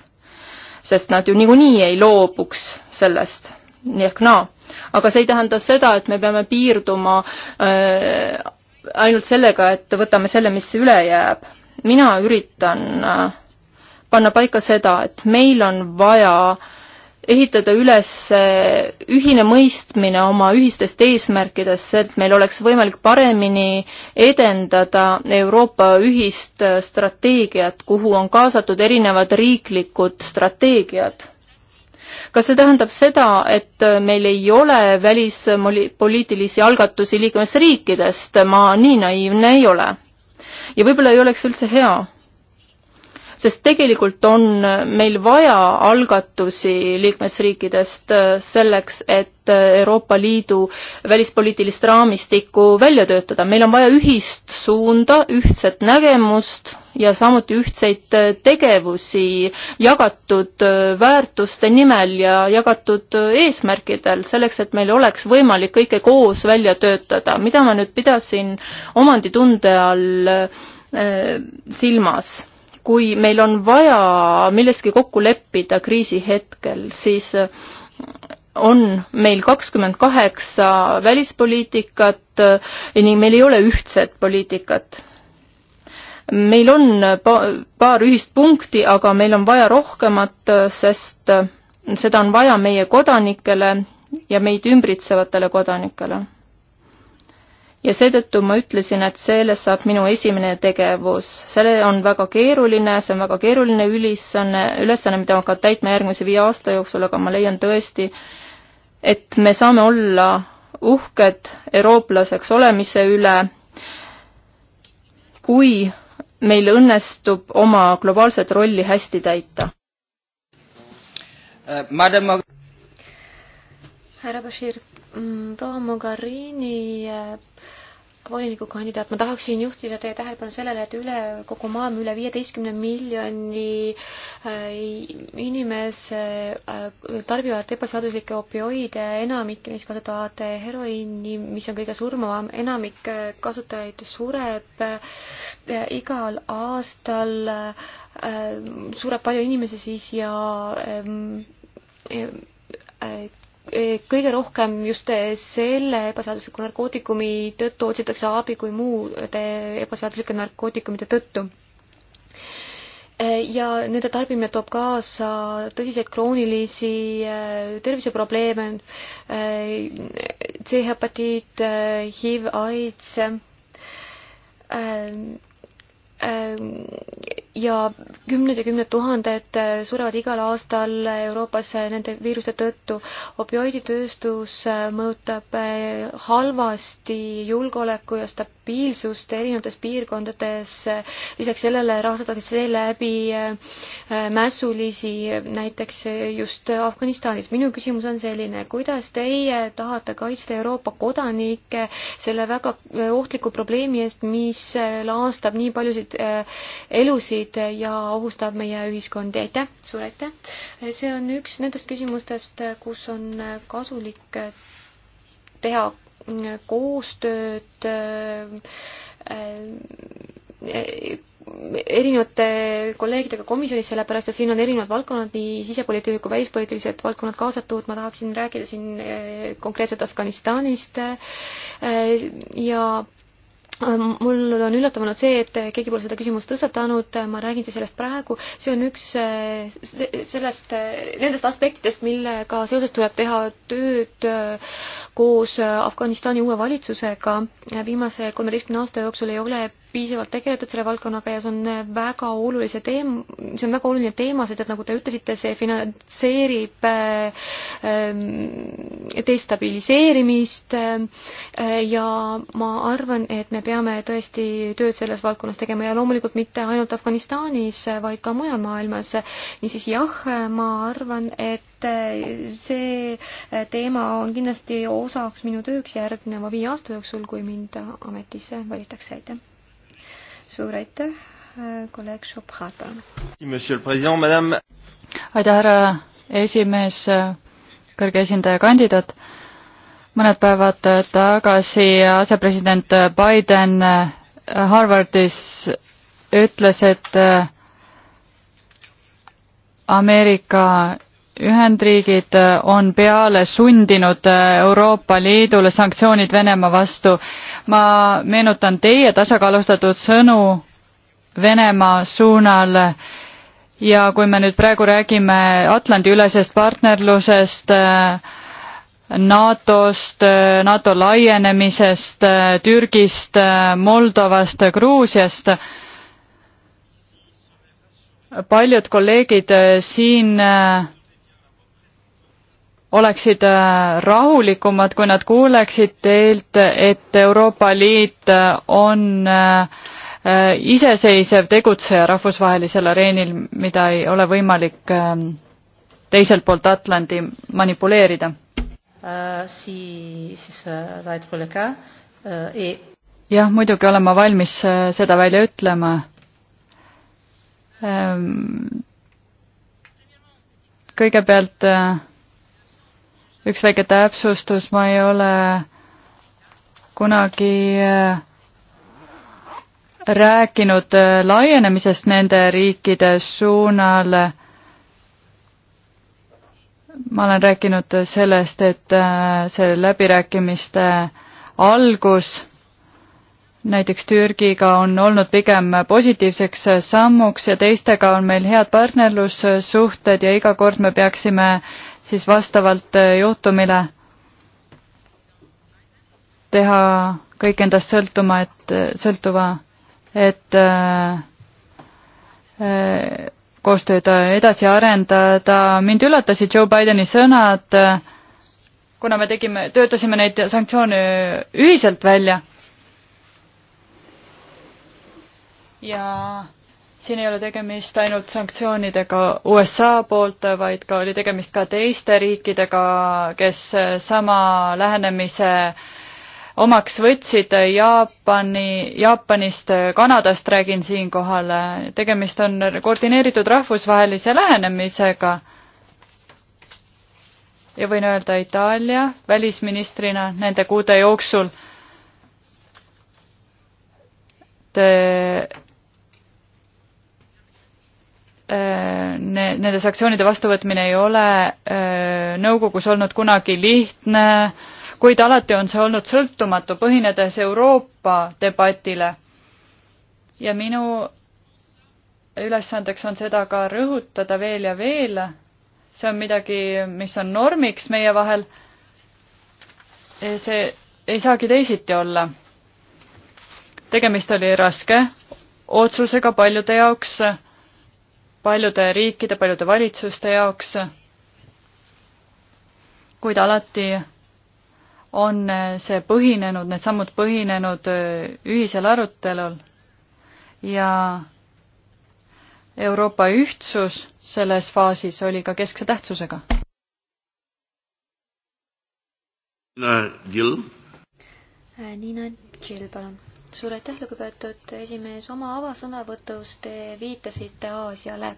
sest nad ju niikuinii ei loobuks sellest, nii ehk naa no.. aga see ei tähenda seda, et me peame piirduma äh, ainult sellega, et võtame selle, mis üle jääb. mina üritan äh, panna paika seda, et meil on vaja äh, ehitada üles eh, ühine mõistmine oma ühistest eesmärkidest, et meil oleks võimalik paremini edendada Euroopa ühist eh, strateegiat, kuhu on kaasatud erinevad riiklikud strateegiad. kas see tähendab seda, et eh, meil ei ole välispoliitilisi algatusi liikmesriikidest, ma nii naiivne ei ole. ja võib-olla ei oleks üldse hea sest tegelikult on meil vaja algatusi liikmesriikidest äh, selleks, et äh, Euroopa Liidu välispoliitilist raamistikku välja töötada. meil on vaja ühist suunda, ühtset nägemust ja samuti ühtseid äh, tegevusi jagatud väärtuste nimel ja jagatud eesmärkidel, selleks et meil oleks võimalik kõike koos välja töötada. mida ma nüüd pidasin omanditunde all silmas kui meil on vaja milleski kokku leppida kriisi hetkel, siis äh, on meil kakskümmend kaheksa välispoliitikat äh, ning meil ei ole ühtset poliitikat. meil on paar ühist punkti, aga meil on vaja rohkemat, äh, sest seda on vaja meie kodanikele ja meid ümbritsevatele kodanikele ja seetõttu ma ütlesin, et sellest saab minu esimene tegevus. see on väga keeruline, see on väga keeruline ülisanne, ülesanne, mida ma hakkan täitma järgmise viie aasta jooksul, aga ma leian tõesti, et me saame olla uhked eurooplaseks olemise üle, kui meil õnnestub oma globaalset rolli hästi täita. Äh, härra Bashir, mm, proua Mogherini äh, volinikukandidaat, ma tahaksin juhtida teie tähelepanu sellele, et üle kogu maailma üle viieteistkümne miljoni äh, inimese äh, tarbivad ebaseaduslikke opioide, enamik neist kasutavad heroiini, mis on kõige surmavam, enamik äh, kasutajaid sureb igal aastal, sureb palju inimesi siis ja ähm, kõige rohkem just selle ebaseadusliku narkootikumi tõttu otsitakse abi kui muude ebaseaduslike narkootikumide tõttu. ja nende tarbimine toob kaasa tõsiseid kroonilisi äh, terviseprobleeme, äh, C-hepatiit, äh, HIV, AIDS ja kümned ja kümned tuhanded äh, surevad igal aastal Euroopas äh, nende viiruste tõttu. opioiditööstus äh, mõjutab halvasti julgeoleku ja stabiilsust erinevates piirkondades. lisaks sellele rahastatakse seeläbi mässulisi, näiteks just Afganistanis. minu küsimus on selline, kuidas teie tahate kaitsta Euroopa kodanikke selle väga ohtliku probleemi eest, mis laastab nii paljusid elusid ohtusid ja ohustab meie ühiskondi. aitäh, suur aitäh! see on üks nendest küsimustest, kus on kasulik teha koostööd äh, erinevate kolleegidega komisjonis, sellepärast et siin on erinevad valdkonnad, nii sisepoliitilised kui välispoliitilised valdkonnad kaasatud, ma tahaksin rääkida siin äh, konkreetselt Afganistanist äh, ja Äh, mul on üllatanud see, et keegi pole seda küsimust tõstatanud, ma räägin siis sellest praegu, see on üks äh, sellest, äh, nendest aspektidest, millega seoses tuleb teha tööd koos Afganistani uue valitsusega. viimase kolmeteistkümne aasta jooksul ei ole piisavalt tegeletud selle valdkonnaga ja see on väga olulise teem-, see on väga oluline teema, sest et nagu te ütlesite, see finantseerib ehm, destabiliseerimist ehm, ja ma arvan, et me peame tõesti tööd selles valdkonnas tegema ja loomulikult mitte ainult Afganistanis, vaid ka mujal maailmas. niisiis jah, ma arvan, et see teema on kindlasti osaks minu tööks järgneva viie aasta jooksul, kui mind ametisse valitakse, aitäh! suur aitäh, kolleeg Šopha, palun. aitäh, härra esimees, kõrge esindaja kandidaat. mõned päevad tagasi asepresident Biden Harvardis ütles, et Ameerika Ühendriigid on peale sundinud Euroopa Liidule sanktsioonid Venemaa vastu ma meenutan teie tasakaalustatud sõnu Venemaa suunal ja kui me nüüd praegu räägime Atlandi-ülesest partnerlusest, NATO-st, NATO laienemisest, Türgist, Moldovast, Gruusiast, paljud kolleegid siin äh, oleksid äh, rahulikumad, kui nad kuuleksid teilt, et Euroopa Liit äh, on äh, iseseisev tegutseja rahvusvahelisel areenil, mida ei ole võimalik ähm, teiselt poolt Atlandi manipuleerida uh,. Si, siis uh, Rait Kolega uh, e. jah, muidugi olen ma valmis seda välja ütlema um,. kõigepealt uh, üks väike täpsustus, ma ei ole kunagi äh, rääkinud äh, laienemisest nende riikide suunal. ma olen rääkinud sellest, et äh, see läbirääkimiste algus näiteks Türgiga on olnud pigem positiivseks sammuks ja teistega on meil head partnerlussuhted ja iga kord me peaksime siis vastavalt eh, juhtumile teha kõik endast sõltuma, et, eh, sõltuva, et äh, koostööd edasi arendada. mind üllatasid Joe Bideni sõnad, kuna me tegime, töötasime neid sanktsioone ühiselt välja. ja siin ei ole tegemist ainult sanktsioonidega USA poolt, vaid ka oli tegemist ka teiste riikidega, kes sama lähenemise omaks võtsid Jaapani, Jaapanist, Kanadast räägin siinkohal, tegemist on koordineeritud rahvusvahelise lähenemisega. ja võin öelda Itaalia välisministrina nende kuude jooksul. Te Äh, ne-, nende sanktsioonide vastuvõtmine ei ole äh, nõukogus olnud kunagi lihtne, kuid alati on see olnud sõltumatu, põhinedes Euroopa debatile. ja minu ülesandeks on seda ka rõhutada veel ja veel, see on midagi, mis on normiks meie vahel, see ei saagi teisiti olla. tegemist oli raske otsusega paljude jaoks paljude riikide, paljude valitsuste jaoks, kuid alati on see põhinenud, need sammud põhinenud ühisel arutelul ja Euroopa ühtsus selles faasis oli ka keskse tähtsusega. Nina Jill. Nina Jill, palun suur aitäh, lugupeetud esimees, oma avasõnavõtus te viitasite Aasiale.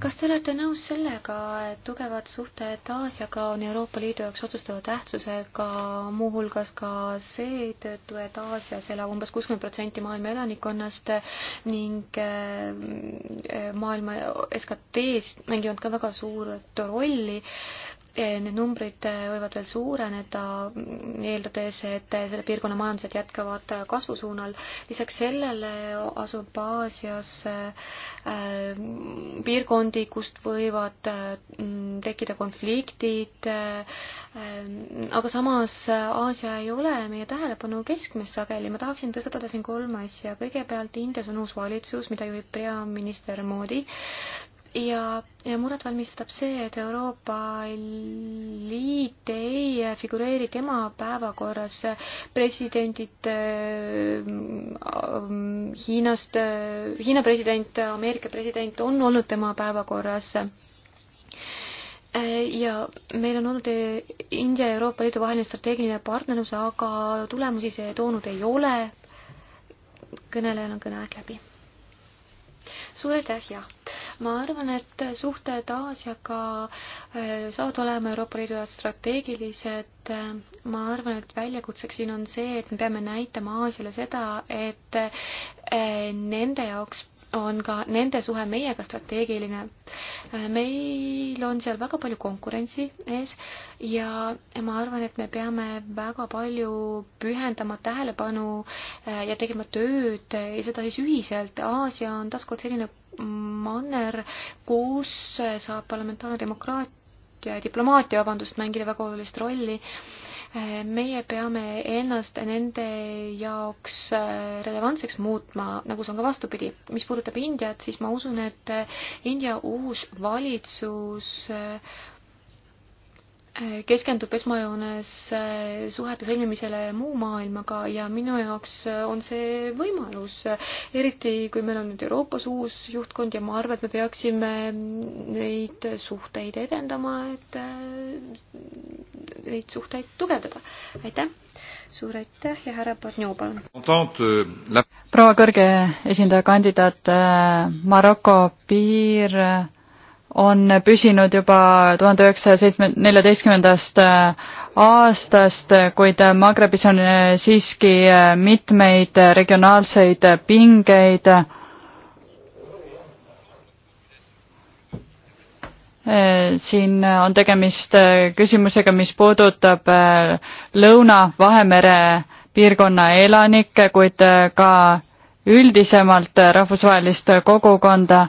kas te olete nõus sellega, et tugevad suhted Aasiaga on Euroopa Liidu jaoks otsustava tähtsusega, muuhulgas ka seetõttu, et Aasias elab umbes kuuskümmend protsenti maailma elanikkonnast ning äh, maailma SKT-s mängivad ka väga suurt rolli Eh, need numbrid eh, võivad veel suureneda, mm, eeldades, et eh, selle piirkonna majandused jätkavad kasvusuunal. lisaks sellele asub Aasias piirkondi, kust võivad mm, tekkida konfliktid, aga samas Aasia ei ole meie tähelepanu keskmes sageli. ma tahaksin tõstatada siin kolm asja. kõigepealt Indias on uus valitsus, mida juhib peaminister Moodi ja, ja muret valmistab see, et Euroopa Liit ei figureeri tema päevakorras. presidendid äh, Hiinast äh,, Hiina president, Ameerika president on olnud tema päevakorras äh, ja meil on olnud äh, India ja Euroopa Liidu vaheline strateegiline partnerlus, aga tulemusi see toonud ei ole. kõnelejal on kõneaeg läbi suur aitäh, jah. ma arvan, et suhted Aasiaga äh, saavad olema Euroopa Liidu jaoks strateegilised. ma arvan, et väljakutseks siin on see, et me peame näitama Aasiale seda, et äh, nende jaoks on ka nende suhe meiega strateegiline. meil on seal väga palju konkurentsi ees ja ma arvan, et me peame väga palju pühendama tähelepanu eh, ja tegema tööd ja seda siis ühiselt. Aasia on taaskord selline manner, kus saab parlamentaarne demokraatia ja diplomaatia, vabandust, mängida väga olulist rolli meie peame ennast nende jaoks äh, relevantseks muutma, nagu see on ka vastupidi. mis puudutab Indiat, siis ma usun, et India uus valitsus äh, keskendub esmajoones äh, suhete sõlmimisele muu maailmaga ja minu jaoks äh, on see võimalus, eriti kui meil on nüüd Euroopas uus juhtkond ja ma arvan, et me peaksime neid suhteid edendama, et äh, neid suhteid tugevdada. aitäh! suur aitäh ja härra Barnjou, palun! proua kõrge esindaja kandidaat, Maroko piir on püsinud juba tuhande üheksasaja seitsme, neljateistkümnendast äh, aastast, kuid Magrebis on äh, siiski äh, mitmeid regionaalseid pingeid. siin on tegemist küsimusega, mis puudutab Lõuna-Vahemere piirkonna elanikke, kuid ka üldisemalt rahvusvahelist kogukonda.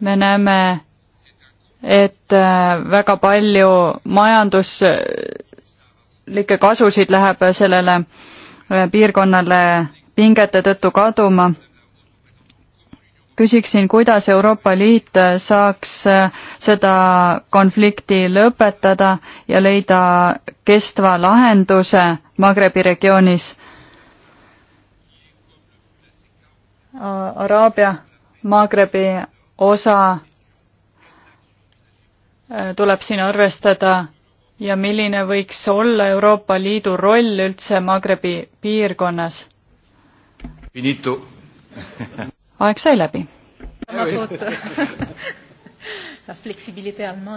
me näeme et äh, väga palju majanduslikke kasusid läheb sellele äh, piirkonnale pingete tõttu kaduma. küsiksin, kuidas Euroopa Liit saaks äh, seda konflikti lõpetada ja leida kestva lahenduse Magrebi regioonis. Araabia Magrebi osa Äh, tuleb siin arvestada ja milline võiks olla Euroopa Liidu roll üldse Magrebi piirkonnas? aeg sai läbi.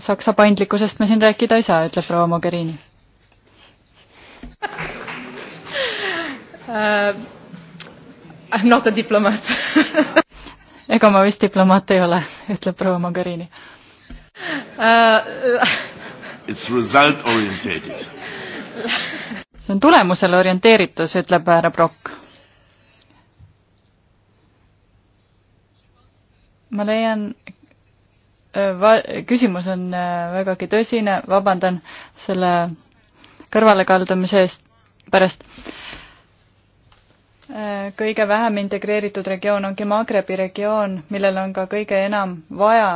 Saksa paindlikkusest me siin rääkida ei saa, ütleb proua Mogherini uh,. I am not a diplomat ega ma vist diplomaat ei ole, ütleb proua Mogherini uh,. It's result orienteeritud see on tulemusele orienteeritus, ütleb härra Brock. ma leian, äh, küsimus on vägagi tõsine, vabandan selle kõrvalekaldumise eest pärast kõige vähem integreeritud regioon ongi Magrebi regioon, millel on ka kõige enam vaja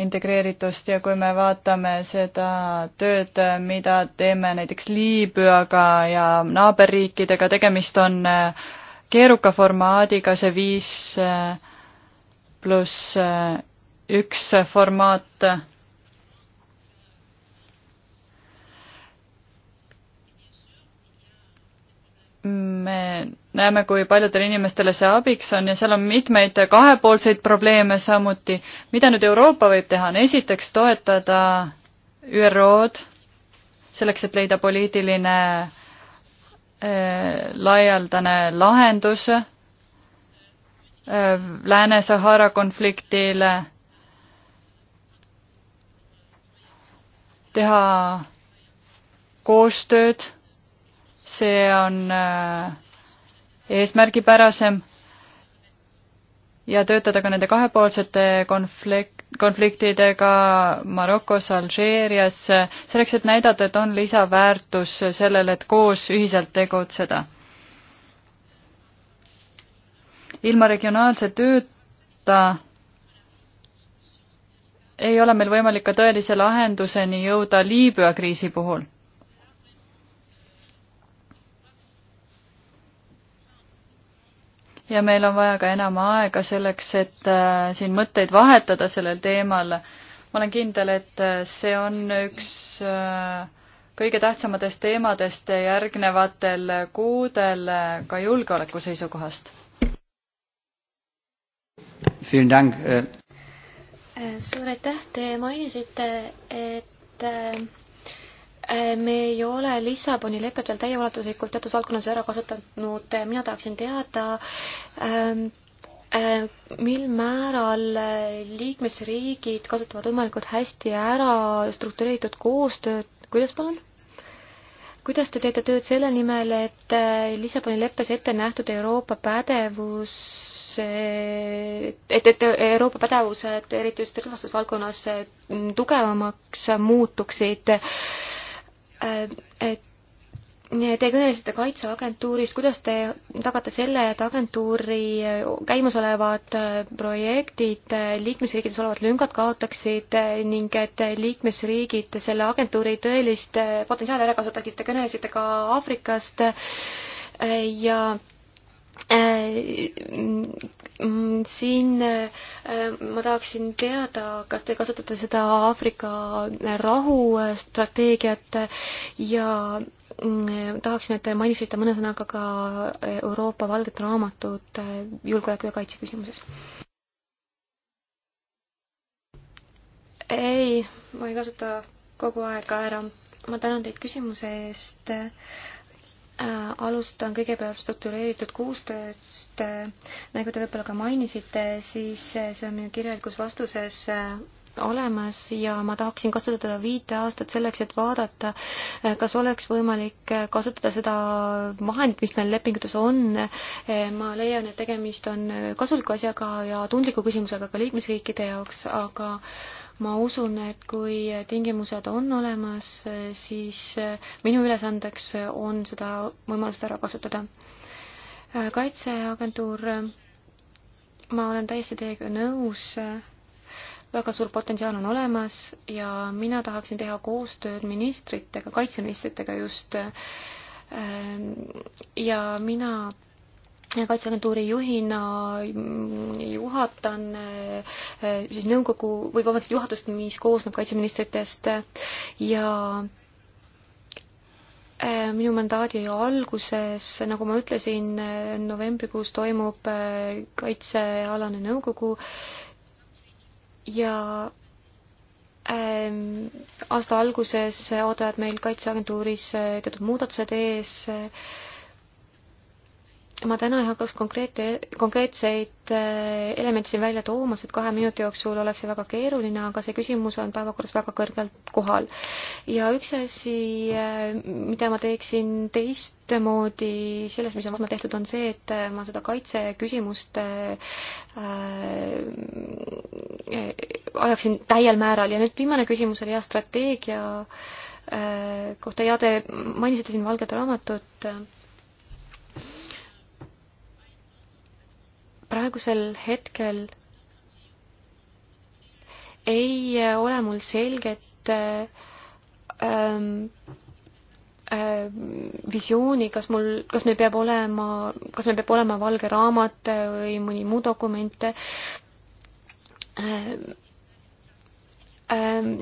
integreeritust ja kui me vaatame seda tööd, mida teeme näiteks Liibüaga ja naaberriikidega, tegemist on äh, keeruka formaadiga, see viis äh, pluss äh, üks formaat me näeme, kui paljudele inimestele see abiks on ja seal on mitmeid kahepoolseid probleeme samuti. mida nüüd Euroopa võib teha, on esiteks toetada ÜRO-d selleks, et leida poliitiline äh, laialdane lahendus äh, Lääne-Sahara konfliktile, teha koostööd see on äh, eesmärgipärasem ja töötada ka nende kahepoolsete konflikt, konfliktidega Marokos, Alžeerias, selleks, et näidata, et on lisaväärtus sellele, et koos ühiselt tegutseda. ilma regionaalse tööta ei ole meil võimalik ka tõelise lahenduseni jõuda Liibüa kriisi puhul ja meil on vaja ka enam aega selleks, et äh, siin mõtteid vahetada sellel teemal. ma olen kindel, et äh, see on üks äh, kõige tähtsamatest teemadest järgnevatel kuudel ka julgeoleku seisukohast. suur aitäh, te mainisite, et Äh, me ei ole Lissaboni lepet veel täieulatuslikult teatud valdkonnas ära kasutanud, äh, mina tahaksin teada ähm,, äh, mil määral äh, liikmesriigid kasutavad võimalikult hästi ära struktureeritud koostööd, kuidas palun? kuidas te teete tööd selle nimel, et Lissaboni leppes ette nähtud Euroopa pädevus et, et Euroopa pädevused, eriti just relvastusvaldkonnas, tugevamaks muutuksid äh, Äh, et Te kõnelesite Kaitseagentuurist, kuidas te tagate selle, et agentuuri äh, käimasolevad äh, projektid, liikmesriikides olevad lüngad kaotaksid ning et liikmesriigid selle agentuuri tõelist potentsiaali ära kasutaksid, te kõnelesite ka Aafrikast ja Äh, mm, siin äh, ma tahaksin teada, kas te kasutate seda Aafrika rahustrateegiat äh, ja mm, tahaksin, et te mainisite mõne sõnaga ka Euroopa valget raamatut julgeoleku ja kaitse küsimuses. ei, ma ei kasuta kogu aega ära. ma tänan teid küsimuse eest Äh, alustan kõigepealt struktureeritud koostööst, äh, nagu te võib-olla ka mainisite, siis äh, see on minu kirjalikus vastuses olemas ja ma tahaksin kasutada viite aastat selleks, et vaadata, kas oleks võimalik kasutada seda vahendit, mis meil lepingutes on. ma leian, et tegemist on kasuliku asjaga ja tundliku küsimusega ka liikmesriikide jaoks, aga äh, ma usun, et kui tingimused on olemas, siis minu ülesandeks on seda võimalust ära kasutada. kaitseagentuur, ma olen täiesti teiega nõus, väga suur potentsiaal on olemas ja mina tahaksin teha koostööd ministritega, kaitseministritega just, ja mina kaitseagentuuri juhina juhatan äh, siis nõukogu või vabandust, juhatust, mis koosneb kaitseministritest ja äh, minu mandaadi alguses, nagu ma ütlesin, novembrikuus toimub äh, kaitsealane nõukogu ja ähm, aasta alguses ootavad meil kaitseagentuuris teatud muudatused ees ma täna ei hakkaks konkreete, konkreetseid äh, elemente siin välja tooma, sest kahe minuti jooksul oleks see väga keeruline, aga see küsimus on päevakorras väga kõrgelt kohal. ja üks asi, äh, mida ma teeksin teistmoodi selles, mis on varem tehtud, on see, et äh, ma seda kaitseküsimust ajaksin täiel määral ja nüüd viimane küsimus oli jah, strateegia kohta ja te mainisite siin valget raamatut praegusel hetkel ei äh, ole mul selget äh, ähm, äh, visiooni, kas mul, kas meil peab olema, kas meil peab olema valge raamat või mõni muu dokument ähm,. Ähm,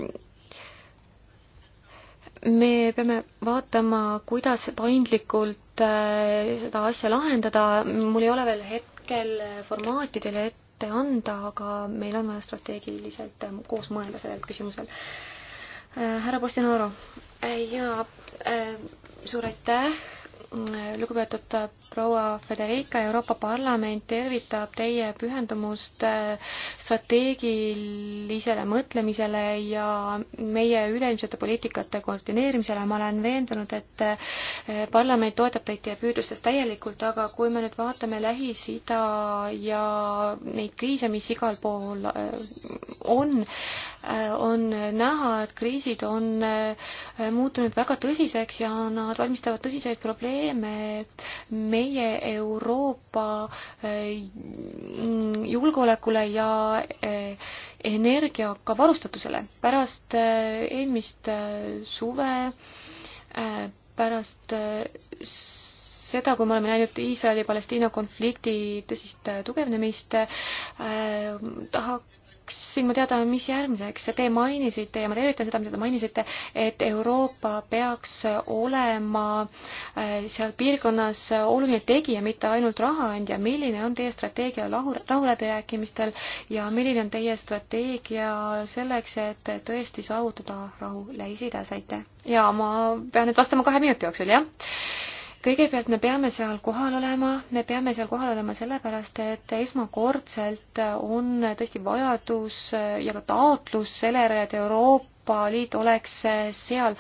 me peame vaatama, kuidas paindlikult äh, seda asja lahendada, mul ei ole veel het-, hetkel formaati teile ette anda, aga meil on vaja strateegiliselt koos mõelda sellel küsimusel. Äh, härra Postinaro, äh, jaa, äh, suur aitäh, lugupeetud proua Federica, Euroopa Parlament tervitab teie pühendumust äh, strateegilisele mõtlemisele ja meie üleilmsete poliitikate koordineerimisele. ma olen veendunud, et äh, parlament toetab teid teie püüdlustes täielikult, aga kui me nüüd vaatame Lähis-Ida ja neid kriise, mis igal pool äh, on, on näha, et kriisid on muutunud väga tõsiseks ja nad valmistavad tõsiseid probleeme meie meie Euroopa eh, julgeolekule ja eh, energiaga varustatusele. pärast eh, eelmist suve, pärast seda, kui me oleme näinud Iisraeli-Palestiina konflikti tõsist tugevnemist, tahaks tahaksin ma teada, mis järgmiseks. Te mainisite ja ma tervitan seda, mida te mainisite, et Euroopa peaks olema äh, seal piirkonnas oluline tegija, mitte ainult rahaandja. milline on teie strateegia rahu, rahuläbirääkimistel ja milline on teie strateegia selleks, et tõesti saavutada rahu Lähis-Idas? aitäh. ja ma pean nüüd vastama kahe minuti jooksul, jah? kõigepealt me peame seal kohal olema, me peame seal kohal olema sellepärast, et esmakordselt on tõesti vajadus ja ka taotlus sellele, et Euroopa Liit oleks seal.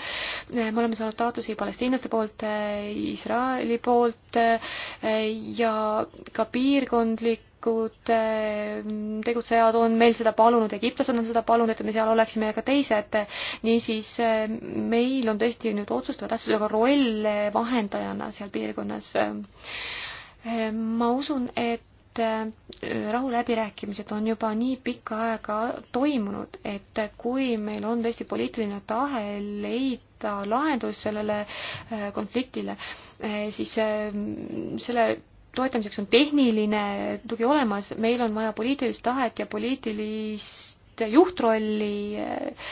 me oleme saanud taotlusi palestiinlaste poolt, Iisraeli poolt ja ka piirkondlik kohalikud ehm, tegutsejad on meil seda palunud, egiptlased on seda palunud, et me seal oleksime ja ka teised. niisiis ehm, meil on tõesti nüüd otsustava tähtsusega roll vahendajana seal piirkonnas. Ehm, ma usun, et rahuläbirääkimised on juba nii pikka aega toimunud, et kui meil on tõesti poliitiline tahe leida lahendus sellele konfliktile, siis selle toetamiseks on tehniline tugi olemas, meil on vaja poliitilist tahet ja poliitilist juhtrolli eh,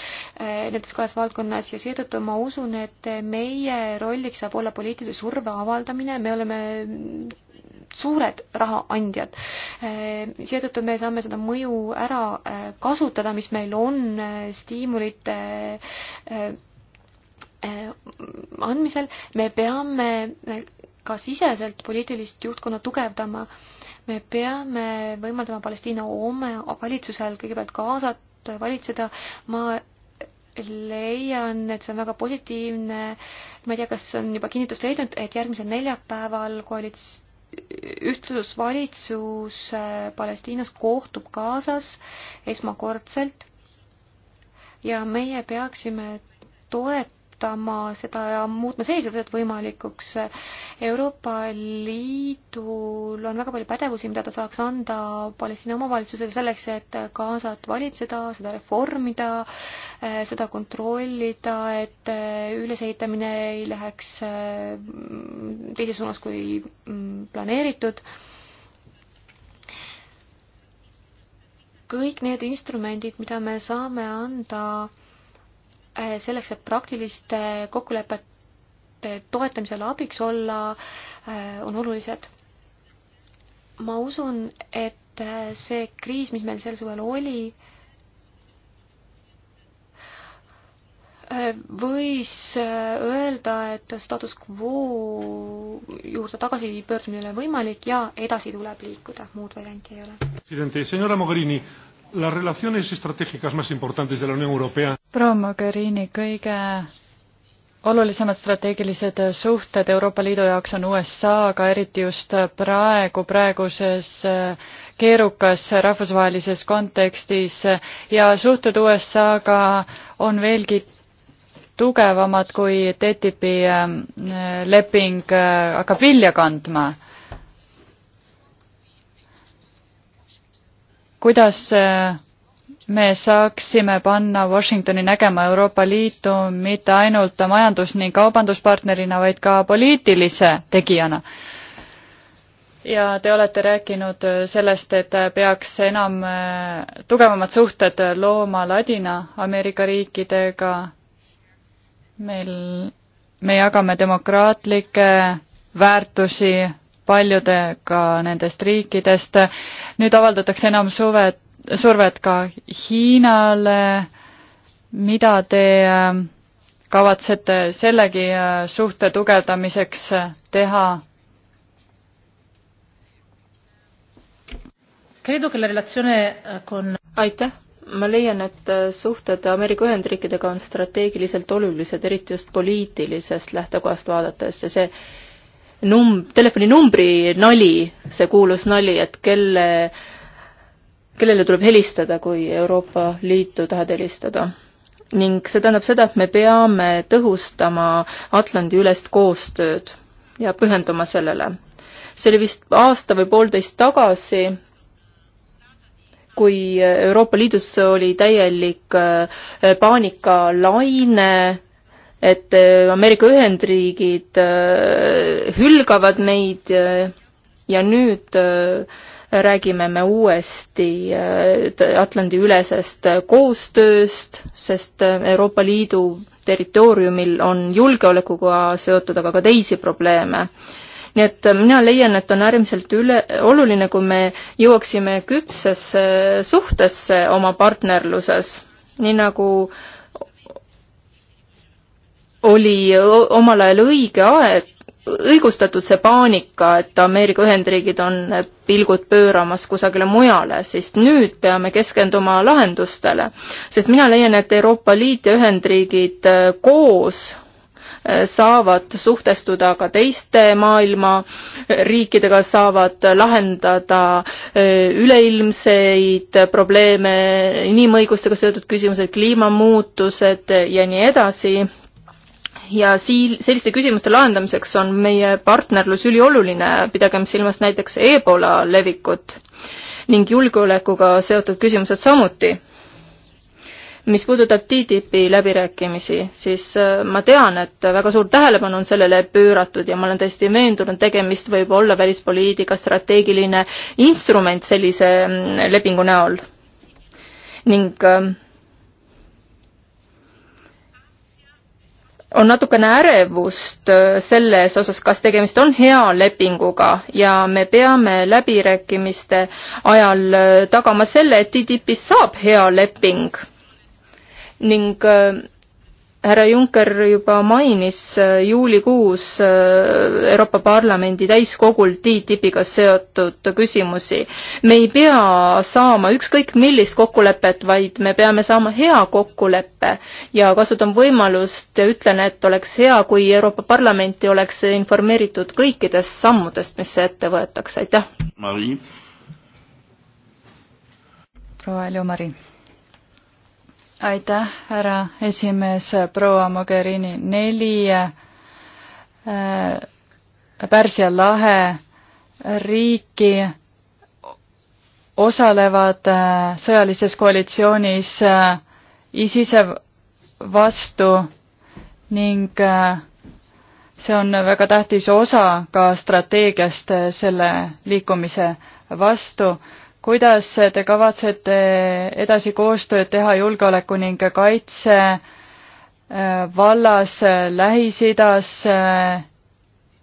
nendes kahes valdkonnas ja seetõttu ma usun, et meie rolliks saab olla poliitilise surve avaldamine, me oleme suured rahaandjad. Eh, seetõttu me saame seda mõju ära eh, kasutada, mis meil on stiimulite andmisel, me peame ka siseselt poliitilist juhtkonda tugevdama. me peame võimaldama Palestiina oma valitsusel kõigepealt kaasat valitseda. ma leian, et see on väga positiivne. ma ei tea, kas on juba kinnitust leidnud, et järgmisel neljapäeval koalits-, ühtlusvalitsus äh, Palestiinas kohtub Gazas esmakordselt ja meie peaksime toetama muutma seda ja muutma selliselt võimalikuks. Euroopa Liidul on väga palju pädevusi, mida ta saaks anda Palestiina omavalitsusele selleks, et Gazat valitseda, seda reformida, seda kontrollida, et ülesehitamine ei läheks mm, teises suunas kui mm, planeeritud kõik need instrumendid, mida me saame anda Äh, selleks, et praktiliste kokkulepete toetamisele abiks olla, äh, on olulised. ma usun, et äh, see kriis, mis meil sel suvel oli, võis öelda, et status quo juurde tagasipöördumine ei ole võimalik ja edasi tuleb liikuda, muud varianti ei ole las relaciones estratégicas más importantes de la Unión Europea. proua Mogherini, kõige olulisemad strateegilised suhted Euroopa Liidu jaoks on USA-ga, eriti just praegu, praeguses eh, keerukas rahvusvahelises kontekstis ja suhted USA-ga on veelgi tugevamad, kui TTIP-i eh, leping eh, hakkab vilja kandma kuidas äh, me saaksime panna Washingtoni nägema Euroopa Liitu mitte ainult majandus- ning kaubanduspartnerina, vaid ka poliitilise tegijana. ja te olete rääkinud äh, sellest, et peaks enam äh, tugevamad suhted looma Ladina-Ameerika riikidega. meil, me jagame demokraatlikke väärtusi paljudega nendest riikidest. nüüd avaldatakse enam suvet, survet ka Hiinale. mida te ähm, kavatsete sellegi äh, suhte tugevdamiseks äh, teha? Äh, aitäh, ma leian, et suhted Ameerika Ühendriikidega on strateegiliselt olulised, eriti just poliitilisest lähtekohast vaadates ja see num-, telefoninumbri nali, see kuulus nali, et kelle, kellele tuleb helistada, kui Euroopa Liitu tahad helistada. ning see tähendab seda, et me peame tõhustama Atlandi-ülest koostööd ja pühenduma sellele. see oli vist aasta või poolteist tagasi, kui Euroopa Liidus oli täielik äh, paanikalaine et äh, Ameerika Ühendriigid äh, hülgavad neid äh, ja nüüd räägime me uuesti Atlandi-ülesest koostööst, sest Euroopa Liidu territooriumil on julgeolekuga seotud aga ka teisi probleeme. nii et mina leian, et on äärmiselt üle, oluline, kui me jõuaksime küpsesse suhtesse oma partnerluses, nii nagu äh, oli omal ajal õige aeg, õigustatud see paanika, et Ameerika Ühendriigid on pilgud pööramas kusagile mujale, sest nüüd peame keskenduma lahendustele. sest mina leian, et Euroopa Liit ja Ühendriigid äh, koos äh, saavad suhtestuda ka teiste maailma äh, riikidega, saavad lahendada üleilmseid probleeme, inimõigustega seotud küsimused, kliimamuutused ja nii edasi ja siil-, selliste küsimuste lahendamiseks on meie partnerlus ülioluline, pidagem silmas näiteks Ebola levikut ning julgeolekuga seotud küsimused samuti. mis puudutab TTIP-i läbirääkimisi, siis äh, ma tean, et väga suur tähelepanu on sellele pööratud ja ma olen täiesti veendunud, tegemist võib olla välispoliitika strateegiline instrument sellise mm, lepingu näol. ning äh, on natukene ärevust äh, selles osas, kas tegemist on hea lepinguga ja me peame läbirääkimiste ajal äh, tagama selle, et TTIP-ist saab hea leping. ning äh, härra Juncker juba mainis äh, juulikuus äh, Euroopa Parlamendi täiskogul TTIP-iga seotud küsimusi. me ei pea saama ükskõik millist kokkulepet, vaid me peame saama hea kokkuleppe ja kasutan võimalust ja ütlen, et oleks hea, kui Euroopa Parlamenti oleks informeeritud kõikidest sammudest, mis ette võetakse, aitäh! proua Elju-Mari aitäh, härra esimees, proua Mogherini, neli äh, Pärsia lahe riiki osalevad äh, sõjalises koalitsioonis äh, ISISe vastu ning äh, see on väga tähtis osa ka strateegiast äh, selle liikumise vastu äh, kuidas te kavatsete edasi koostööd teha julgeoleku ning kaitse äh, vallas Lähis-Idas äh,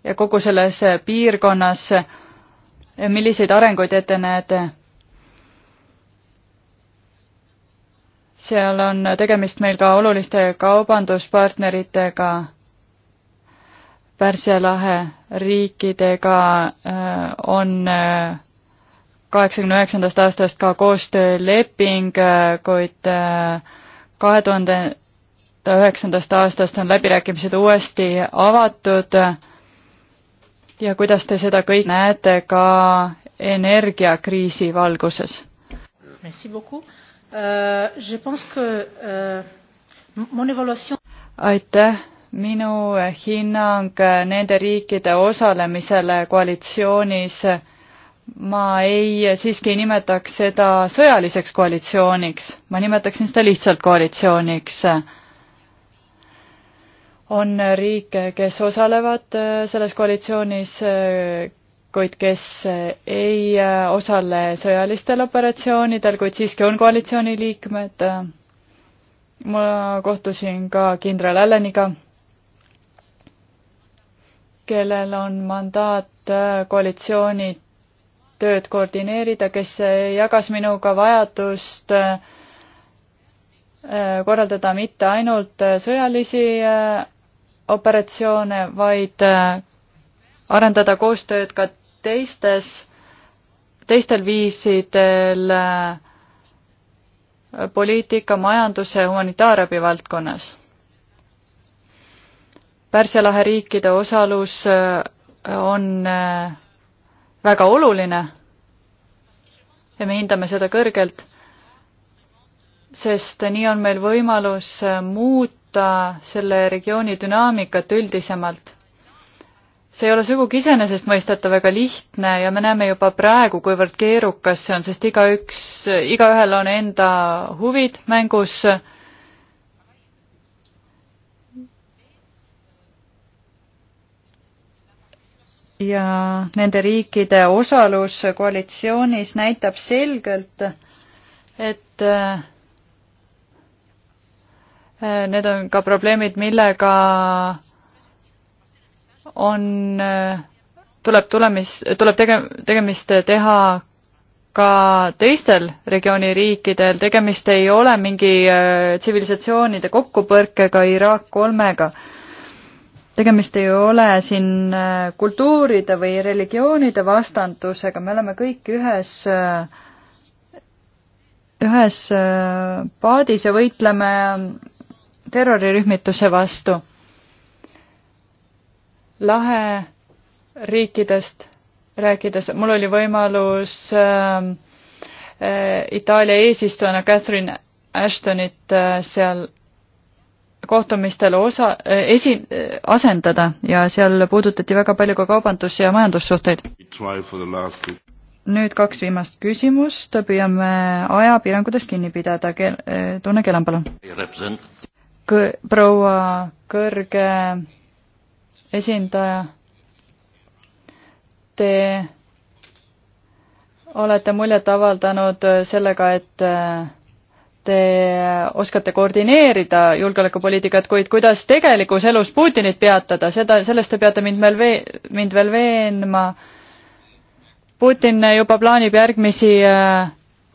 ja kogu selles äh, piirkonnas, milliseid arenguid ette näete? seal on tegemist meil ka oluliste kaubanduspartneritega, Pärsia lahe riikidega on kaheksakümne üheksandast aastast ka koostööleping, kuid äh, kahe tuhande üheksandast aastast on läbirääkimised uuesti avatud ja kuidas te seda kõik näete ka energiakriisi valguses? Euh, euh, aitäh, minu hinnang nende riikide osalemisele koalitsioonis äh, ma ei, siiski ei nimetaks seda sõjaliseks koalitsiooniks, ma nimetaksin seda lihtsalt koalitsiooniks. on riike, kes osalevad äh, selles koalitsioonis, äh, kuid kes äh, ei osale sõjalistel operatsioonidel, kuid siiski on koalitsiooni liikmed. ma kohtusin ka kindral Alleniga kellel on mandaat koalitsiooni tööd koordineerida, kes jagas minuga vajadust äh, korraldada mitte ainult äh, sõjalisi äh, operatsioone, vaid arendada koostööd ka teistes, teistel viisidel poliitika, majanduse, humanitaarabi valdkonnas. Pärsia lahe riikide osalus on väga oluline ja me hindame seda kõrgelt, sest nii on meil võimalus muuta selle regiooni dünaamikat üldisemalt. see ei ole sugugi iseenesestmõistetav ega lihtne ja me näeme juba praegu, kuivõrd keerukas see on, sest igaüks, igaühel on enda huvid mängus ja nende riikide osalus koalitsioonis näitab selgelt, et äh, need on ka probleemid, millega on, äh, tuleb tulemis, tuleb tege-, tegemist teha ka teistel regiooni riikidel, tegemist ei ole mingi äh, tsivilisatsioonide kokkupõrkega Iraak kolmega tegemist ei ole siin äh, kultuuride või religioonide vastandusega, me oleme kõik ühes, äh, ühes äh, paadis ja võitleme terrorirühmituse vastu. lahe riikidest rääkides, mul oli võimalus äh, Itaalia eesistujana Catherine Ashtonit äh, seal kohtumistel osa, eh, esi-, eh, asendada ja seal puudutati väga palju ka kaubandus- ja majandussuhteid. nüüd kaks viimast küsimust, püüame ajapiirangutest kinni pidada, kel-, eh, Tunne Kelam, palun. Kõ-, proua kõrge esindaja, te olete muljet avaldanud sellega, et te oskate koordineerida julgeolekupoliitikat, kuid kuidas tegelikus elus Putinit peatada, seda, sellest te peate mind veel vee-, mind veel veenma. Putin juba plaanib järgmisi äh,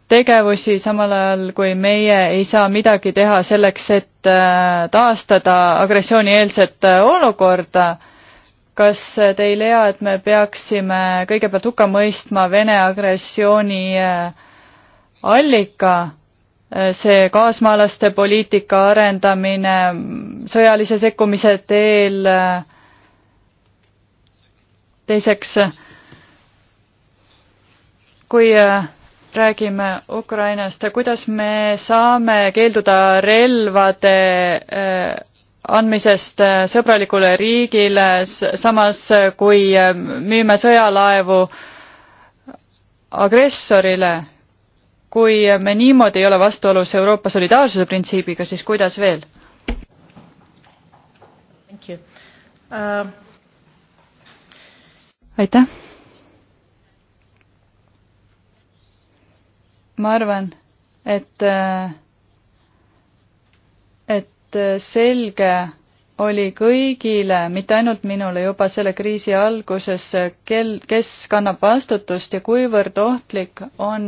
tegevusi, samal ajal kui meie ei saa midagi teha selleks, et äh, taastada agressioonieelset äh, olukorda. kas te ei leia, et me peaksime kõigepealt hukka mõistma Vene agressiooni allika? Äh, see kaasmaalaste poliitika arendamine mm, sõjalise sekkumise teel. Äh, teiseks, kui äh, räägime Ukrainast, kuidas me saame keelduda relvade andmisest sõbralikule riigile, samas kui müüme sõjalaevu agressorile kui me niimoodi ei ole vastuolus Euroopa solidaarsuse printsiibiga, siis kuidas veel? Uh... aitäh. ma arvan, et, äh, et selge oli kõigile, mitte ainult minule, juba selle kriisi alguses, kel, kes kannab vastutust ja kuivõrd ohtlik on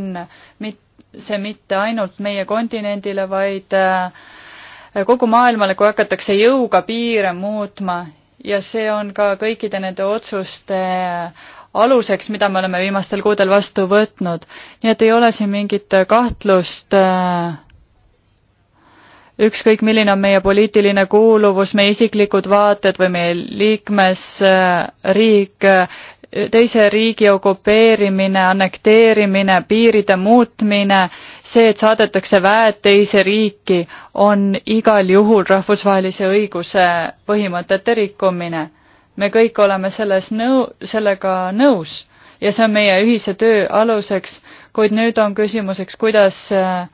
mit-, see mitte ainult meie kontinendile, vaid äh, kogu maailmale, kui hakatakse jõuga piire muutma ja see on ka kõikide nende otsuste äh, aluseks, mida me oleme viimastel kuudel vastu võtnud. nii et ei ole siin mingit kahtlust äh, ükskõik, milline on meie poliitiline kuuluvus, meie isiklikud vaated või meie liikmesriik, teise riigi okupeerimine, annekteerimine, piiride muutmine, see, et saadetakse väed teise riiki, on igal juhul rahvusvahelise õiguse põhimõtete rikkumine. me kõik oleme selles nõu-, sellega nõus ja see on meie ühise töö aluseks, kuid nüüd on küsimuseks, kuidas äh,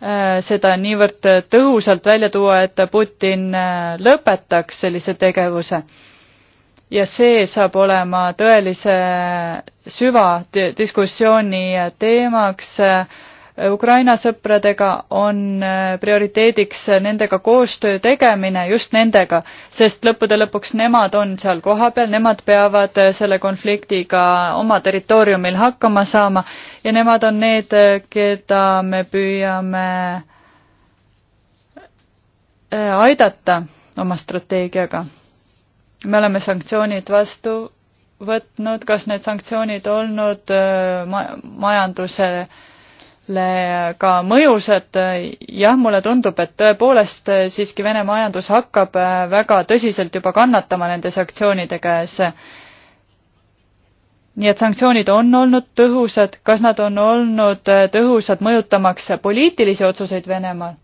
äh, seda niivõrd tõhusalt välja tuua, et Putin äh, lõpetaks sellise tegevuse ja see saab olema tõelise süvadiskussiooni teemaks. Ukraina sõpradega on prioriteediks nendega koostöö tegemine, just nendega, sest lõppude lõpuks nemad on seal kohapeal, nemad peavad selle konfliktiga oma territooriumil hakkama saama ja nemad on need, keda me püüame eh, aidata oma strateegiaga me oleme sanktsioonid vastu võtnud, kas need sanktsioonid olnud äh, ma-, majandusele ka mõjusad, jah, mulle tundub, et tõepoolest äh, siiski Vene majandus hakkab äh, väga tõsiselt juba kannatama nende sanktsioonide käes. nii et sanktsioonid on olnud tõhusad, kas nad on olnud tõhusad mõjutamaks poliitilisi otsuseid Venemaal?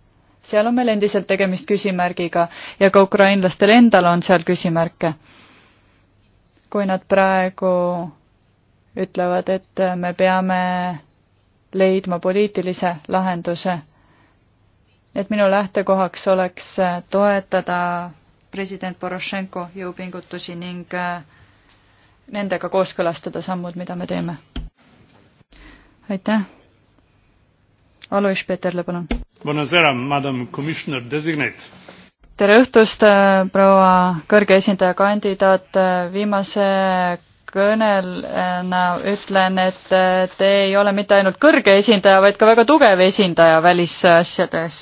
seal on meil endiselt tegemist küsimärgiga ja ka ukrainlastel endal on seal küsimärke. kui nad praegu ütlevad, et me peame leidma poliitilise lahenduse, et minu lähtekohaks oleks toetada president Porošenko jõupingutusi ning äh, nendega kooskõlastada sammud, mida me teeme. aitäh. Alois Peterle, palun tere õhtust, äh, proua kõrge esindaja kandidaat, äh, viimase kõnelena ütlen, et äh, te ei ole mitte ainult kõrge esindaja, vaid ka väga tugev esindaja välisasjades.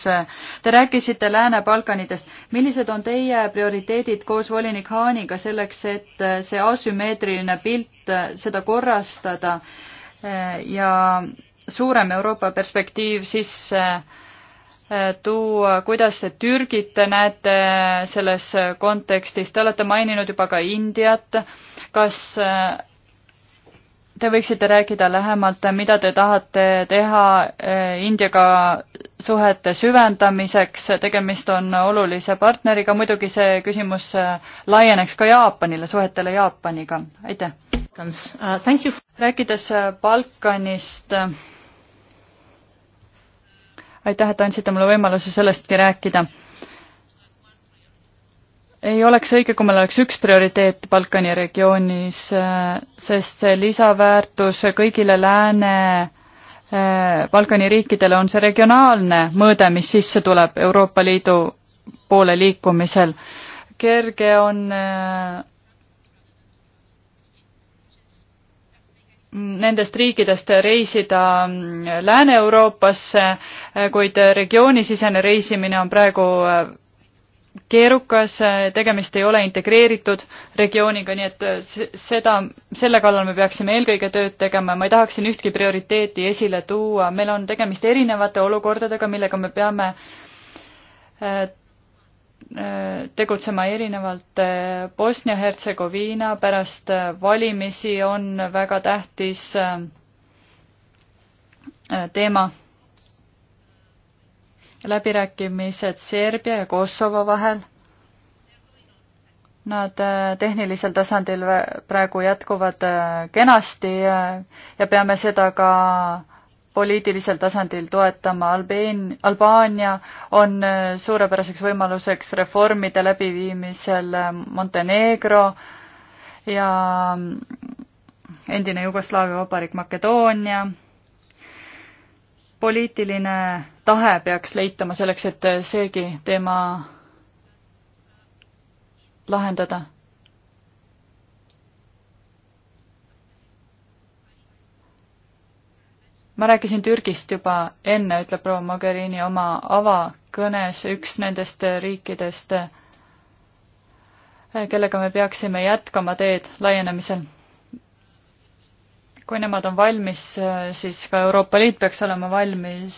Te rääkisite Lääne-Balkanitest. millised on teie prioriteedid koos volinik Haaniga selleks, et see asümmeetriline pilt, seda korrastada ja suurem Euroopa perspektiiv sisse Äh, tuua, kuidas te Türgit näete selles kontekstis, te olete maininud juba ka Indiat, kas äh, te võiksite rääkida lähemalt, mida te tahate teha äh, Indiaga suhete süvendamiseks, tegemist on olulise partneriga, muidugi see küsimus laieneks ka Jaapanile, suhetele Jaapaniga, aitäh! Uh, rääkides Balkanist, aitäh, et andsite mulle võimaluse sellestki rääkida. ei oleks õige, kui meil oleks üks prioriteet Balkani regioonis, sest see lisaväärtus kõigile lääne eh, Balkani riikidele on see regionaalne mõõde, mis sisse tuleb Euroopa Liidu poole liikumisel. kerge on äh, nendest riikidest reisida Lääne-Euroopasse, kuid regioonisisene reisimine on praegu keerukas, tegemist ei ole integreeritud regiooniga, nii et seda, selle kallal me peaksime eelkõige tööd tegema ja ma ei tahaks siin ühtki prioriteeti esile tuua, meil on tegemist erinevate olukordadega, millega me peame äh, Äh, tegutsema erinevalt äh, Bosnia-Hertsegoviina pärast äh, valimisi on väga tähtis teema. läbirääkimised Serbia ja Kosovo vahel. Nad tehnilisel tasandil praegu jätkuvad kenasti ja peame seda ka poliitilisel tasandil toetama. Albeen, Albaania on äh, suurepäraseks võimaluseks reformide läbiviimisel äh, Montenegro ja mm, endine Jugoslaavia vabariik Makedoonia. poliitiline tahe peaks leitama selleks, et äh, seegi teema lahendada ma rääkisin Türgist juba enne, ütleb proua Mogherini oma avakõnes, üks nendest riikidest, kellega me peaksime jätkama teed laienemisel. kui nemad on valmis, siis ka Euroopa Liit peaks olema valmis.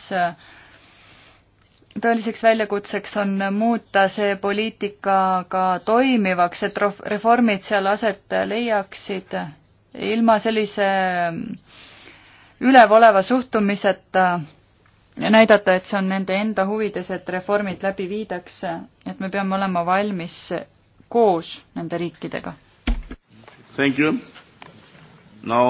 tõeliseks väljakutseks on muuta see poliitika ka toimivaks, et reformid seal aset leiaksid ilma sellise ülevoleva suhtumiseta näidata, et see on nende enda huvides, et reformid läbi viidakse, et me peame olema valmis koos nende riikidega. Now...